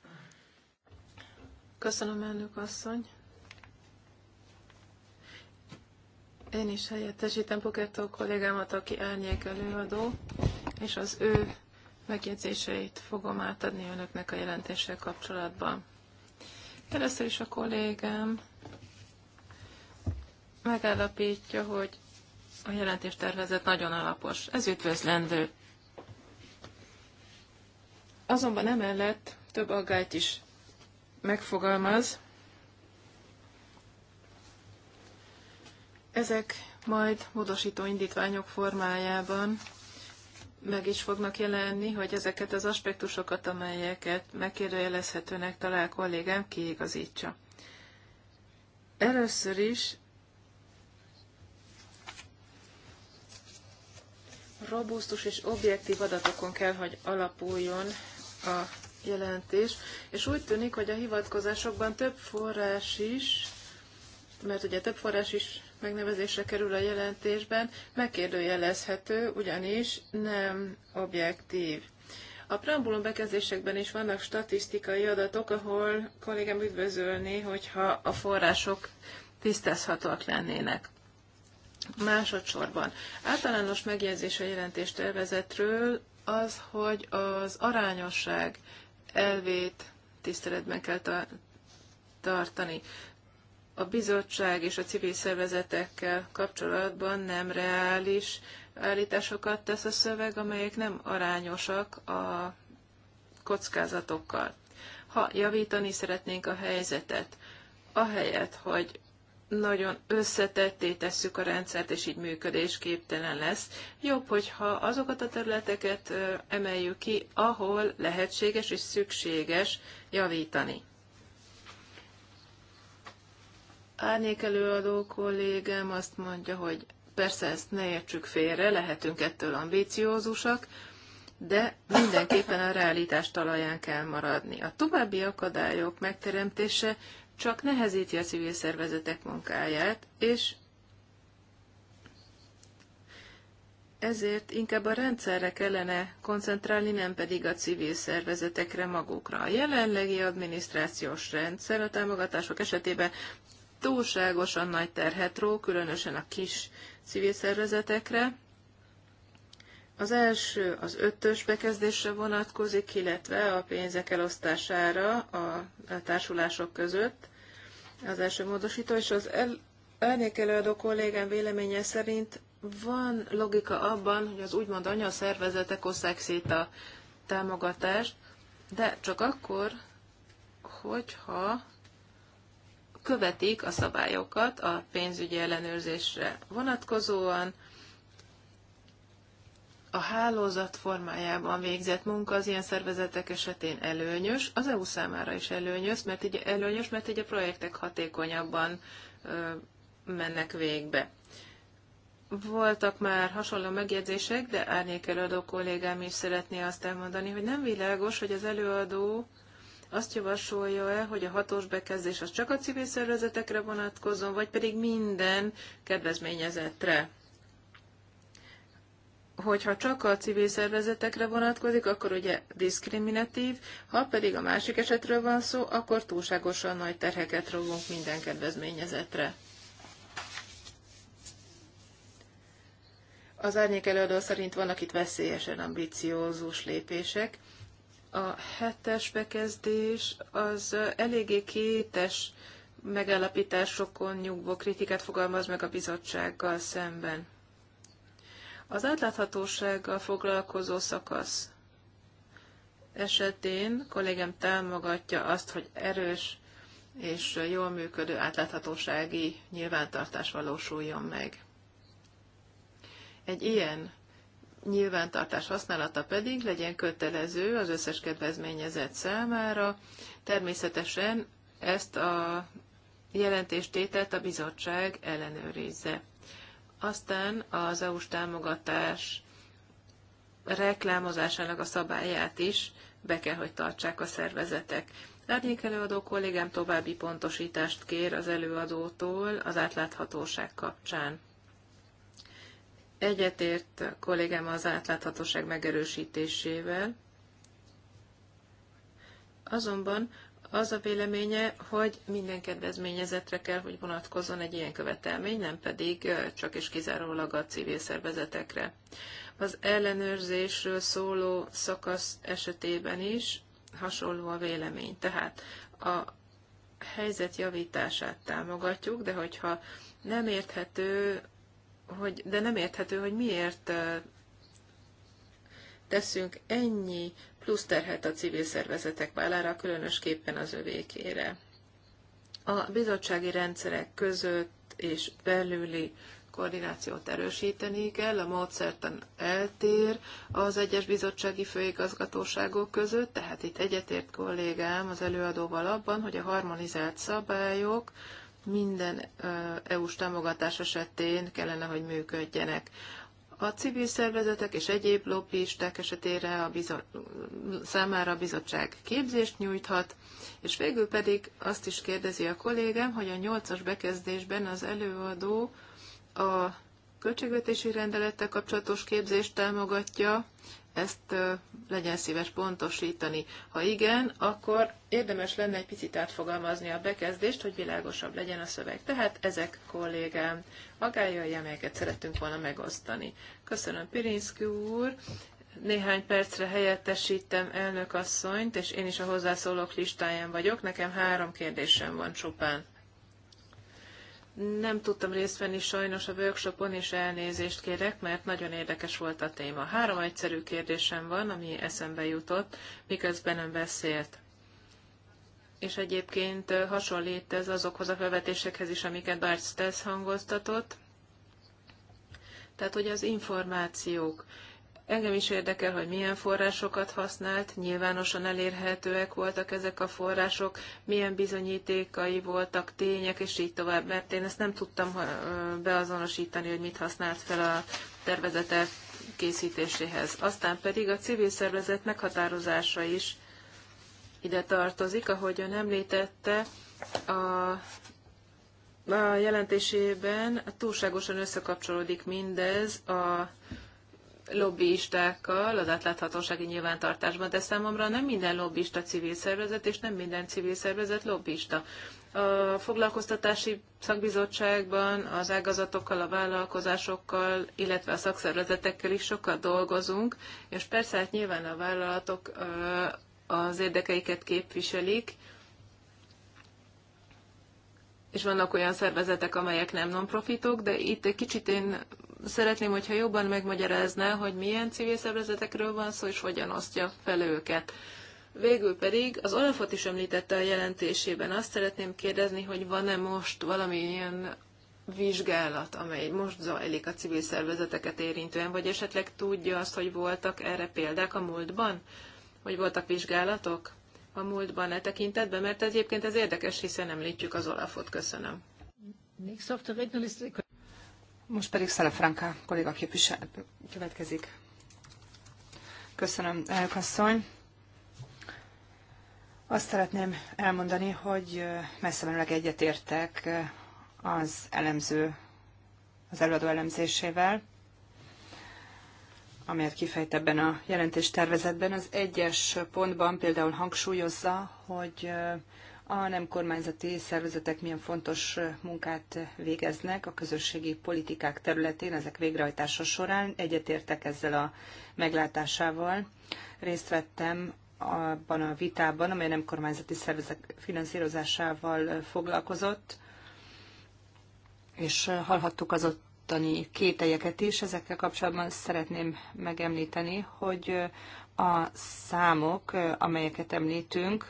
Köszönöm, elnök asszony. Én is helyettesítem Puketó kollégámat, aki árnyék előadó, és az ő megjegyzéseit fogom átadni önöknek a jelentéssel kapcsolatban. Először is a kollégám megállapítja, hogy a jelentéstervezet nagyon alapos. Ez üdvözlendő. Azonban emellett több aggályt is megfogalmaz. Ezek majd módosító indítványok formájában meg is fognak jelenni, hogy ezeket az aspektusokat, amelyeket megkérdőjelezhetőnek talál kollégám, kiigazítsa. Először is robusztus és objektív adatokon kell, hogy alapuljon a jelentés, és úgy tűnik, hogy a hivatkozásokban több forrás is, mert ugye több forrás is megnevezésre kerül a jelentésben, megkérdőjelezhető, ugyanis nem objektív. A preambulum bekezdésekben is vannak statisztikai adatok, ahol kollégám üdvözölné, hogyha a források tisztázhatóak lennének. Másodszorban általános megjegyzés a jelentés tervezetről az, hogy az arányosság elvét tiszteletben kell ta- tartani. A bizottság és a civil szervezetekkel kapcsolatban nem reális állításokat tesz a szöveg, amelyek nem arányosak a kockázatokkal. Ha javítani szeretnénk a helyzetet, ahelyett, hogy nagyon összetetté tesszük a rendszert, és így működésképtelen lesz. Jobb, hogyha azokat a területeket emeljük ki, ahol lehetséges és szükséges javítani. előadó kollégám azt mondja, hogy persze ezt ne értsük félre, lehetünk ettől ambiciózusak, de mindenképpen a realitás talaján kell maradni. A további akadályok megteremtése csak nehezíti a civil szervezetek munkáját, és ezért inkább a rendszerre kellene koncentrálni, nem pedig a civil szervezetekre magukra. A jelenlegi adminisztrációs rendszer a támogatások esetében túlságosan nagy terhet ró, különösen a kis civil szervezetekre, az első az ötös bekezdésre vonatkozik, illetve a pénzek elosztására a társulások között. Az első módosító, és az elnékelőadó kollégám véleménye szerint van logika abban, hogy az úgymond anyaszervezetek osszák szét a támogatást, de csak akkor, hogyha követik a szabályokat a pénzügyi ellenőrzésre vonatkozóan, a hálózat formájában végzett munka az ilyen szervezetek esetén előnyös, az EU számára is előnyös, mert így, előnyös, mert így a projektek hatékonyabban ö, mennek végbe. Voltak már hasonló megjegyzések, de árnyék kollégám is szeretné azt elmondani, hogy nem világos, hogy az előadó azt javasolja-e, hogy a hatós bekezdés az csak a civil szervezetekre vonatkozom, vagy pedig minden kedvezményezettre hogyha csak a civil szervezetekre vonatkozik, akkor ugye diszkriminatív, ha pedig a másik esetről van szó, akkor túlságosan nagy terheket rogunk minden kedvezményezetre. Az árnyék előadó szerint vannak itt veszélyesen ambiciózus lépések. A hetes bekezdés az eléggé kétes megállapításokon nyugvó kritikát fogalmaz meg a bizottsággal szemben az átláthatósággal foglalkozó szakasz esetén kollégám támogatja azt, hogy erős és jól működő átláthatósági nyilvántartás valósuljon meg. Egy ilyen nyilvántartás használata pedig legyen kötelező az összes kedvezményezett számára. Természetesen ezt a jelentéstételt a bizottság ellenőrizze. Aztán az EU-s támogatás reklámozásának a szabályát is be kell, hogy tartsák a szervezetek. Árnyék előadó kollégám további pontosítást kér az előadótól az átláthatóság kapcsán. Egyetért kollégám az átláthatóság megerősítésével, azonban az a véleménye, hogy minden kedvezményezetre kell, hogy vonatkozzon egy ilyen követelmény, nem pedig csak és kizárólag a civil szervezetekre. Az ellenőrzésről szóló szakasz esetében is hasonló a vélemény. Tehát a helyzet javítását támogatjuk, de hogyha nem érthető, hogy, de nem érthető, hogy miért teszünk ennyi plusz terhet a civil szervezetek vállára, különösképpen az övékére. A bizottsági rendszerek között és belüli koordinációt erősíteni kell, a módszertan eltér az egyes bizottsági főigazgatóságok között, tehát itt egyetért kollégám az előadóval abban, hogy a harmonizált szabályok minden EU-s támogatás esetén kellene, hogy működjenek. A civil szervezetek és egyéb lobbisták esetére a bizot, számára a bizottság képzést nyújthat, és végül pedig azt is kérdezi a kollégám, hogy a nyolcas bekezdésben az előadó a költségvetési rendelettel kapcsolatos képzést támogatja, ezt legyen szíves pontosítani. Ha igen, akkor érdemes lenne egy picit átfogalmazni a bekezdést, hogy világosabb legyen a szöveg. Tehát ezek kollégám agályai, amelyeket szerettünk volna megosztani. Köszönöm Pirinszki úr, néhány percre helyettesítem elnök asszonyt, és én is a hozzászólók listáján vagyok. Nekem három kérdésem van csupán. Nem tudtam részt venni sajnos a workshopon, és elnézést kérek, mert nagyon érdekes volt a téma. Három egyszerű kérdésem van, ami eszembe jutott, miközben ön beszélt. És egyébként hasonlít ez azokhoz a felvetésekhez is, amiket Darts Tess hangoztatott. Tehát, hogy az információk Engem is érdekel, hogy milyen forrásokat használt, nyilvánosan elérhetőek voltak ezek a források, milyen bizonyítékai voltak, tények, és így tovább, mert én ezt nem tudtam beazonosítani, hogy mit használt fel a tervezete készítéséhez. Aztán pedig a civil szervezet meghatározása is ide tartozik, ahogy ön említette, a a jelentésében túlságosan összekapcsolódik mindez a lobbyistákkal az átláthatósági nyilvántartásban, de számomra nem minden lobbyista civil szervezet, és nem minden civil szervezet lobbyista. A foglalkoztatási szakbizottságban az ágazatokkal, a vállalkozásokkal, illetve a szakszervezetekkel is sokat dolgozunk, és persze hát nyilván a vállalatok az érdekeiket képviselik, és vannak olyan szervezetek, amelyek nem non-profitok, de itt egy kicsit én szeretném, hogyha jobban megmagyarázná, hogy milyen civil szervezetekről van szó, és hogyan osztja fel őket. Végül pedig az Olafot is említette a jelentésében. Azt szeretném kérdezni, hogy van-e most valamilyen vizsgálat, amely most zajlik a civil szervezeteket érintően, vagy esetleg tudja azt, hogy voltak erre példák a múltban? Hogy voltak vizsgálatok a múltban e tekintetben? Mert egyébként ez érdekes, hiszen említjük az Olafot. Köszönöm. Most pedig Szele Franka kolléga képvisel, következik. Köszönöm, elnök asszony. Azt szeretném elmondani, hogy messze menőleg egyetértek az elemző, az előadó elemzésével, amelyet kifejt ebben a jelentéstervezetben. Az egyes pontban például hangsúlyozza, hogy a nem kormányzati szervezetek milyen fontos munkát végeznek a közösségi politikák területén, ezek végrehajtása során. Egyetértek ezzel a meglátásával. Részt vettem abban a vitában, amely nem kormányzati szervezetek finanszírozásával foglalkozott, és hallhattuk az ottani kételjeket is. Ezekkel kapcsolatban szeretném megemlíteni, hogy a számok, amelyeket említünk,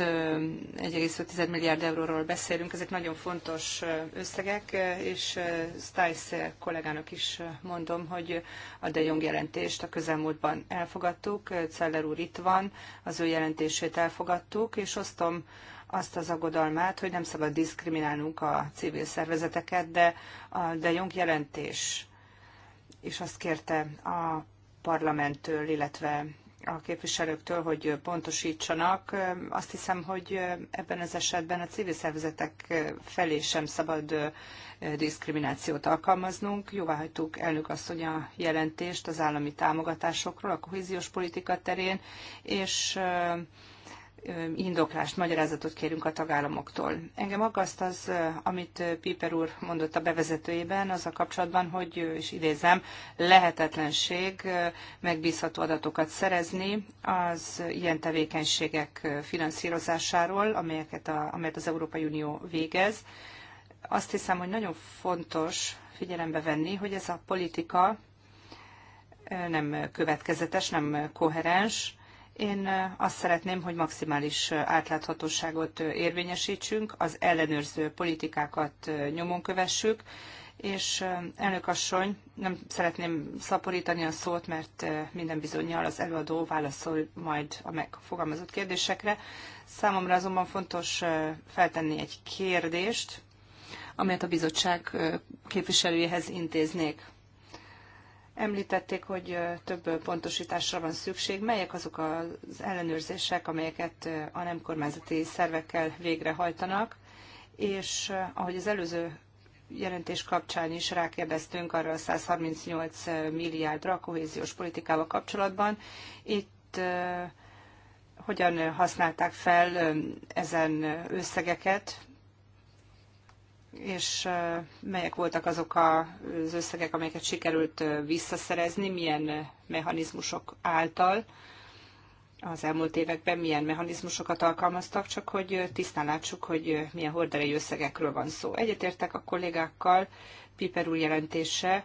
1,5 milliárd euróról beszélünk, ezek nagyon fontos összegek, és Stice kollégának is mondom, hogy a De Jong jelentést a közelmúltban elfogadtuk, Celler úr itt van, az ő jelentését elfogadtuk, és osztom azt az aggodalmát, hogy nem szabad diszkriminálnunk a civil szervezeteket, de a De Jong jelentés is azt kérte a parlamenttől, illetve a képviselőktől, hogy pontosítsanak. Azt hiszem, hogy ebben az esetben a civil szervezetek felé sem szabad diszkriminációt alkalmaznunk. Jóváhagytuk elnök asszony a jelentést az állami támogatásokról a kohéziós politika terén, és indoklást, magyarázatot kérünk a tagállamoktól. Engem aggaszt az, amit Piper úr mondott a bevezetőjében, az a kapcsolatban, hogy, és idézem, lehetetlenség megbízható adatokat szerezni az ilyen tevékenységek finanszírozásáról, amelyeket a, amelyet az Európai Unió végez. Azt hiszem, hogy nagyon fontos figyelembe venni, hogy ez a politika nem következetes, nem koherens, én azt szeretném, hogy maximális átláthatóságot érvényesítsünk, az ellenőrző politikákat nyomon kövessük, és elnök asszony, nem szeretném szaporítani a szót, mert minden bizonyal az előadó válaszol majd a megfogalmazott kérdésekre. Számomra azonban fontos feltenni egy kérdést, amelyet a bizottság képviselőjehez intéznék. Említették, hogy több pontosításra van szükség. Melyek azok az ellenőrzések, amelyeket a nem kormányzati szervekkel végrehajtanak? És ahogy az előző jelentés kapcsán is rákérdeztünk arra a 138 milliárdra a kohéziós politikával kapcsolatban, itt hogyan használták fel ezen összegeket, és melyek voltak azok az összegek, amelyeket sikerült visszaszerezni, milyen mechanizmusok által az elmúlt években milyen mechanizmusokat alkalmaztak, csak hogy tisztán látsuk, hogy milyen horderei összegekről van szó. Egyetértek a kollégákkal, Piper úr jelentése,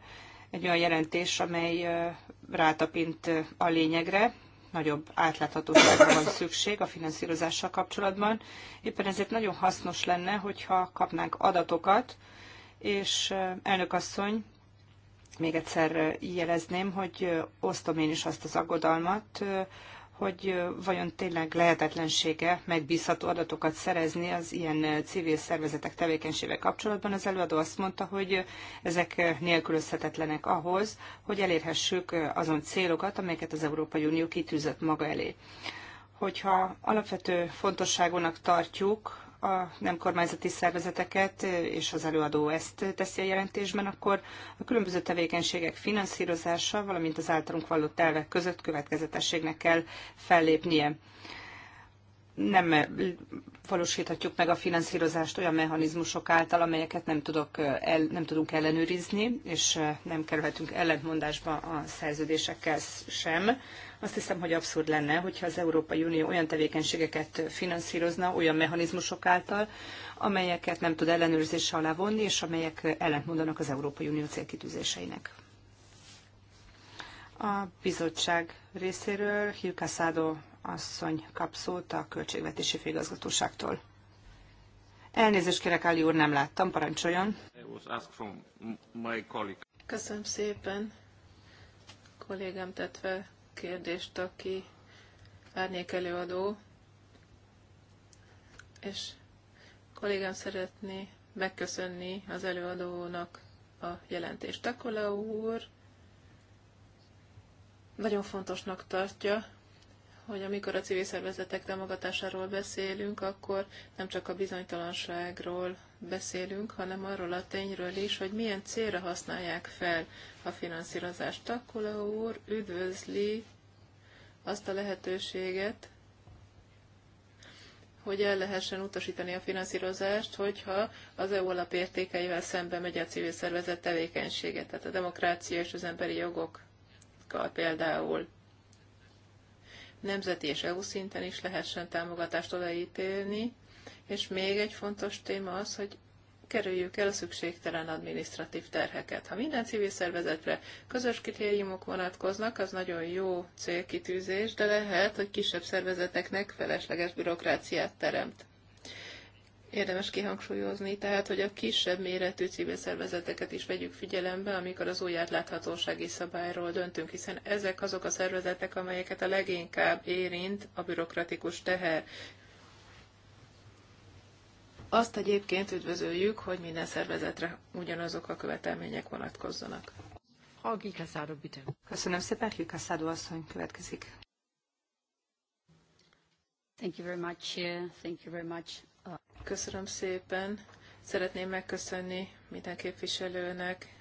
egy olyan jelentés, amely rátapint a lényegre, nagyobb átláthatóságra van szükség a finanszírozással kapcsolatban. Éppen ezért nagyon hasznos lenne, hogyha kapnánk adatokat, és elnök asszony, még egyszer jelezném, hogy osztom én is azt az aggodalmat, hogy vajon tényleg lehetetlensége megbízható adatokat szerezni az ilyen civil szervezetek tevékenysége kapcsolatban. Az előadó azt mondta, hogy ezek nélkülözhetetlenek ahhoz, hogy elérhessük azon célokat, amelyeket az Európai Unió kitűzött maga elé. Hogyha alapvető fontosságúnak tartjuk a nem kormányzati szervezeteket, és az előadó ezt teszi a jelentésben, akkor a különböző tevékenységek finanszírozása, valamint az általunk vallott elvek között következetességnek kell fellépnie. Nem valósíthatjuk meg a finanszírozást olyan mechanizmusok által, amelyeket nem, tudok, el, nem tudunk ellenőrizni, és nem kerülhetünk ellentmondásba a szerződésekkel sem. Azt hiszem, hogy abszurd lenne, hogyha az Európai Unió olyan tevékenységeket finanszírozna olyan mechanizmusok által, amelyeket nem tud ellenőrzése alá vonni, és amelyek ellentmondanak az Európai Unió célkitűzéseinek. A bizottság részéről Hilka Szádó asszony kap szót a Költségvetési Főigazgatóságtól. Elnézést kérek, Ali úr, nem láttam, parancsoljon. Köszönöm szépen. A kollégám tett fel kérdést, aki árnyék előadó, és kollégám szeretné megköszönni az előadónak a jelentést. Takola úr nagyon fontosnak tartja hogy amikor a civil szervezetek támogatásáról beszélünk, akkor nem csak a bizonytalanságról beszélünk, hanem arról a tényről is, hogy milyen célra használják fel a finanszírozást. Takula úr üdvözli azt a lehetőséget, hogy el lehessen utasítani a finanszírozást, hogyha az EU alapértékeivel szembe megy a civil szervezet tevékenysége, tehát a demokrácia és az emberi jogokkal például nemzeti és EU szinten is lehessen támogatást odaítélni, és még egy fontos téma az, hogy kerüljük el a szükségtelen adminisztratív terheket. Ha minden civil szervezetre közös kritériumok vonatkoznak, az nagyon jó célkitűzés, de lehet, hogy kisebb szervezeteknek felesleges bürokráciát teremt érdemes kihangsúlyozni, tehát hogy a kisebb méretű civil szervezeteket is vegyük figyelembe, amikor az új átláthatósági szabályról döntünk, hiszen ezek azok a szervezetek, amelyeket a leginkább érint a bürokratikus teher. Azt egyébként üdvözöljük, hogy minden szervezetre ugyanazok a követelmények vonatkozzanak. Köszönöm szépen, Hagi asszony következik. Thank you very much. Uh, thank you very much. Köszönöm szépen. Szeretném megköszönni minden képviselőnek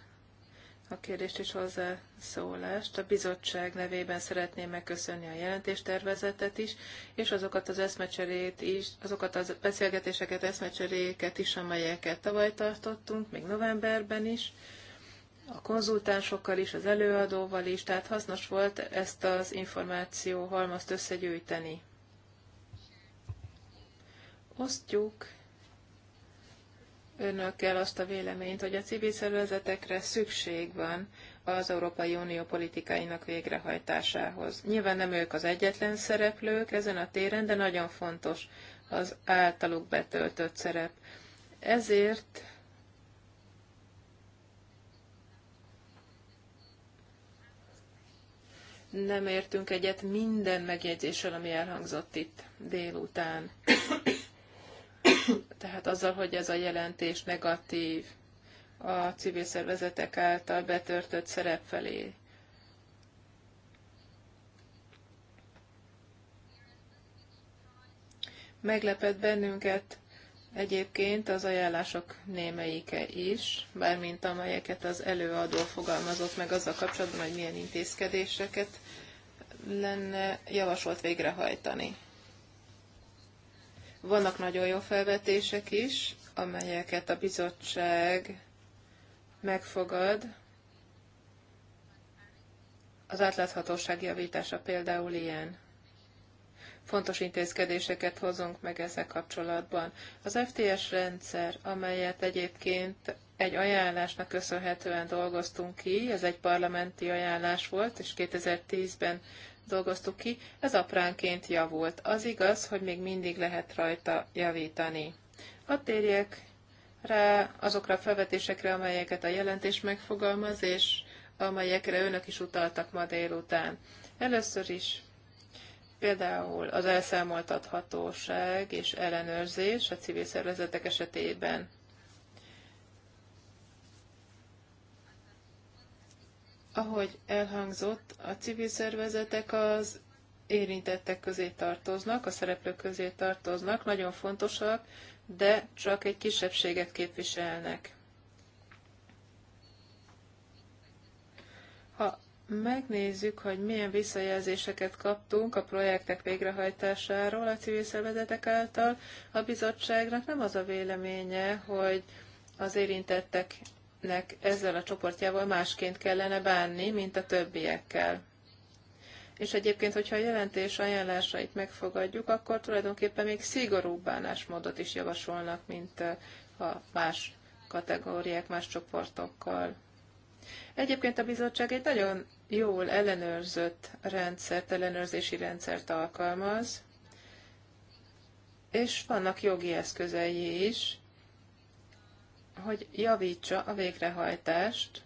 a kérdést és hozzászólást. A bizottság nevében szeretném megköszönni a jelentéstervezetet is, és azokat az eszmecserét is, azokat az beszélgetéseket, eszmecseréket is, amelyeket tavaly tartottunk, még novemberben is a konzultánsokkal is, az előadóval is, tehát hasznos volt ezt az információ halmazt összegyűjteni. Osztjuk önökkel azt a véleményt, hogy a civil szervezetekre szükség van az Európai Unió politikáinak végrehajtásához. Nyilván nem ők az egyetlen szereplők ezen a téren, de nagyon fontos az általuk betöltött szerep. Ezért nem értünk egyet minden megjegyzéssel, ami elhangzott itt délután tehát azzal, hogy ez a jelentés negatív a civil szervezetek által betörtött szerep felé. Meglepett bennünket egyébként az ajánlások némelyike is, bármint amelyeket az előadó fogalmazott meg azzal kapcsolatban, hogy milyen intézkedéseket lenne javasolt végrehajtani. Vannak nagyon jó felvetések is, amelyeket a bizottság megfogad. Az átláthatóság javítása például ilyen. Fontos intézkedéseket hozunk meg ezzel kapcsolatban. Az FTS rendszer, amelyet egyébként egy ajánlásnak köszönhetően dolgoztunk ki, ez egy parlamenti ajánlás volt, és 2010-ben dolgoztuk ki, ez apránként javult. Az igaz, hogy még mindig lehet rajta javítani. A térjek rá azokra a felvetésekre, amelyeket a jelentés megfogalmaz, és amelyekre önök is utaltak ma délután. Először is például az elszámoltathatóság és ellenőrzés a civil szervezetek esetében Ahogy elhangzott, a civil szervezetek az érintettek közé tartoznak, a szereplők közé tartoznak, nagyon fontosak, de csak egy kisebbséget képviselnek. Ha megnézzük, hogy milyen visszajelzéseket kaptunk a projektek végrehajtásáról a civil szervezetek által, a bizottságnak nem az a véleménye, hogy az érintettek nek ezzel a csoportjával másként kellene bánni, mint a többiekkel. És egyébként, hogyha a jelentés ajánlásait megfogadjuk, akkor tulajdonképpen még szigorúbb bánásmódot is javasolnak, mint a más kategóriák, más csoportokkal. Egyébként a bizottság egy nagyon jól ellenőrzött rendszert, ellenőrzési rendszert alkalmaz, és vannak jogi eszközei is, hogy javítsa a végrehajtást,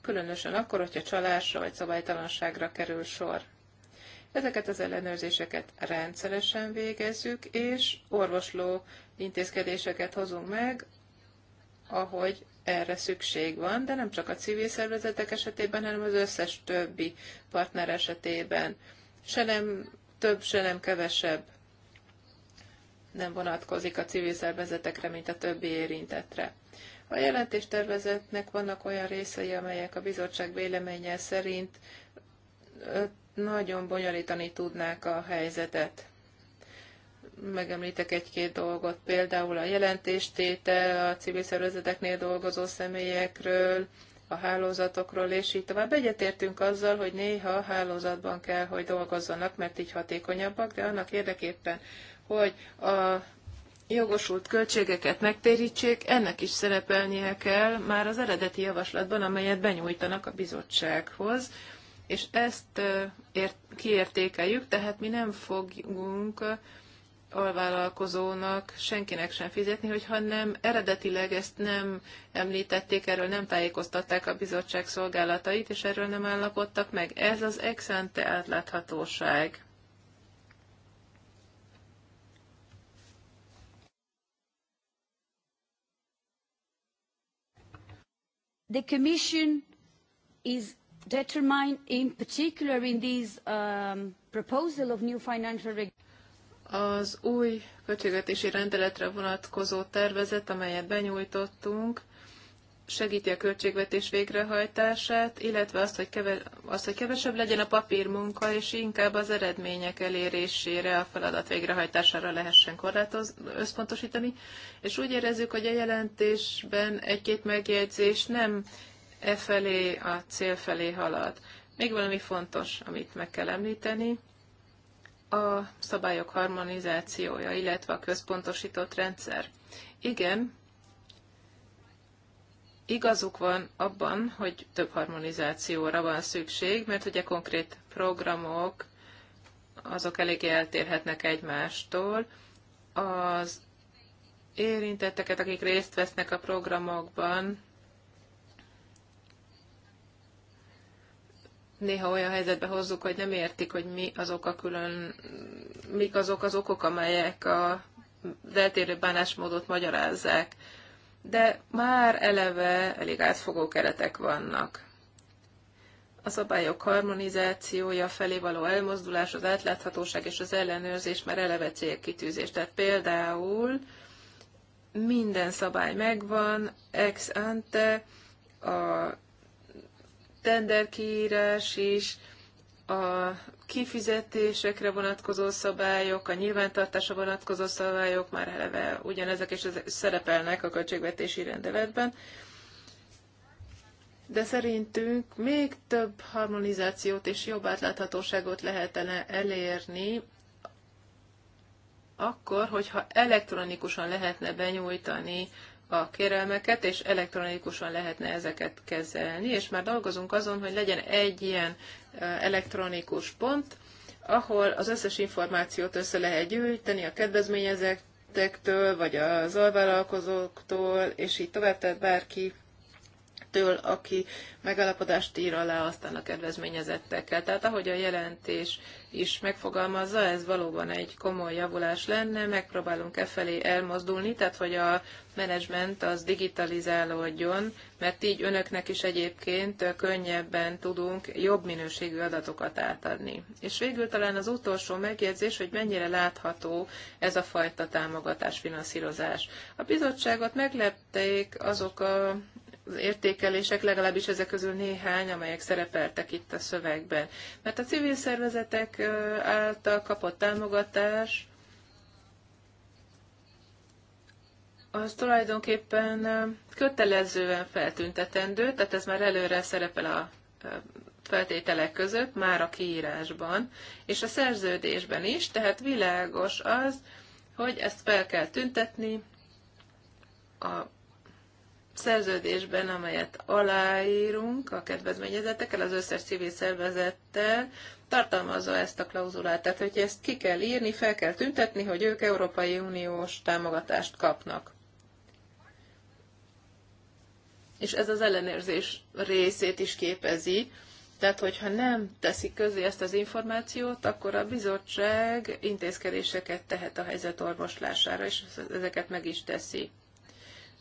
különösen akkor, hogyha csalásra vagy szabálytalanságra kerül sor. Ezeket az ellenőrzéseket rendszeresen végezzük, és orvosló intézkedéseket hozunk meg, ahogy erre szükség van, de nem csak a civil szervezetek esetében, hanem az összes többi partner esetében. Se nem több, se nem kevesebb nem vonatkozik a civil szervezetekre, mint a többi érintetre. A jelentéstervezetnek vannak olyan részei, amelyek a bizottság véleménye szerint nagyon bonyolítani tudnák a helyzetet. Megemlítek egy-két dolgot, például a jelentéstétel a civil szervezeteknél dolgozó személyekről, a hálózatokról, és így tovább. Egyetértünk azzal, hogy néha a hálózatban kell, hogy dolgozzanak, mert így hatékonyabbak, de annak érdekében, hogy a jogosult költségeket megtérítsék, ennek is szerepelnie kell már az eredeti javaslatban, amelyet benyújtanak a bizottsághoz, és ezt ért, kiértékeljük, tehát mi nem fogunk alvállalkozónak senkinek sem fizetni, hogyha nem eredetileg ezt nem említették, erről nem tájékoztatták a bizottság szolgálatait, és erről nem állapodtak meg. Ez az ex ante átláthatóság. the Commission is determined, in particular in this um, proposal of new financial Az új költségvetési rendeletre vonatkozó tervezet, amelyet benyújtottunk, segíti a költségvetés végrehajtását, illetve azt hogy, keve, azt, hogy kevesebb legyen a papírmunka, és inkább az eredmények elérésére, a feladat végrehajtására lehessen korlátoz, összpontosítani. És úgy érezzük, hogy a jelentésben egy-két megjegyzés nem e felé, a cél felé halad. Még valami fontos, amit meg kell említeni, a szabályok harmonizációja, illetve a központosított rendszer. Igen, igazuk van abban, hogy több harmonizációra van szükség, mert ugye konkrét programok azok eléggé eltérhetnek egymástól. Az érintetteket, akik részt vesznek a programokban, néha olyan helyzetbe hozzuk, hogy nem értik, hogy mi azok a külön, mik azok az okok, amelyek a eltérő bánásmódot magyarázzák de már eleve elég átfogó keretek vannak. A szabályok harmonizációja felé való elmozdulás, az átláthatóság és az ellenőrzés már eleve célkitűzés. Tehát például minden szabály megvan, ex ante, a tenderkiírás is, a kifizetésekre vonatkozó szabályok, a nyilvántartásra vonatkozó szabályok már eleve ugyanezek és szerepelnek a költségvetési rendeletben. De szerintünk még több harmonizációt és jobb átláthatóságot lehetne elérni akkor, hogyha elektronikusan lehetne benyújtani a kérelmeket, és elektronikusan lehetne ezeket kezelni, és már dolgozunk azon, hogy legyen egy ilyen elektronikus pont, ahol az összes információt össze lehet gyűjteni a kedvezményezettektől, vagy az alvállalkozóktól, és így tovább, tehát bárki től, aki megalapodást ír alá aztán a kedvezményezettekkel. Tehát ahogy a jelentés is megfogalmazza, ez valóban egy komoly javulás lenne, megpróbálunk e felé elmozdulni, tehát hogy a menedzsment az digitalizálódjon, mert így önöknek is egyébként könnyebben tudunk jobb minőségű adatokat átadni. És végül talán az utolsó megjegyzés, hogy mennyire látható ez a fajta támogatás, finanszírozás. A bizottságot meglepték azok a értékelések, legalábbis ezek közül néhány, amelyek szerepeltek itt a szövegben. Mert a civil szervezetek által kapott támogatás az tulajdonképpen kötelezően feltüntetendő, tehát ez már előre szerepel a feltételek között, már a kiírásban, és a szerződésben is, tehát világos az, hogy ezt fel kell tüntetni a szerződésben, amelyet aláírunk a kedvezményezetekkel, az összes civil szervezettel, tartalmazza ezt a klauzulát. Tehát, hogy ezt ki kell írni, fel kell tüntetni, hogy ők Európai Uniós támogatást kapnak. És ez az ellenőrzés részét is képezi. Tehát, hogyha nem teszik közé ezt az információt, akkor a bizottság intézkedéseket tehet a helyzet orvoslására, és ezeket meg is teszi.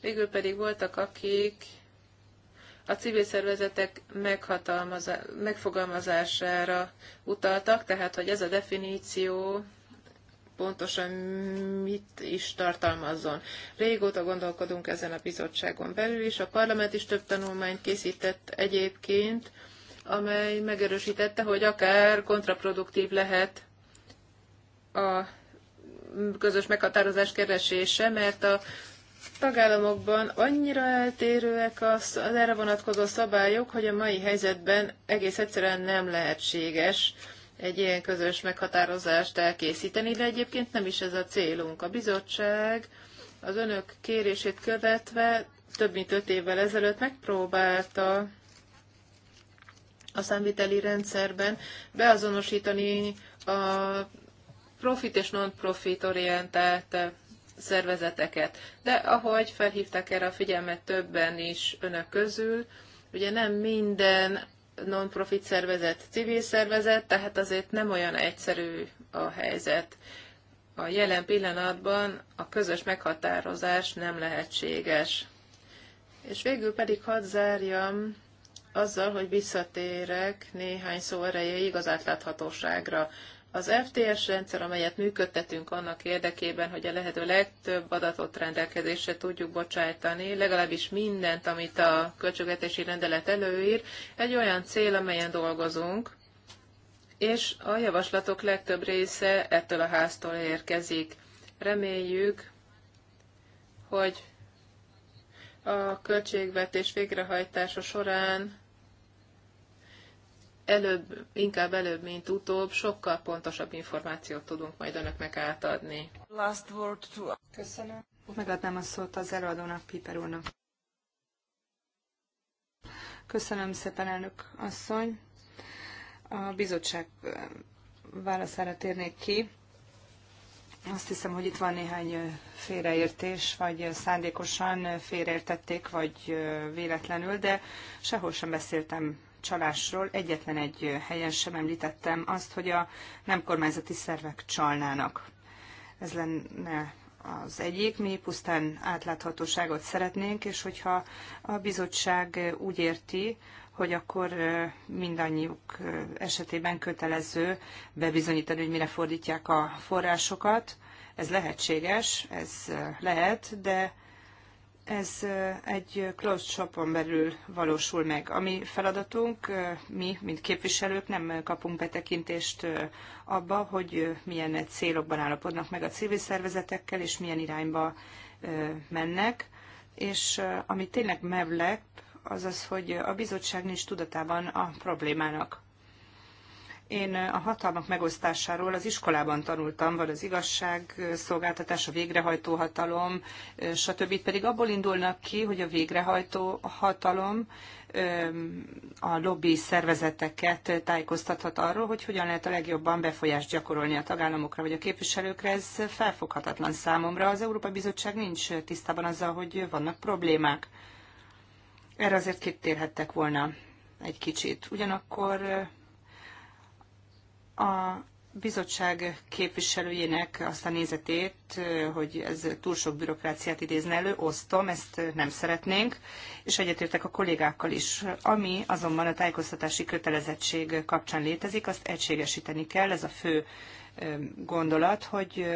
Végül pedig voltak, akik a civil szervezetek megfogalmazására utaltak, tehát hogy ez a definíció pontosan mit is tartalmazzon. Régóta gondolkodunk ezen a bizottságon belül is. A parlament is több tanulmányt készített egyébként, amely megerősítette, hogy akár kontraproduktív lehet a közös meghatározás keresése, mert a tagállamokban annyira eltérőek az, az erre vonatkozó szabályok, hogy a mai helyzetben egész egyszerűen nem lehetséges egy ilyen közös meghatározást elkészíteni, de egyébként nem is ez a célunk. A bizottság az önök kérését követve több mint öt évvel ezelőtt megpróbálta a számviteli rendszerben beazonosítani a profit és non-profit orientált szervezeteket. De ahogy felhívták erre a figyelmet többen is önök közül, ugye nem minden non-profit szervezet civil szervezet, tehát azért nem olyan egyszerű a helyzet. A jelen pillanatban a közös meghatározás nem lehetséges. És végül pedig hadd zárjam azzal, hogy visszatérek néhány szó erejéig az átláthatóságra. Az FTS rendszer, amelyet működtetünk annak érdekében, hogy a lehető legtöbb adatot rendelkezésre tudjuk bocsájtani, legalábbis mindent, amit a költségvetési rendelet előír, egy olyan cél, amelyen dolgozunk, és a javaslatok legtöbb része ettől a háztól érkezik. Reméljük, hogy a költségvetés végrehajtása során előbb, inkább előbb, mint utóbb, sokkal pontosabb információt tudunk majd önöknek átadni. Last word to... Köszönöm. Megadnám a szót az előadónak, Piper úrnak. Köszönöm szépen, elnök asszony. A bizottság válaszára térnék ki. Azt hiszem, hogy itt van néhány félreértés, vagy szándékosan félreértették, vagy véletlenül, de sehol sem beszéltem csalásról egyetlen egy helyen sem említettem azt, hogy a nem kormányzati szervek csalnának. Ez lenne az egyik, mi pusztán átláthatóságot szeretnénk, és hogyha a bizottság úgy érti, hogy akkor mindannyiuk esetében kötelező bebizonyítani, hogy mire fordítják a forrásokat. Ez lehetséges, ez lehet, de ez egy closed shopon belül valósul meg. A mi feladatunk, mi, mint képviselők nem kapunk betekintést abba, hogy milyen célokban állapodnak meg a civil szervezetekkel, és milyen irányba mennek. És ami tényleg meglep, az az, hogy a bizottság nincs tudatában a problémának. Én a hatalmak megosztásáról az iskolában tanultam, vagy az igazságszolgáltatás, a végrehajtó hatalom, stb. Itt pedig abból indulnak ki, hogy a végrehajtó hatalom a lobby szervezeteket tájékoztathat arról, hogy hogyan lehet a legjobban befolyást gyakorolni a tagállamokra vagy a képviselőkre. Ez felfoghatatlan számomra. Az Európai Bizottság nincs tisztában azzal, hogy vannak problémák. Erre azért kitérhettek volna egy kicsit. Ugyanakkor a bizottság képviselőjének azt a nézetét, hogy ez túl sok bürokráciát idézne elő, osztom, ezt nem szeretnénk, és egyetértek a kollégákkal is. Ami azonban a tájékoztatási kötelezettség kapcsán létezik, azt egységesíteni kell, ez a fő gondolat, hogy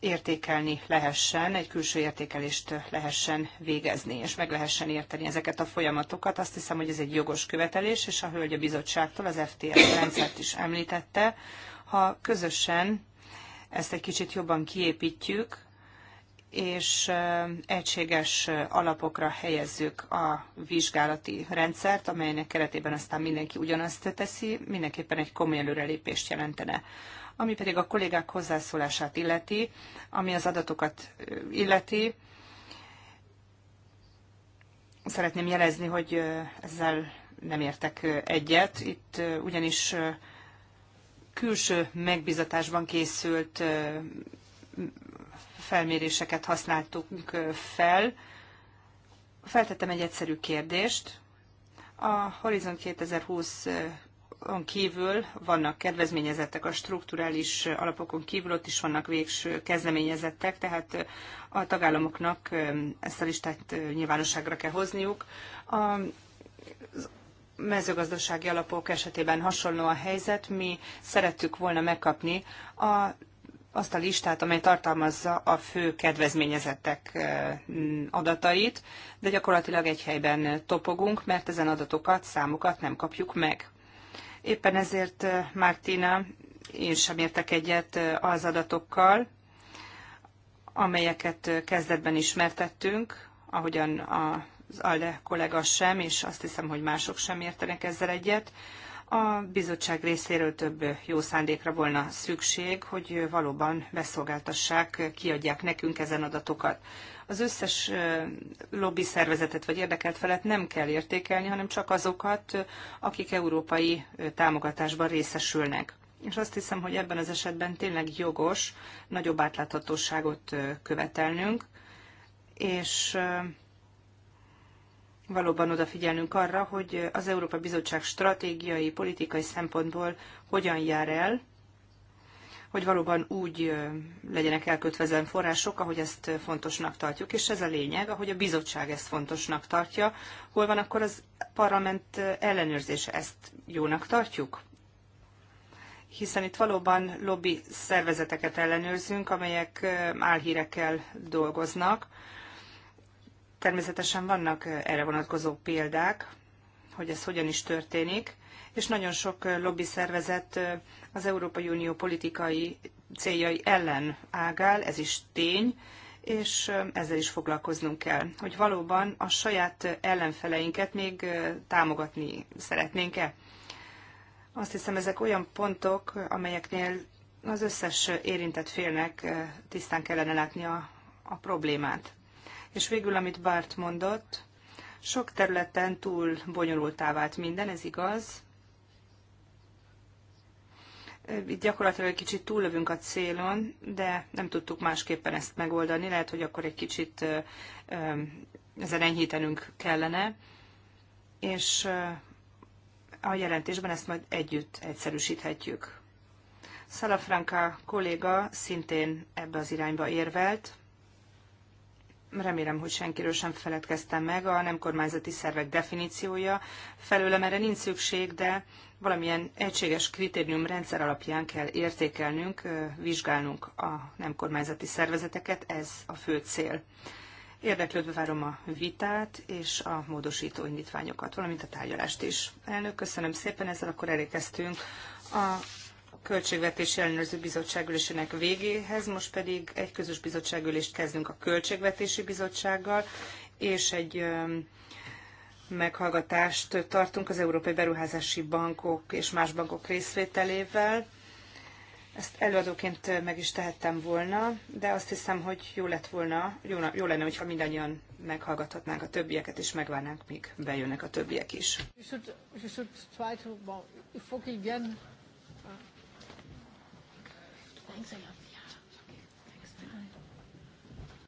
értékelni lehessen, egy külső értékelést lehessen végezni, és meg lehessen érteni ezeket a folyamatokat. Azt hiszem, hogy ez egy jogos követelés, és a Hölgy a Bizottságtól az FTS rendszert is említette. Ha közösen ezt egy kicsit jobban kiépítjük, és eh, egységes alapokra helyezzük a vizsgálati rendszert, amelynek keretében aztán mindenki ugyanazt teszi, mindenképpen egy komoly előrelépést jelentene. Ami pedig a kollégák hozzászólását illeti, ami az adatokat illeti, szeretném jelezni, hogy ezzel nem értek egyet. Itt ugyanis külső megbizatásban készült felméréseket használtunk fel. Feltettem egy egyszerű kérdést. A Horizon 2020 alapokon kívül vannak kedvezményezettek, a strukturális alapokon kívül ott is vannak végső kezdeményezettek, tehát a tagállamoknak ezt a listát nyilvánosságra kell hozniuk. A mezőgazdasági alapok esetében hasonló a helyzet, mi szerettük volna megkapni a azt a listát, amely tartalmazza a fő kedvezményezettek adatait, de gyakorlatilag egy helyben topogunk, mert ezen adatokat, számokat nem kapjuk meg. Éppen ezért eh, Martina, én sem értek egyet eh, az adatokkal, amelyeket eh, kezdetben ismertettünk, ahogyan az ALDE kollega sem, és azt hiszem, hogy mások sem értenek ezzel egyet. A bizottság részéről több jó szándékra volna szükség, hogy valóban beszolgáltassák, kiadják nekünk ezen adatokat. Az összes lobby szervezetet vagy érdekelt felett nem kell értékelni, hanem csak azokat, akik európai támogatásban részesülnek. És azt hiszem, hogy ebben az esetben tényleg jogos nagyobb átláthatóságot követelnünk, és valóban odafigyelnünk arra, hogy az Európa Bizottság stratégiai, politikai szempontból hogyan jár el, hogy valóban úgy legyenek elkötve ezen források, ahogy ezt fontosnak tartjuk. És ez a lényeg, ahogy a bizottság ezt fontosnak tartja. Hol van akkor az parlament ellenőrzése? Ezt jónak tartjuk? Hiszen itt valóban lobby szervezeteket ellenőrzünk, amelyek álhírekkel dolgoznak, Természetesen vannak erre vonatkozó példák, hogy ez hogyan is történik, és nagyon sok lobby szervezet az Európai Unió politikai céljai ellen ágál, ez is tény, és ezzel is foglalkoznunk kell, hogy valóban a saját ellenfeleinket még támogatni szeretnénk-e. Azt hiszem, ezek olyan pontok, amelyeknél az összes érintett félnek tisztán kellene a, a problémát. És végül, amit Bart mondott, sok területen túl bonyolultá vált minden, ez igaz. Itt gyakorlatilag egy kicsit túllövünk a célon, de nem tudtuk másképpen ezt megoldani. Lehet, hogy akkor egy kicsit ezen enyhítenünk kellene. És a jelentésben ezt majd együtt egyszerűsíthetjük. Salafranca kolléga szintén ebbe az irányba érvelt, remélem, hogy senkiről sem feledkeztem meg, a nem kormányzati szervek definíciója felőlem erre nincs szükség, de valamilyen egységes kritériumrendszer alapján kell értékelnünk, vizsgálnunk a nem kormányzati szervezeteket, ez a fő cél. Érdeklődve várom a vitát és a módosító indítványokat, valamint a tárgyalást is. Elnök, köszönöm szépen, ezzel akkor elékeztünk a Költségvetési Ellenőrző Bizottság ülésének végéhez, most pedig egy közös bizottságülést kezdünk a Költségvetési Bizottsággal, és egy meghallgatást tartunk az Európai Beruházási Bankok és más bankok részvételével. Ezt előadóként meg is tehettem volna, de azt hiszem, hogy jó lett volna, jó, jó lenne, hogyha mindannyian meghallgathatnánk a többieket, és megvárnánk, míg bejönnek a többiek is. You should, you should Thanks a lot.